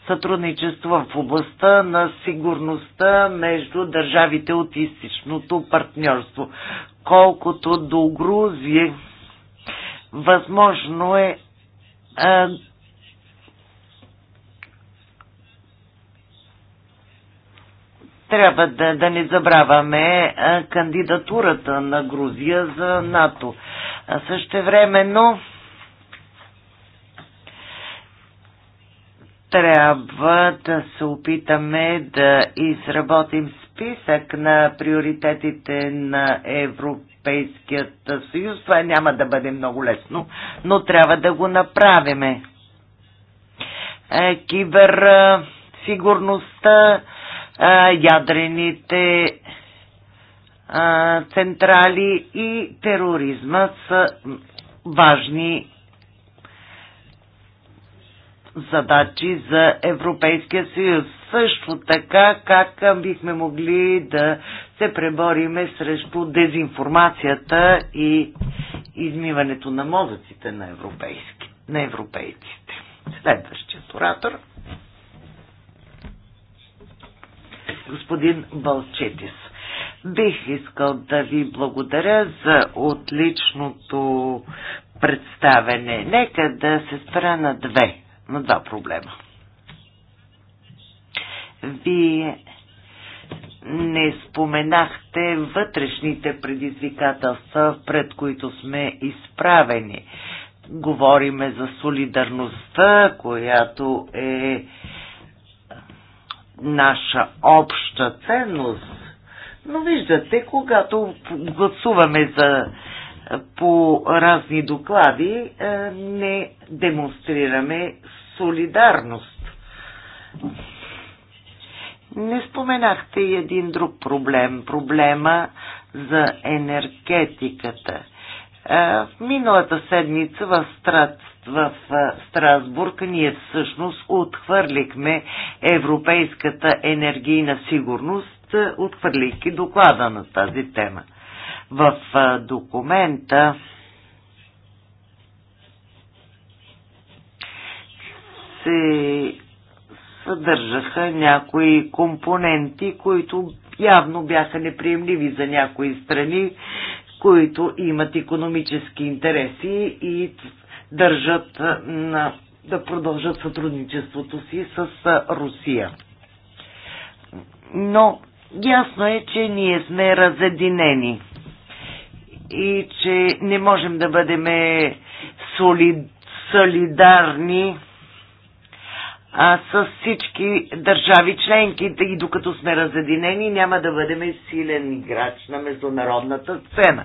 сътрудничество в областта на сигурността между държавите от истичното партньорство. Колкото до Грузия, Възможно е а, трябва да, да не забравяме а, кандидатурата на Грузия за НАТО. А същевременно трябва да се опитаме да изработим списък на приоритетите на Европа Европейският съюз. Това няма да бъде много лесно, но трябва да го направиме. Е, Киберсигурността, ядрените централи и тероризма са важни задачи за Европейския съюз. Също така, как бихме могли да се пребориме срещу дезинформацията и измиването на мозъците на, европейски, на европейците. Следващият оратор. Господин Балчетис. Бих искал да ви благодаря за отличното представене. Нека да се спра на две, на два проблема. Вие не споменахте вътрешните предизвикателства, пред които сме изправени. Говориме за солидарността, която е наша обща ценност. Но виждате, когато гласуваме за, по разни доклади, е, не демонстрираме солидарност. Не споменахте и един друг проблем. Проблема за енергетиката. В миналата седмица в, Страт, в Страсбург ние всъщност отхвърлихме Европейската енергийна сигурност, отхвърлихи доклада на тази тема. В документа се съдържаха някои компоненти, които явно бяха неприемливи за някои страни, които имат економически интереси и държат на, да продължат сътрудничеството си с Русия. Но ясно е, че ние сме разединени и че не можем да бъдем солид, солидарни а, с всички държави членки и докато сме разединени няма да бъдем силен играч на международната сцена.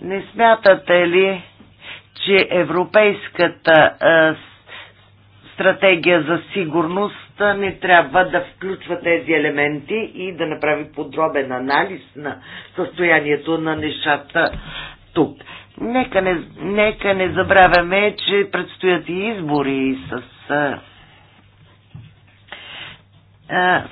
Не смятате ли, че европейската а, стратегия за сигурност не трябва да включва тези елементи и да направи подробен анализ на състоянието на нещата тук. Нека не, нека не забравяме, че предстоят и избори с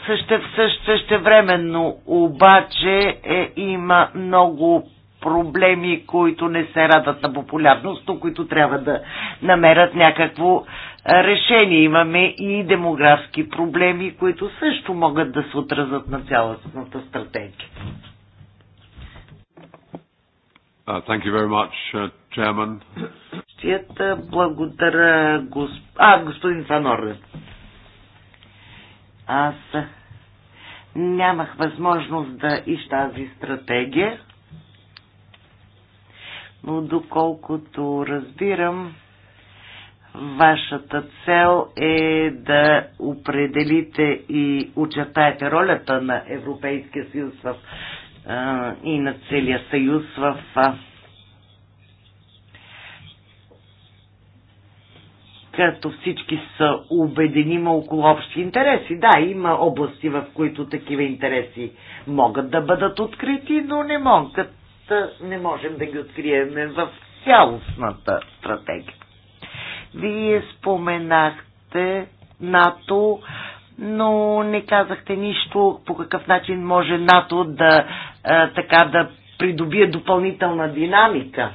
също, също, същевременно обаче е, има много проблеми, които не се радват на популярност, но които трябва да намерят някакво решение. Имаме и демографски проблеми, които също могат да се отразят на цялостната стратегия. Uh, thank you very much, uh, Chairman. Благодаря, госп... а, господин Фанорден. Аз нямах възможност да ищ тази стратегия, но доколкото разбирам, вашата цел е да определите и очертаете ролята на Европейския съюз в, а, и на целия съюз в а, като всички са убедени около общи интереси. Да, има области, в които такива интереси могат да бъдат открити, но не могат, не можем да ги открием в цялостната стратегия. Вие споменахте НАТО, но не казахте нищо по какъв начин може НАТО да, а, така, да придобие допълнителна динамика.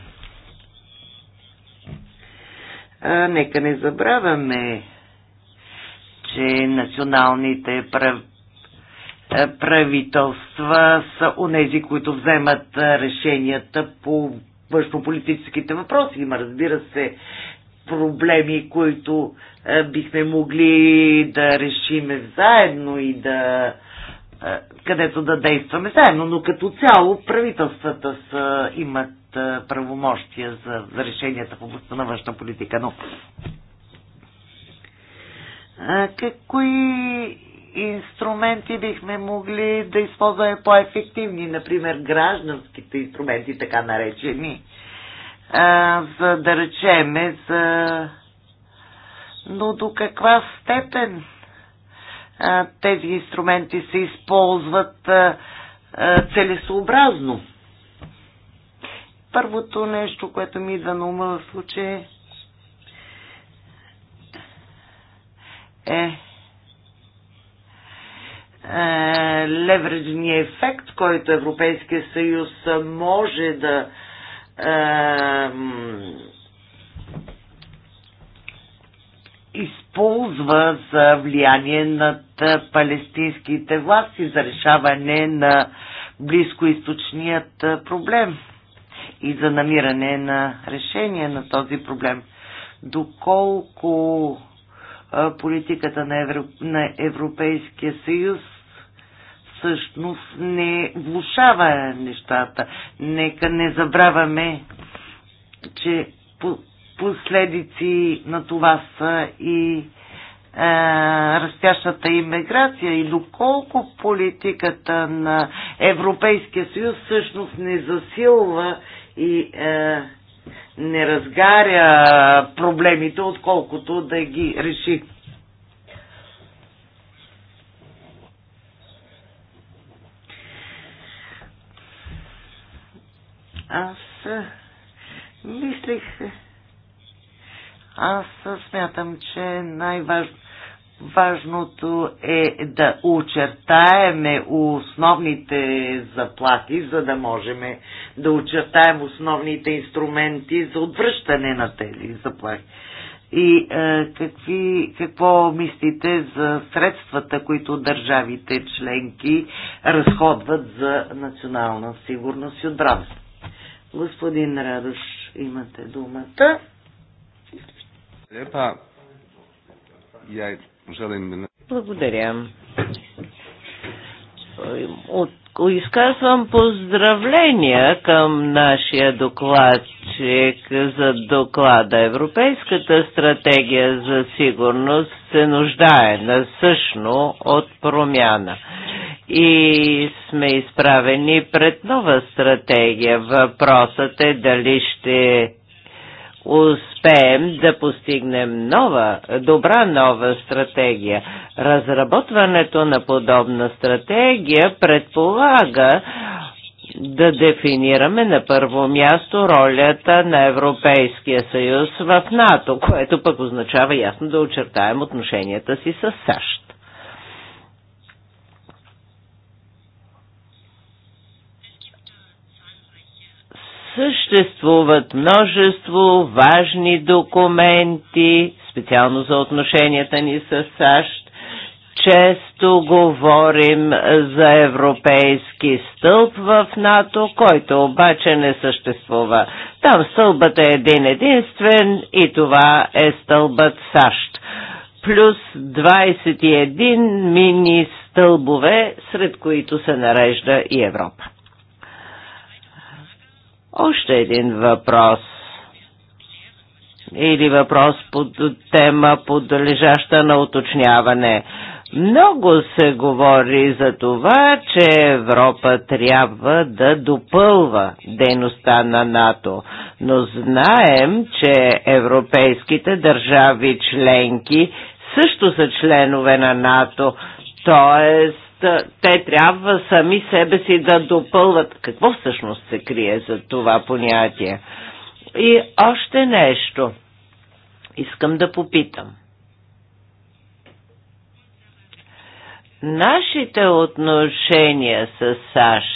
А, нека не забравяме, че националните прав... правителства са онези, които вземат решенията по външнополитическите въпроси. Има, разбира се, проблеми, които а, бихме могли да решиме заедно и да където да действаме заедно, но като цяло правителствата са, имат правомощия за, за решенията в областта на външна политика. Но какви инструменти бихме могли да използваме по-ефективни, например гражданските инструменти, така наречени, а, за да речеме за... Но до каква степен а, тези инструменти се използват а, целесообразно? Първото нещо, което ми идва на ума в случая е, е левреджния ефект, който Европейския съюз може да е, използва за влияние над палестинските власти за решаване на близкоисточният проблем и за намиране на решение на този проблем. Доколко политиката на, Европейския съюз всъщност не влушава нещата. Нека не забравяме, че последици на това са и е, растящата иммиграция и доколко политиката на Европейския съюз всъщност не засилва и е, не разгаря проблемите, отколкото да ги реши. Аз е, мислих, е, аз смятам, че най-важно Важното е да очертаеме основните заплати, за да можем да очертаем основните инструменти за отвръщане на тези заплати. И е, какви, какво мислите за средствата, които държавите членки разходват за национална сигурност и отбрана? Господин Радош, имате думата. Лепа, я благодаря. От, изказвам поздравления към нашия докладчик за доклада. Европейската стратегия за сигурност се нуждае насъщно от промяна и сме изправени пред нова стратегия. Въпросът е дали ще успеем да постигнем нова, добра нова стратегия. Разработването на подобна стратегия предполага да дефинираме на първо място ролята на Европейския съюз в НАТО, което пък означава ясно да очертаем отношенията си с САЩ. Съществуват множество важни документи, специално за отношенията ни с САЩ. Често говорим за европейски стълб в НАТО, който обаче не съществува. Там стълбът е един единствен и това е стълбът САЩ. Плюс 21 мини стълбове, сред които се нарежда и Европа. Още един въпрос или въпрос под тема, подлежаща на уточняване. Много се говори за това, че Европа трябва да допълва дейността на НАТО, но знаем, че европейските държави членки също са членове на НАТО, т.е те трябва сами себе си да допълват какво всъщност се крие за това понятие. И още нещо искам да попитам. Нашите отношения с САЩ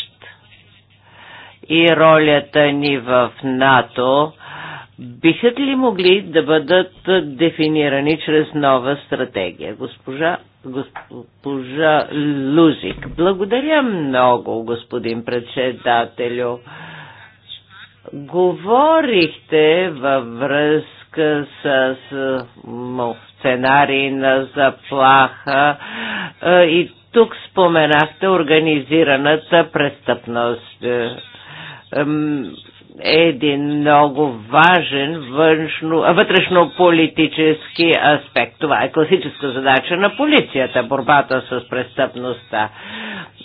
и ролята ни в НАТО биха ли могли да бъдат дефинирани чрез нова стратегия? Госпожа, госпожа Лузик, благодаря много, господин председателю. Говорихте във връзка с сценарии на заплаха е, и тук споменахте организираната престъпност е, един много важен външно, вътрешно-политически аспект. Това е класическа задача на полицията, борбата с престъпността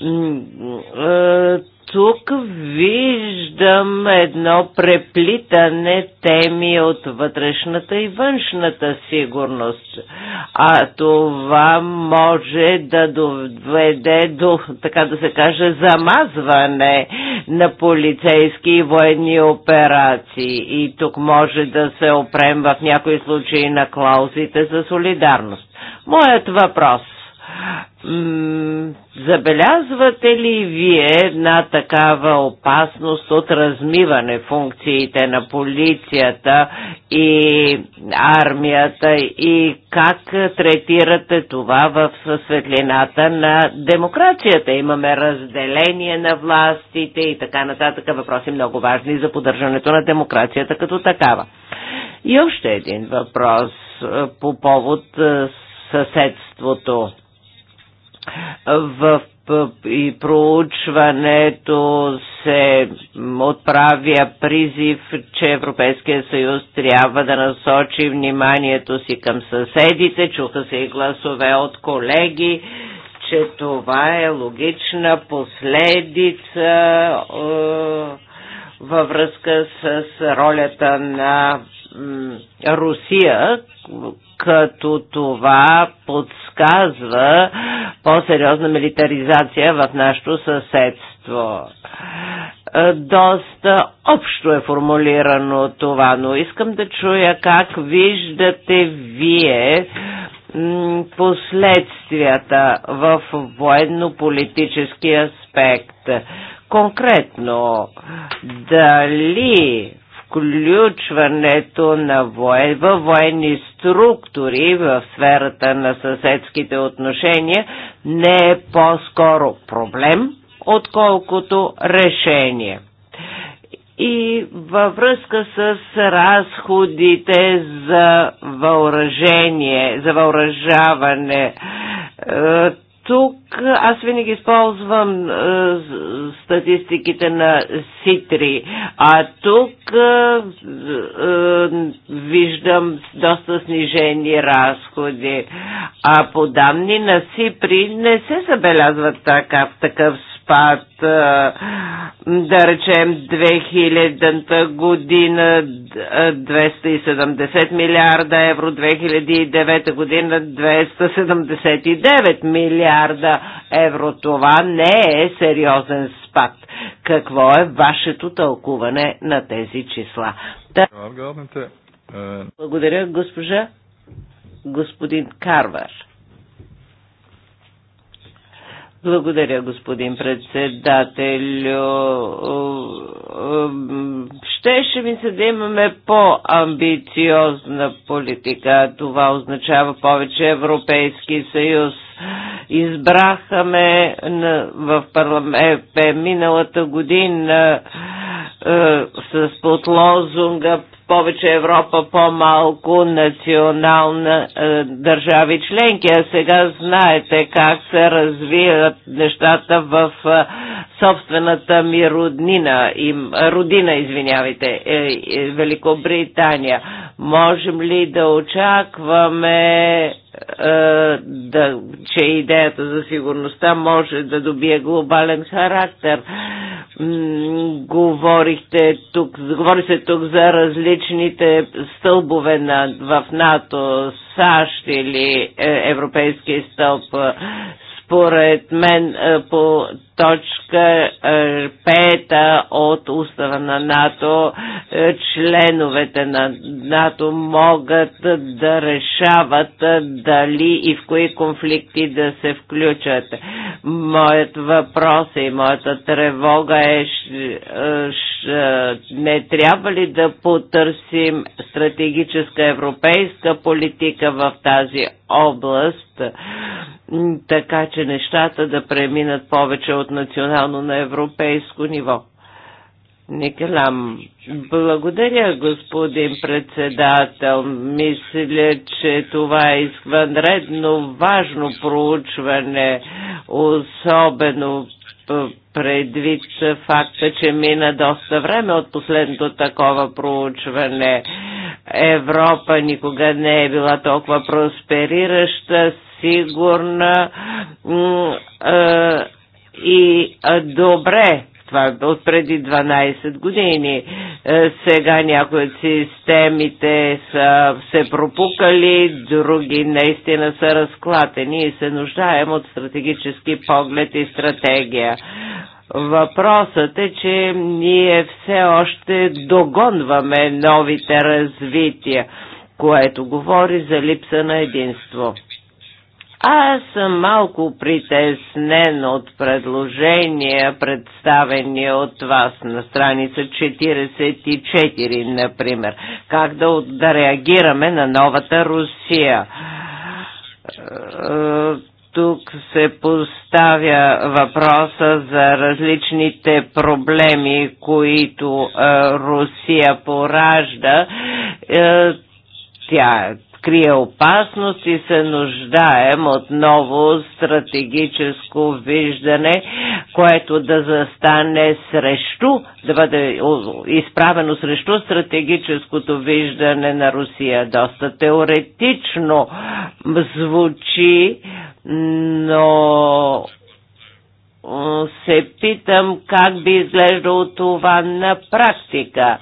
е, тук виждам едно преплитане теми от вътрешната и външната сигурност. А това може да доведе до, така да се каже, замазване на полицейски и военни операции. И тук може да се опрем в някои случаи на клаузите за солидарност. Моят въпрос Забелязвате ли вие една такава опасност от размиване функциите на полицията и армията и как третирате това в светлината на демокрацията? Имаме разделение на властите и така нататък въпроси много важни за поддържането на демокрацията като такава. И още един въпрос е, по повод е, съседството в и проучването се отправя призив, че Европейския съюз трябва да насочи вниманието си към съседите. Чуха се и гласове от колеги, че това е логична последица е, във връзка с ролята на Русия, като това подсказва по-сериозна милитаризация в нашето съседство. Е, доста общо е формулирано това, но искам да чуя как виждате вие последствията в военно-политически аспект. Конкретно, дали включването на воен, във военни структури в сферата на съседските отношения не е по-скоро проблем, отколкото решение и във връзка с разходите за въоръжение, за въоръжаване. Е, тук аз винаги използвам е, статистиките на Ситри, а тук е, е, виждам доста снижени разходи, а по данни на Сипри не се забелязват така в такъв спад. Да речем 2000-та година 270 милиарда евро, 2009 година 279 милиарда евро. Това не е сериозен спад. Какво е вашето тълкуване на тези числа? Е, Благодаря, госпожа господин Карвар. Благодаря, господин председател. Щеше ми се да имаме по-амбициозна политика. Това означава повече Европейски съюз. Избрахаме в парламент е, е, миналата година е, с под лозунга повече Европа, по-малко национална е, държави членки. А сега знаете как се развиват нещата в е, собствената ми роднина, им, родина, извинявайте, е, е, Великобритания. Можем ли да очакваме е, да, че идеята за сигурността може да добие глобален характер. Говорихте тук, говори се тук за различните стълбове на, в НАТО, САЩ или е, Европейския стълб. Според мен е, по точка 5 е, от устава на НАТО, е, членовете на НАТО могат да решават е, дали и в кои конфликти да се включат. Моят въпрос и моята тревога е, не трябва ли да потърсим стратегическа европейска политика в тази област, така че нещата да преминат повече от от национално на европейско ниво. Никелам. Благодаря, господин председател. Мисля, че това е извънредно важно проучване, особено предвид факта, че мина доста време от последното такова проучване. Европа никога не е била толкова просперираща, сигурна и а, добре, това е от преди 12 години. Е, сега някои от системите са се пропукали, други наистина са разклатени и се нуждаем от стратегически поглед и стратегия. Въпросът е, че ние все още догонваме новите развития, което говори за липса на единство. Аз съм малко притеснен от предложения, представени от вас на страница 44, например. Как да, да реагираме на новата Русия? Е, тук се поставя въпроса за различните проблеми, които е, Русия поражда. Е, тя, крие опасност и се нуждаем от ново стратегическо виждане, което да застане срещу, да бъде изправено срещу стратегическото виждане на Русия. Доста теоретично звучи, но се питам как би изглеждало това на практика.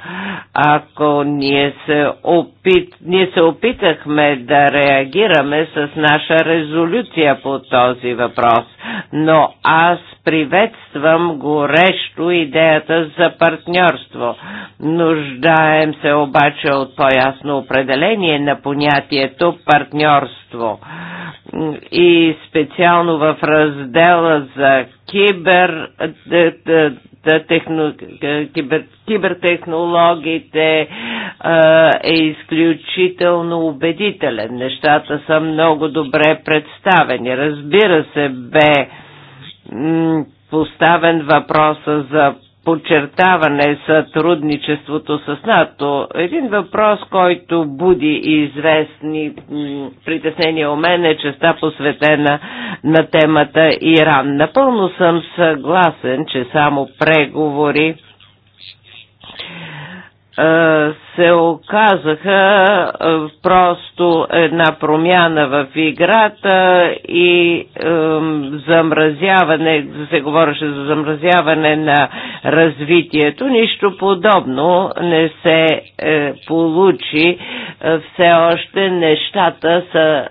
Ако ние се, опит, ние се опитахме да реагираме с наша резолюция по този въпрос, но аз приветствам горещо идеята за партньорство. Нуждаем се обаче от по-ясно определение на понятието партньорство. И специално в раздела за кибер, кибер, кибертехнологиите е изключително убедителен. Нещата са много добре представени. Разбира се, бе поставен въпроса за подчертаване сътрудничеството с НАТО. Един въпрос, който буди известни притеснения у мен е честа посветена на темата Иран. Напълно съм съгласен, че само преговори е, се оказаха е, просто една промяна в играта и е, замразяване, се говореше за замразяване на развитието. Нищо подобно не се получи. Все още нещата са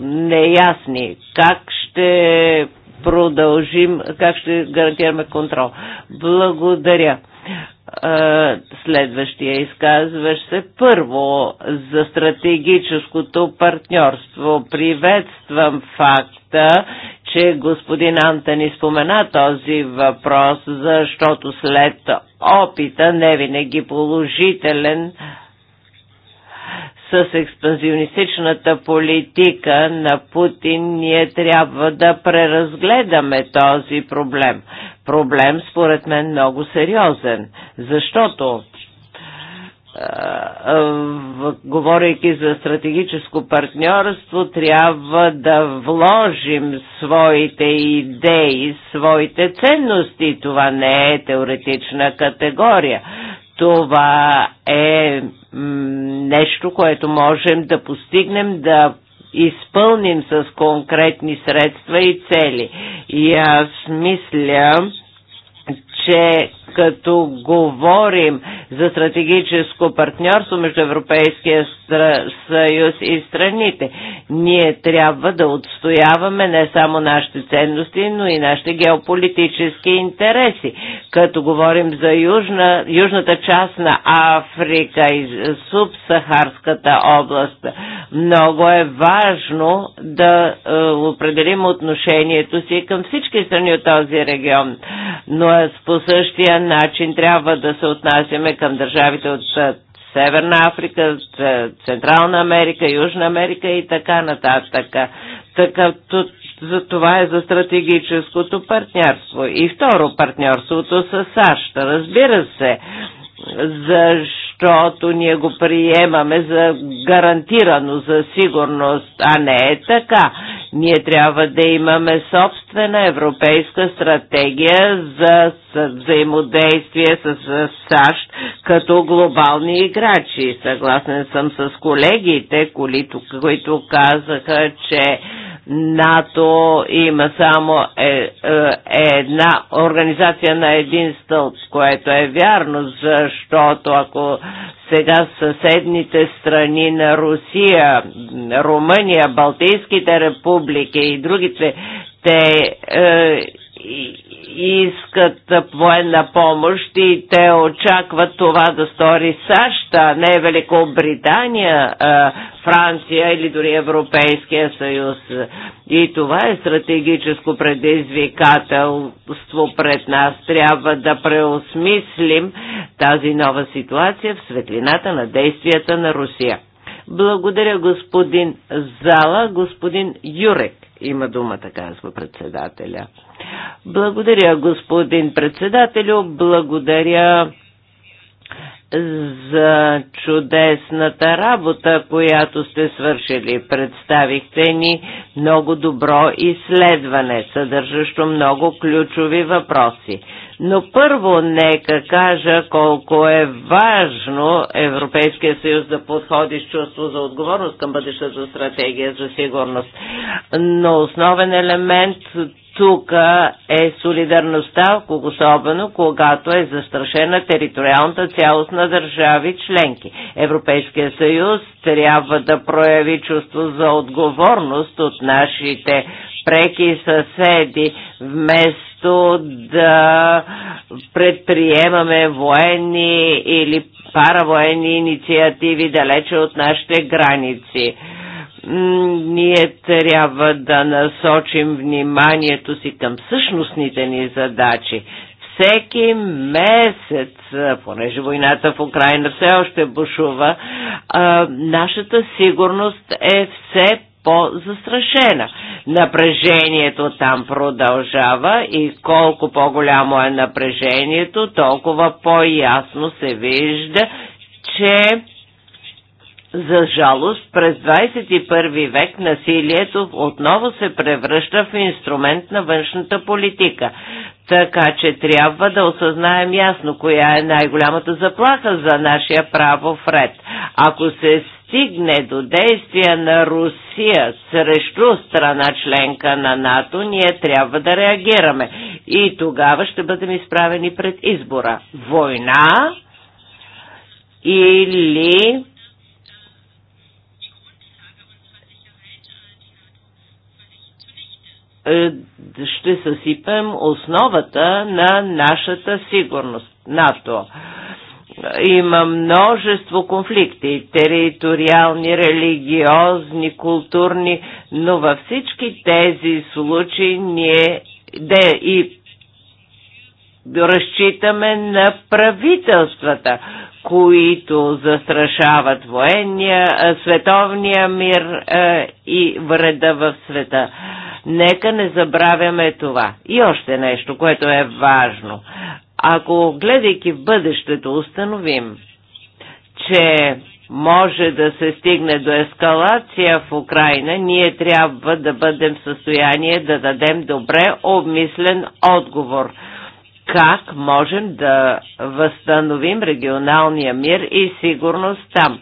неясни. Как ще продължим, как ще гарантираме контрол. Благодаря. Е, следващия изказващ се. Първо, за стратегическото партньорство. Приветствам факта, че господин ни спомена този въпрос, защото след опита, не винаги положителен, с експанзионистичната политика на Путин ние трябва да преразгледаме този проблем проблем, според мен, много сериозен, защото говорейки за стратегическо партньорство, трябва да вложим своите идеи, своите ценности. Това не е теоретична категория. Това е нещо, което можем да постигнем, да изпълним с конкретни средства и цели. И аз мисля, че като говорим за стратегическо партньорство между Европейския съюз и страните. Ние трябва да отстояваме не само нашите ценности, но и нашите геополитически интереси. Като говорим за южна, южната част на Африка и субсахарската област, много е важно да е, определим отношението си към всички страни от този регион. Но е, по същия начин трябва да се отнасяме към държавите от Северна Африка, Централна Америка, Южна Америка и така нататък. Така, за това е за стратегическото партньорство. И второ, партньорството с САЩ. Разбира се, защото защото ние го приемаме за гарантирано, за сигурност, а не е така. Ние трябва да имаме собствена европейска стратегия за взаимодействие с САЩ като глобални играчи. Съгласен съм с колегите, които, които казаха, че НАТО има само е, е, една организация на един стълб, което е вярно, защото ако сега съседните страни на Русия, Румъния, Балтийските републики и другите, те е, искат военна помощ и те очакват това да стори САЩ, а не Великобритания, Франция или дори Европейския съюз. И това е стратегическо предизвикателство пред нас. Трябва да преосмислим тази нова ситуация в светлината на действията на Русия. Благодаря господин Зала, господин Юрек има думата, казва председателя. Благодаря, господин председателю. Благодаря за чудесната работа, която сте свършили. Представихте ни много добро изследване, съдържащо много ключови въпроси. Но първо нека кажа колко е важно Европейския съюз да подходи с чувство за отговорност към бъдещата стратегия за сигурност. Но основен елемент тук е солидарността, особено когато е застрашена териториалната цялост на държави членки. Европейския съюз трябва да прояви чувство за отговорност от нашите преки съседи, вместо да предприемаме военни или паравоенни инициативи далече от нашите граници ние трябва да насочим вниманието си към същностните ни задачи. Всеки месец, понеже войната в Украина все още бушува, нашата сигурност е все по-застрашена. Напрежението там продължава и колко по-голямо е напрежението, толкова по-ясно се вижда, че за жалост, през 21 век насилието отново се превръща в инструмент на външната политика. Така че трябва да осъзнаем ясно коя е най-голямата заплаха за нашия право ред. Ако се стигне до действия на Русия срещу страна членка на НАТО, ние трябва да реагираме. И тогава ще бъдем изправени пред избора. Война или Е, ще съсипем основата на нашата сигурност. НАТО има множество конфликти, териториални, религиозни, културни, но във всички тези случаи ние де и разчитаме на правителствата, които застрашават военния, световния мир и вреда в света. Нека не забравяме това. И още нещо, което е важно. Ако гледайки в бъдещето установим, че може да се стигне до ескалация в Украина, ние трябва да бъдем в състояние да дадем добре обмислен отговор – как можем да възстановим регионалния мир и сигурност там,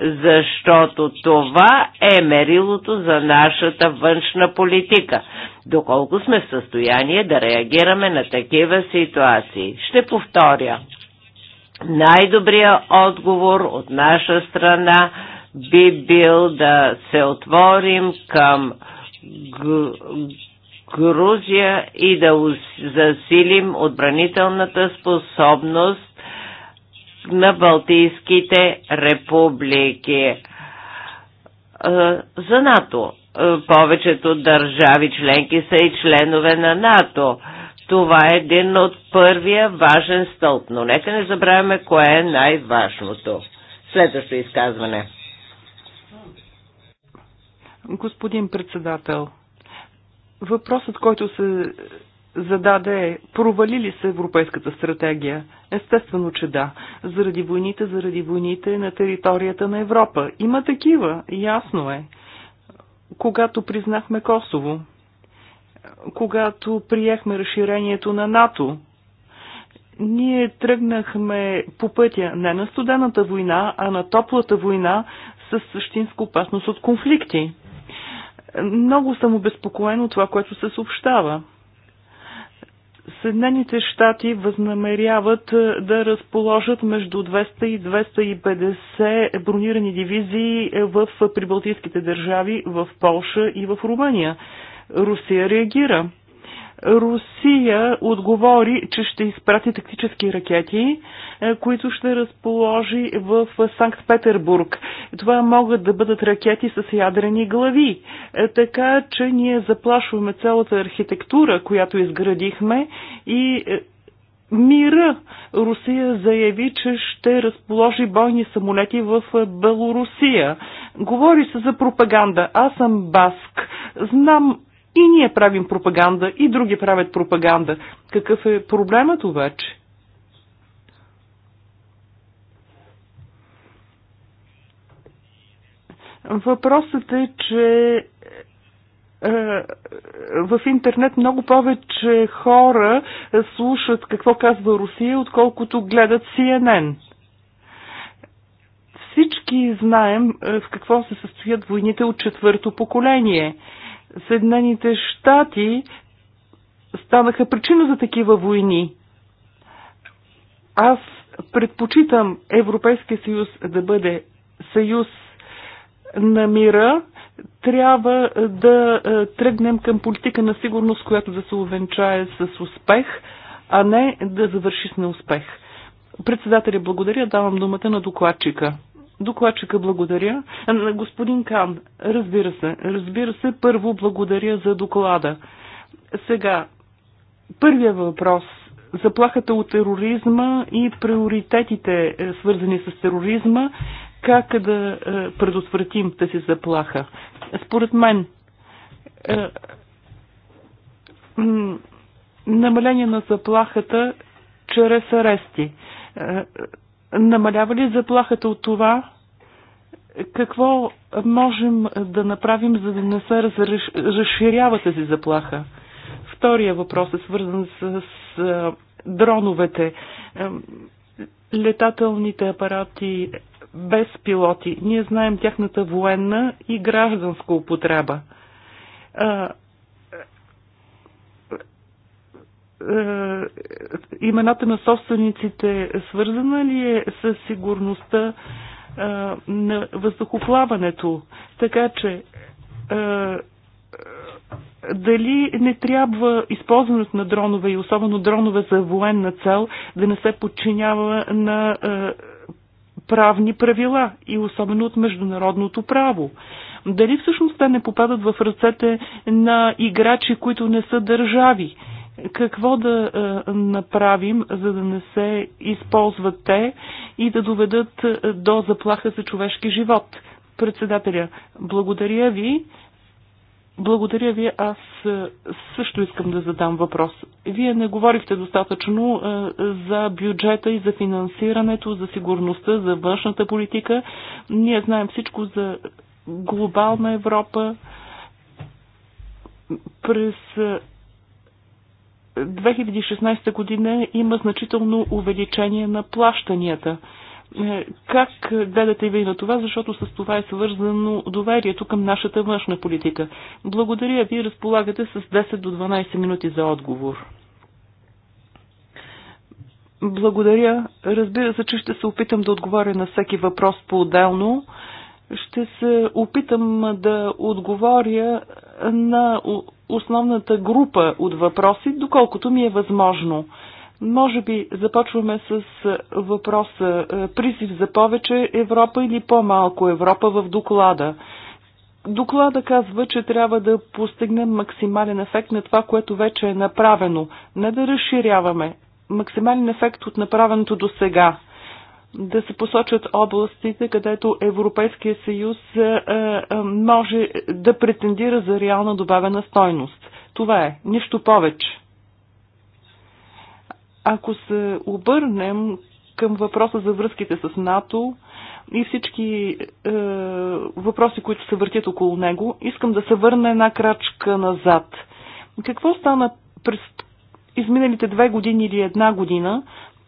защото това е мерилото за нашата външна политика, доколко сме в състояние да реагираме на такива ситуации. Ще повторя. Най-добрият отговор от наша страна би бил да се отворим към Грузия и да засилим отбранителната способност на Балтийските републики е, за НАТО. Е, повечето държави членки са и членове на НАТО. Това е един от първия важен стълб, но нека не забравяме кое е най-важното. Следващо изказване. Господин председател, Въпросът, който се зададе е, провали ли се европейската стратегия? Естествено, че да. Заради войните, заради войните на територията на Европа. Има такива, ясно е. Когато признахме Косово, когато приехме разширението на НАТО, ние тръгнахме по пътя не на студената война, а на топлата война с същинска опасност от конфликти. Много съм обезпокоен от това, което се съобщава. Съединените щати възнамеряват е, да разположат между 200 и 250 бронирани дивизии е, в прибалтийските държави, в Полша и в Румъния. Русия реагира. Русия отговори, че ще изпрати тактически ракети, е, които ще разположи в Санкт-Петербург. Това могат да бъдат ракети с ядрени глави. Е, така че ние заплашваме цялата архитектура, която изградихме и е, мира. Русия заяви, че ще разположи бойни самолети в Белорусия. Говори се за пропаганда. Аз съм баск. Знам и ние правим пропаганда, и други правят пропаганда. Какъв е проблемът обаче? Въпросът е, че е, в интернет много повече хора слушат какво казва Русия, отколкото гледат CNN. Всички знаем е, в какво се състоят войните от четвърто поколение – Съединените щати станаха причина за такива войни. Аз предпочитам Европейския съюз да бъде съюз на мира, трябва да е, тръгнем към политика на сигурност, която да се увенчае с успех, а не да завърши с неуспех. Председателя, благодаря. Давам думата на докладчика. Докладчика благодаря. Господин Кан, разбира се, разбира се, първо благодаря за доклада. Сега, първия въпрос заплахата от тероризма и приоритетите, е, свързани с тероризма, как да е, предотвратим тази заплаха. Според мен, е, намаление на заплахата чрез арести намалява ли заплахата от това? Какво можем да направим, за да не се разширява тази заплаха? Втория въпрос е свързан с, с дроновете, летателните апарати без пилоти. Ние знаем тяхната военна и гражданска употреба. Е, имената на собствениците свързана ли е с сигурността е, на въздухоплаването? Така че е, дали не трябва използването на дронове и особено дронове за военна цел да не се подчинява на правни правила и особено от международното право. Дали всъщност те не попадат в ръцете на играчи, които не са държави? какво да е, направим, за да не се използват те и да доведат е, до заплаха за човешки живот. Председателя, благодаря ви. Благодаря ви. Аз е, също искам да задам въпрос. Вие не говорихте достатъчно за бюджета и за финансирането, за сигурността, за външната политика. Ние знаем всичко за глобална Европа. През 2016 година има значително увеличение на плащанията. Е, как гледате ви на това, защото с това е свързано доверието към нашата външна политика? Благодаря ви, разполагате с 10 до 12 минути за отговор. Благодаря. Разбира се, че ще се опитам да отговоря на всеки въпрос по-отделно. Ще се опитам да отговоря на основната група от въпроси, доколкото ми е възможно. Може би започваме с е, въпроса е, призив за повече Европа или по-малко Европа в доклада. Доклада казва, че трябва да постигнем максимален ефект на това, което вече е направено. Не да разширяваме. Максимален ефект от направеното до сега да се посочат областите, където Европейския съюз е, е, е, може да претендира за реална добавена стойност. Това е, нищо повече. Ако се обърнем към въпроса за връзките с НАТО и всички е, въпроси, които се въртят около него, искам да се върна една крачка назад. Какво стана през изминалите две години или една година,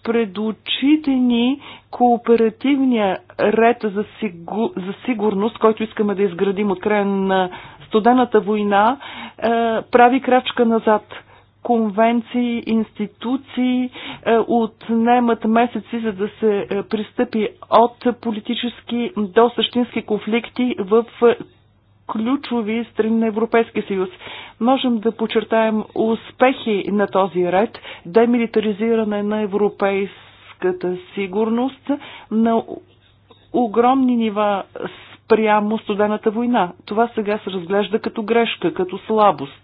пред очите ни кооперативния ред за, сигу... за сигурност, който искаме да изградим от края на студената война, е, прави крачка назад. Конвенции, институции е, отнемат месеци, за да се е, пристъпи от политически до същински конфликти в ключови страни на Европейския съюз. Можем да почертаем успехи на този ред, демилитаризиране на европейската сигурност на огромни нива спрямо студената война. Това сега се разглежда като грешка, като слабост.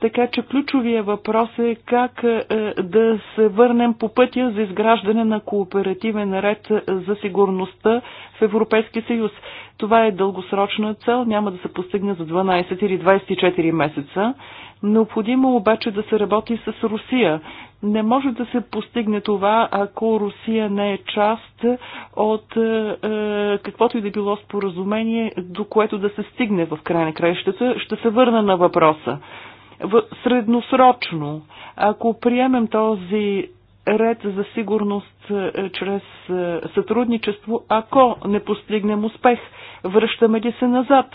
Така че ключовия въпрос е как е, да се върнем по пътя за изграждане на кооперативен ред за сигурността в Европейския съюз. Това е дългосрочна цел, няма да се постигне за 12 или 24 месеца. Необходимо обаче да се работи с Русия. Не може да се постигне това, ако Русия не е част от е, е, каквото и да било споразумение, до което да се стигне в край на краищата. Ще се върна на въпроса. В средносрочно, ако приемем този ред за сигурност е, чрез е, сътрудничество, ако не постигнем успех – Връщаме ли се назад?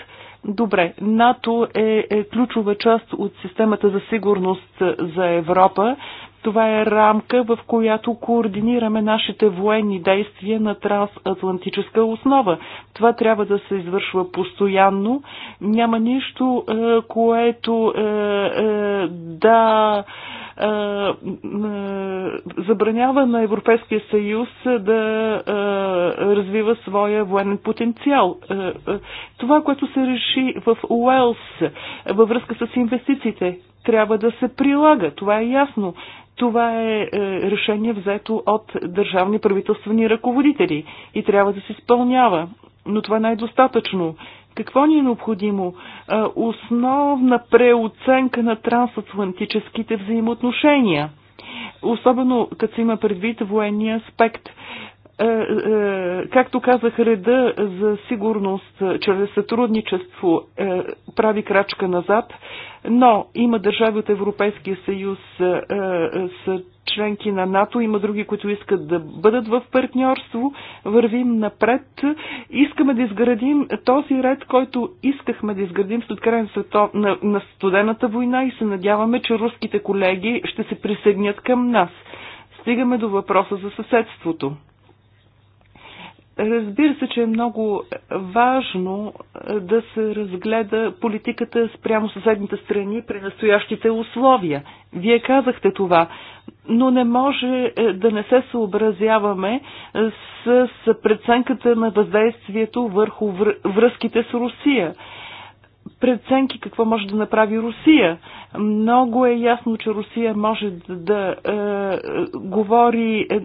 Добре, НАТО е, е ключова част от системата за сигурност за Европа. Това е рамка, в която координираме нашите военни действия на трансатлантическа основа. Това трябва да се извършва постоянно. Няма нищо, е, което е, е, да забранява на Европейския съюз да развива своя военен потенциал. Това, което се реши в Уелс във връзка с инвестициите, трябва да се прилага. Това е ясно. Това е, е решение взето от държавни правителствени ръководители и трябва да се изпълнява. Но това не е достатъчно. Какво ни е необходимо? Е, основна преоценка на трансатлантическите взаимоотношения. Особено като се има предвид военния аспект. Е, е, както казах, реда за сигурност чрез сътрудничество е, прави крачка назад, но има държави от Европейския съюз с членки на НАТО, има други, които искат да бъдат в партньорство, вървим напред. Искаме да изградим този ред, който искахме да изградим след края на, на студената война и се надяваме, че руските колеги ще се присъединят към нас. Стигаме до въпроса за съседството. Разбира се, че е много важно е, да се разгледа политиката спрямо съседните страни при настоящите условия. Вие казахте това, но не може е, да не се съобразяваме е, с преценката на въздействието върху връзките с Русия преценки какво може да направи Русия. Много е ясно, че Русия може да, да е, е говори е,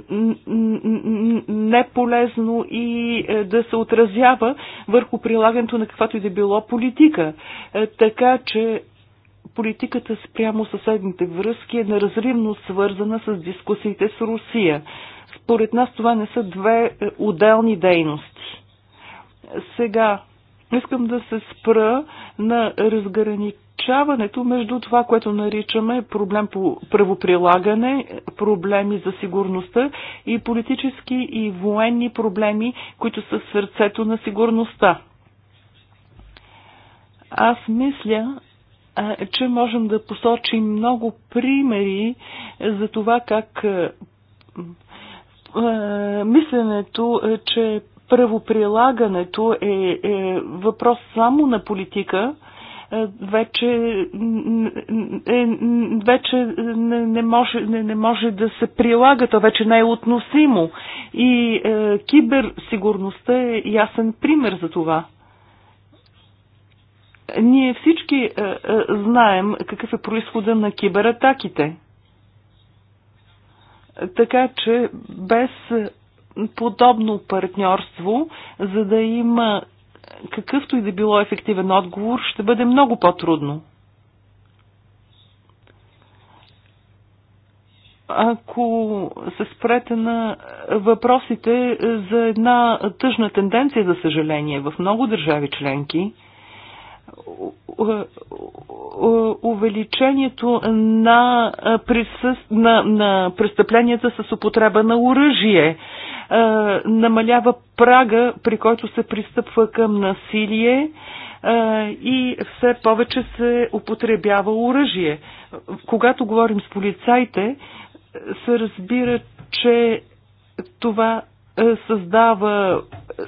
неполезно и е, да се отразява върху прилагането на каквато и да било политика. Е, така че политиката спрямо съседните връзки е неразривно свързана с дискусиите с Русия. Според нас това не са две е, отделни дейности. Сега, Искам да се спра на разграничаването между това, което наричаме проблем по правоприлагане, проблеми за сигурността и политически и военни проблеми, които са в сърцето на сигурността. Аз мисля, че можем да посочим много примери за това как мисленето, че правоприлагането е, е въпрос само на политика, е, вече, е, вече не, не, може, не, не може да се прилага, то вече не е относимо. И е, киберсигурността е ясен пример за това. Ние всички е, е, знаем какъв е происхода на кибератаките. Така че без подобно партньорство, за да има какъвто и да било ефективен отговор, ще бъде много по-трудно. Ако се спрете на въпросите за една тъжна тенденция, за съжаление, в много държави членки – увеличението на, присъс... на, на престъпленията с употреба на оръжие. Намалява прага, при който се пристъпва към насилие и все повече се употребява оръжие. Когато говорим с полицайите, се разбира, че това е, създава е,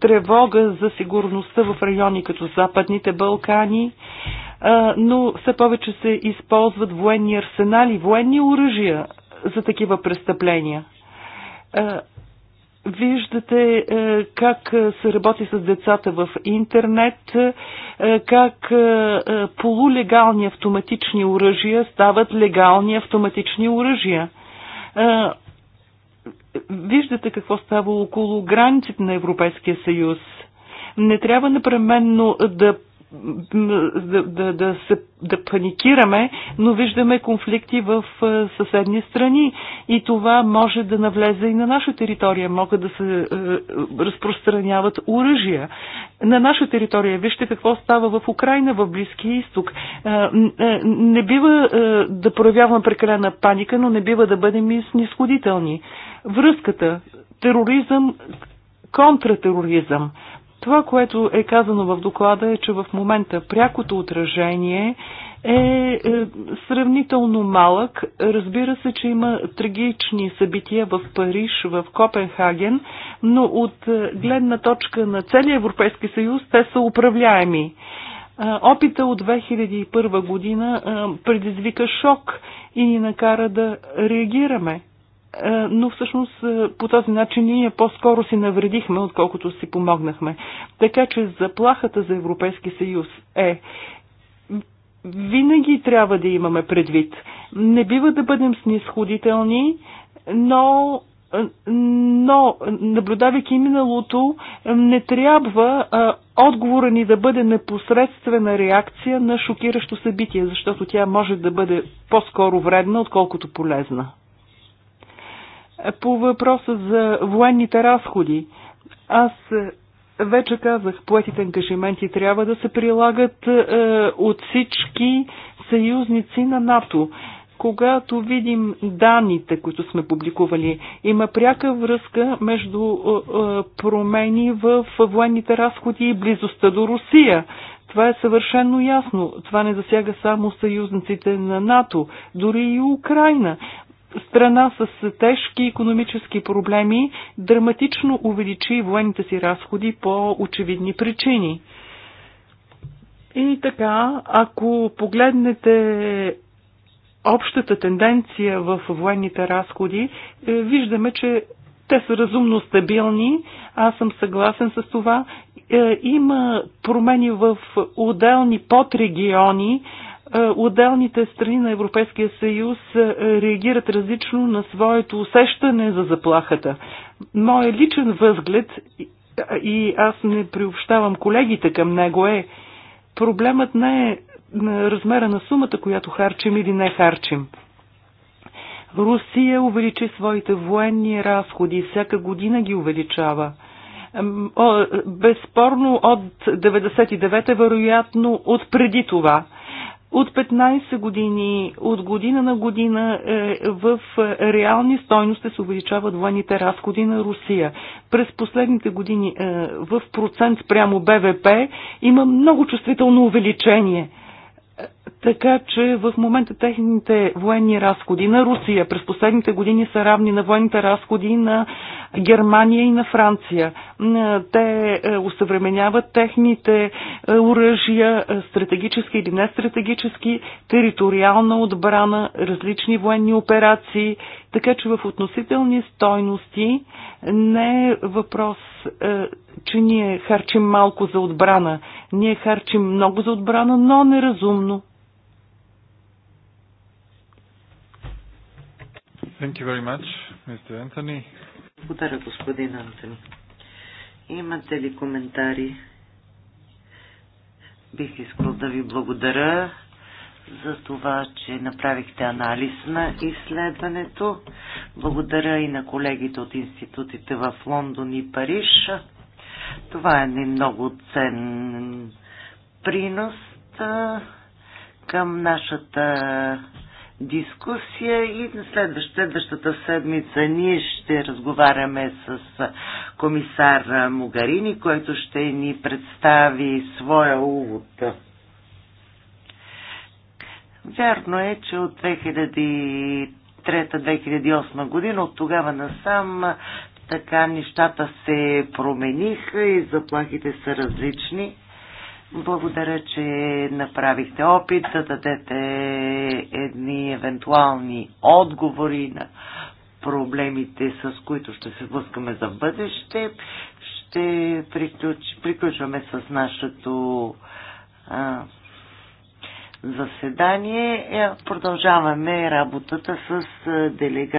тревога за сигурността в райони като Западните Балкани, е, но все повече се използват военни арсенали, военни оръжия за такива престъпления. Виждате как се работи с децата в интернет, как полулегални автоматични оръжия стават легални автоматични оръжия Виждате какво става около границите на Европейския съюз. Не трябва непременно да да, да, да, се, да паникираме, но виждаме конфликти в съседни страни и това може да навлезе и на наша територия. Могат да се е, разпространяват оръжия. На наша територия вижте какво става в Украина, в Близкия изток. Е, е, не бива е, да проявяваме прекалена паника, но не бива да бъдем и снисходителни. Връзката тероризъм, контратероризъм. Това, което е казано в доклада е, че в момента прякото отражение е, е сравнително малък. Разбира се, че има трагични събития в Париж, в Копенхаген, но от е, гледна точка на целия Европейски съюз те са управляеми. Е, опита от 2001 година предизвика шок и ни накара да реагираме. Е, но всъщност е, по този начин ние по-скоро си навредихме, отколкото си помогнахме. Така че заплахата за Европейски съюз е винаги трябва да имаме предвид. Не бива да бъдем снисходителни, но е, но, наблюдавайки миналото, не трябва отговора ни да бъде непосредствена реакция на шокиращо събитие, защото тя може да бъде по-скоро вредна, отколкото полезна. По въпроса за военните разходи, аз вече казах, поетите ангажименти трябва да се прилагат е, от всички съюзници на НАТО. Когато видим данните, които сме публикували, има пряка връзка между е, е промени в военните разходи и близостта до Русия. Това е съвършено ясно. Това не засяга само съюзниците на НАТО, дори и Украина страна с тежки економически проблеми драматично увеличи военните си разходи по очевидни причини. И така, ако погледнете общата тенденция в военните разходи, е, виждаме, че те са разумно стабилни. Аз съм съгласен с това. Е, има промени в отделни подрегиони, е, отделните страни на Европейския съюз е, реагират различно на своето усещане за заплахата. Моят личен възглед, и аз не приобщавам колегите към него, е проблемът не е на размера на сумата, която харчим или не харчим. Русия увеличи своите военни разходи, всяка година ги увеличава. Безспорно от 99 те вероятно от преди това – от 15 години, от година на година е, в е, реални стойности се увеличават военните разходи на Русия. През последните години е, в процент прямо БВП има много чувствително увеличение – така че в момента техните военни разходи на Русия през последните години са равни на военните разходи на Германия и на Франция. Те усъвременяват е, техните е, оръжия, е, стратегически или нестратегически, териториална отбрана, различни военни операции. Така че в относителни стойности не е въпрос, че ние харчим малко за отбрана. Ние харчим много за отбрана, но неразумно. Thank you very much, Mr. Anthony. Благодаря, господин Антони. Имате ли коментари? Бих искал да ви благодаря за това, че направихте анализ на изследването. Благодаря и на колегите от институтите в Лондон и Париж. Това е много ценен принос към нашата дискусия и на следващ, следващата седмица ние ще разговаряме с комисар Мугарини, който ще ни представи своя увод. Вярно е, че от 2003-2008 година, от тогава насам, така нещата се промениха и заплахите са различни. Благодаря, че направихте опит да дадете едни евентуални отговори на проблемите, с които ще се блъскаме за бъдеще. Ще приключ, приключваме с нашето а, заседание. Продължаваме работата с делегация.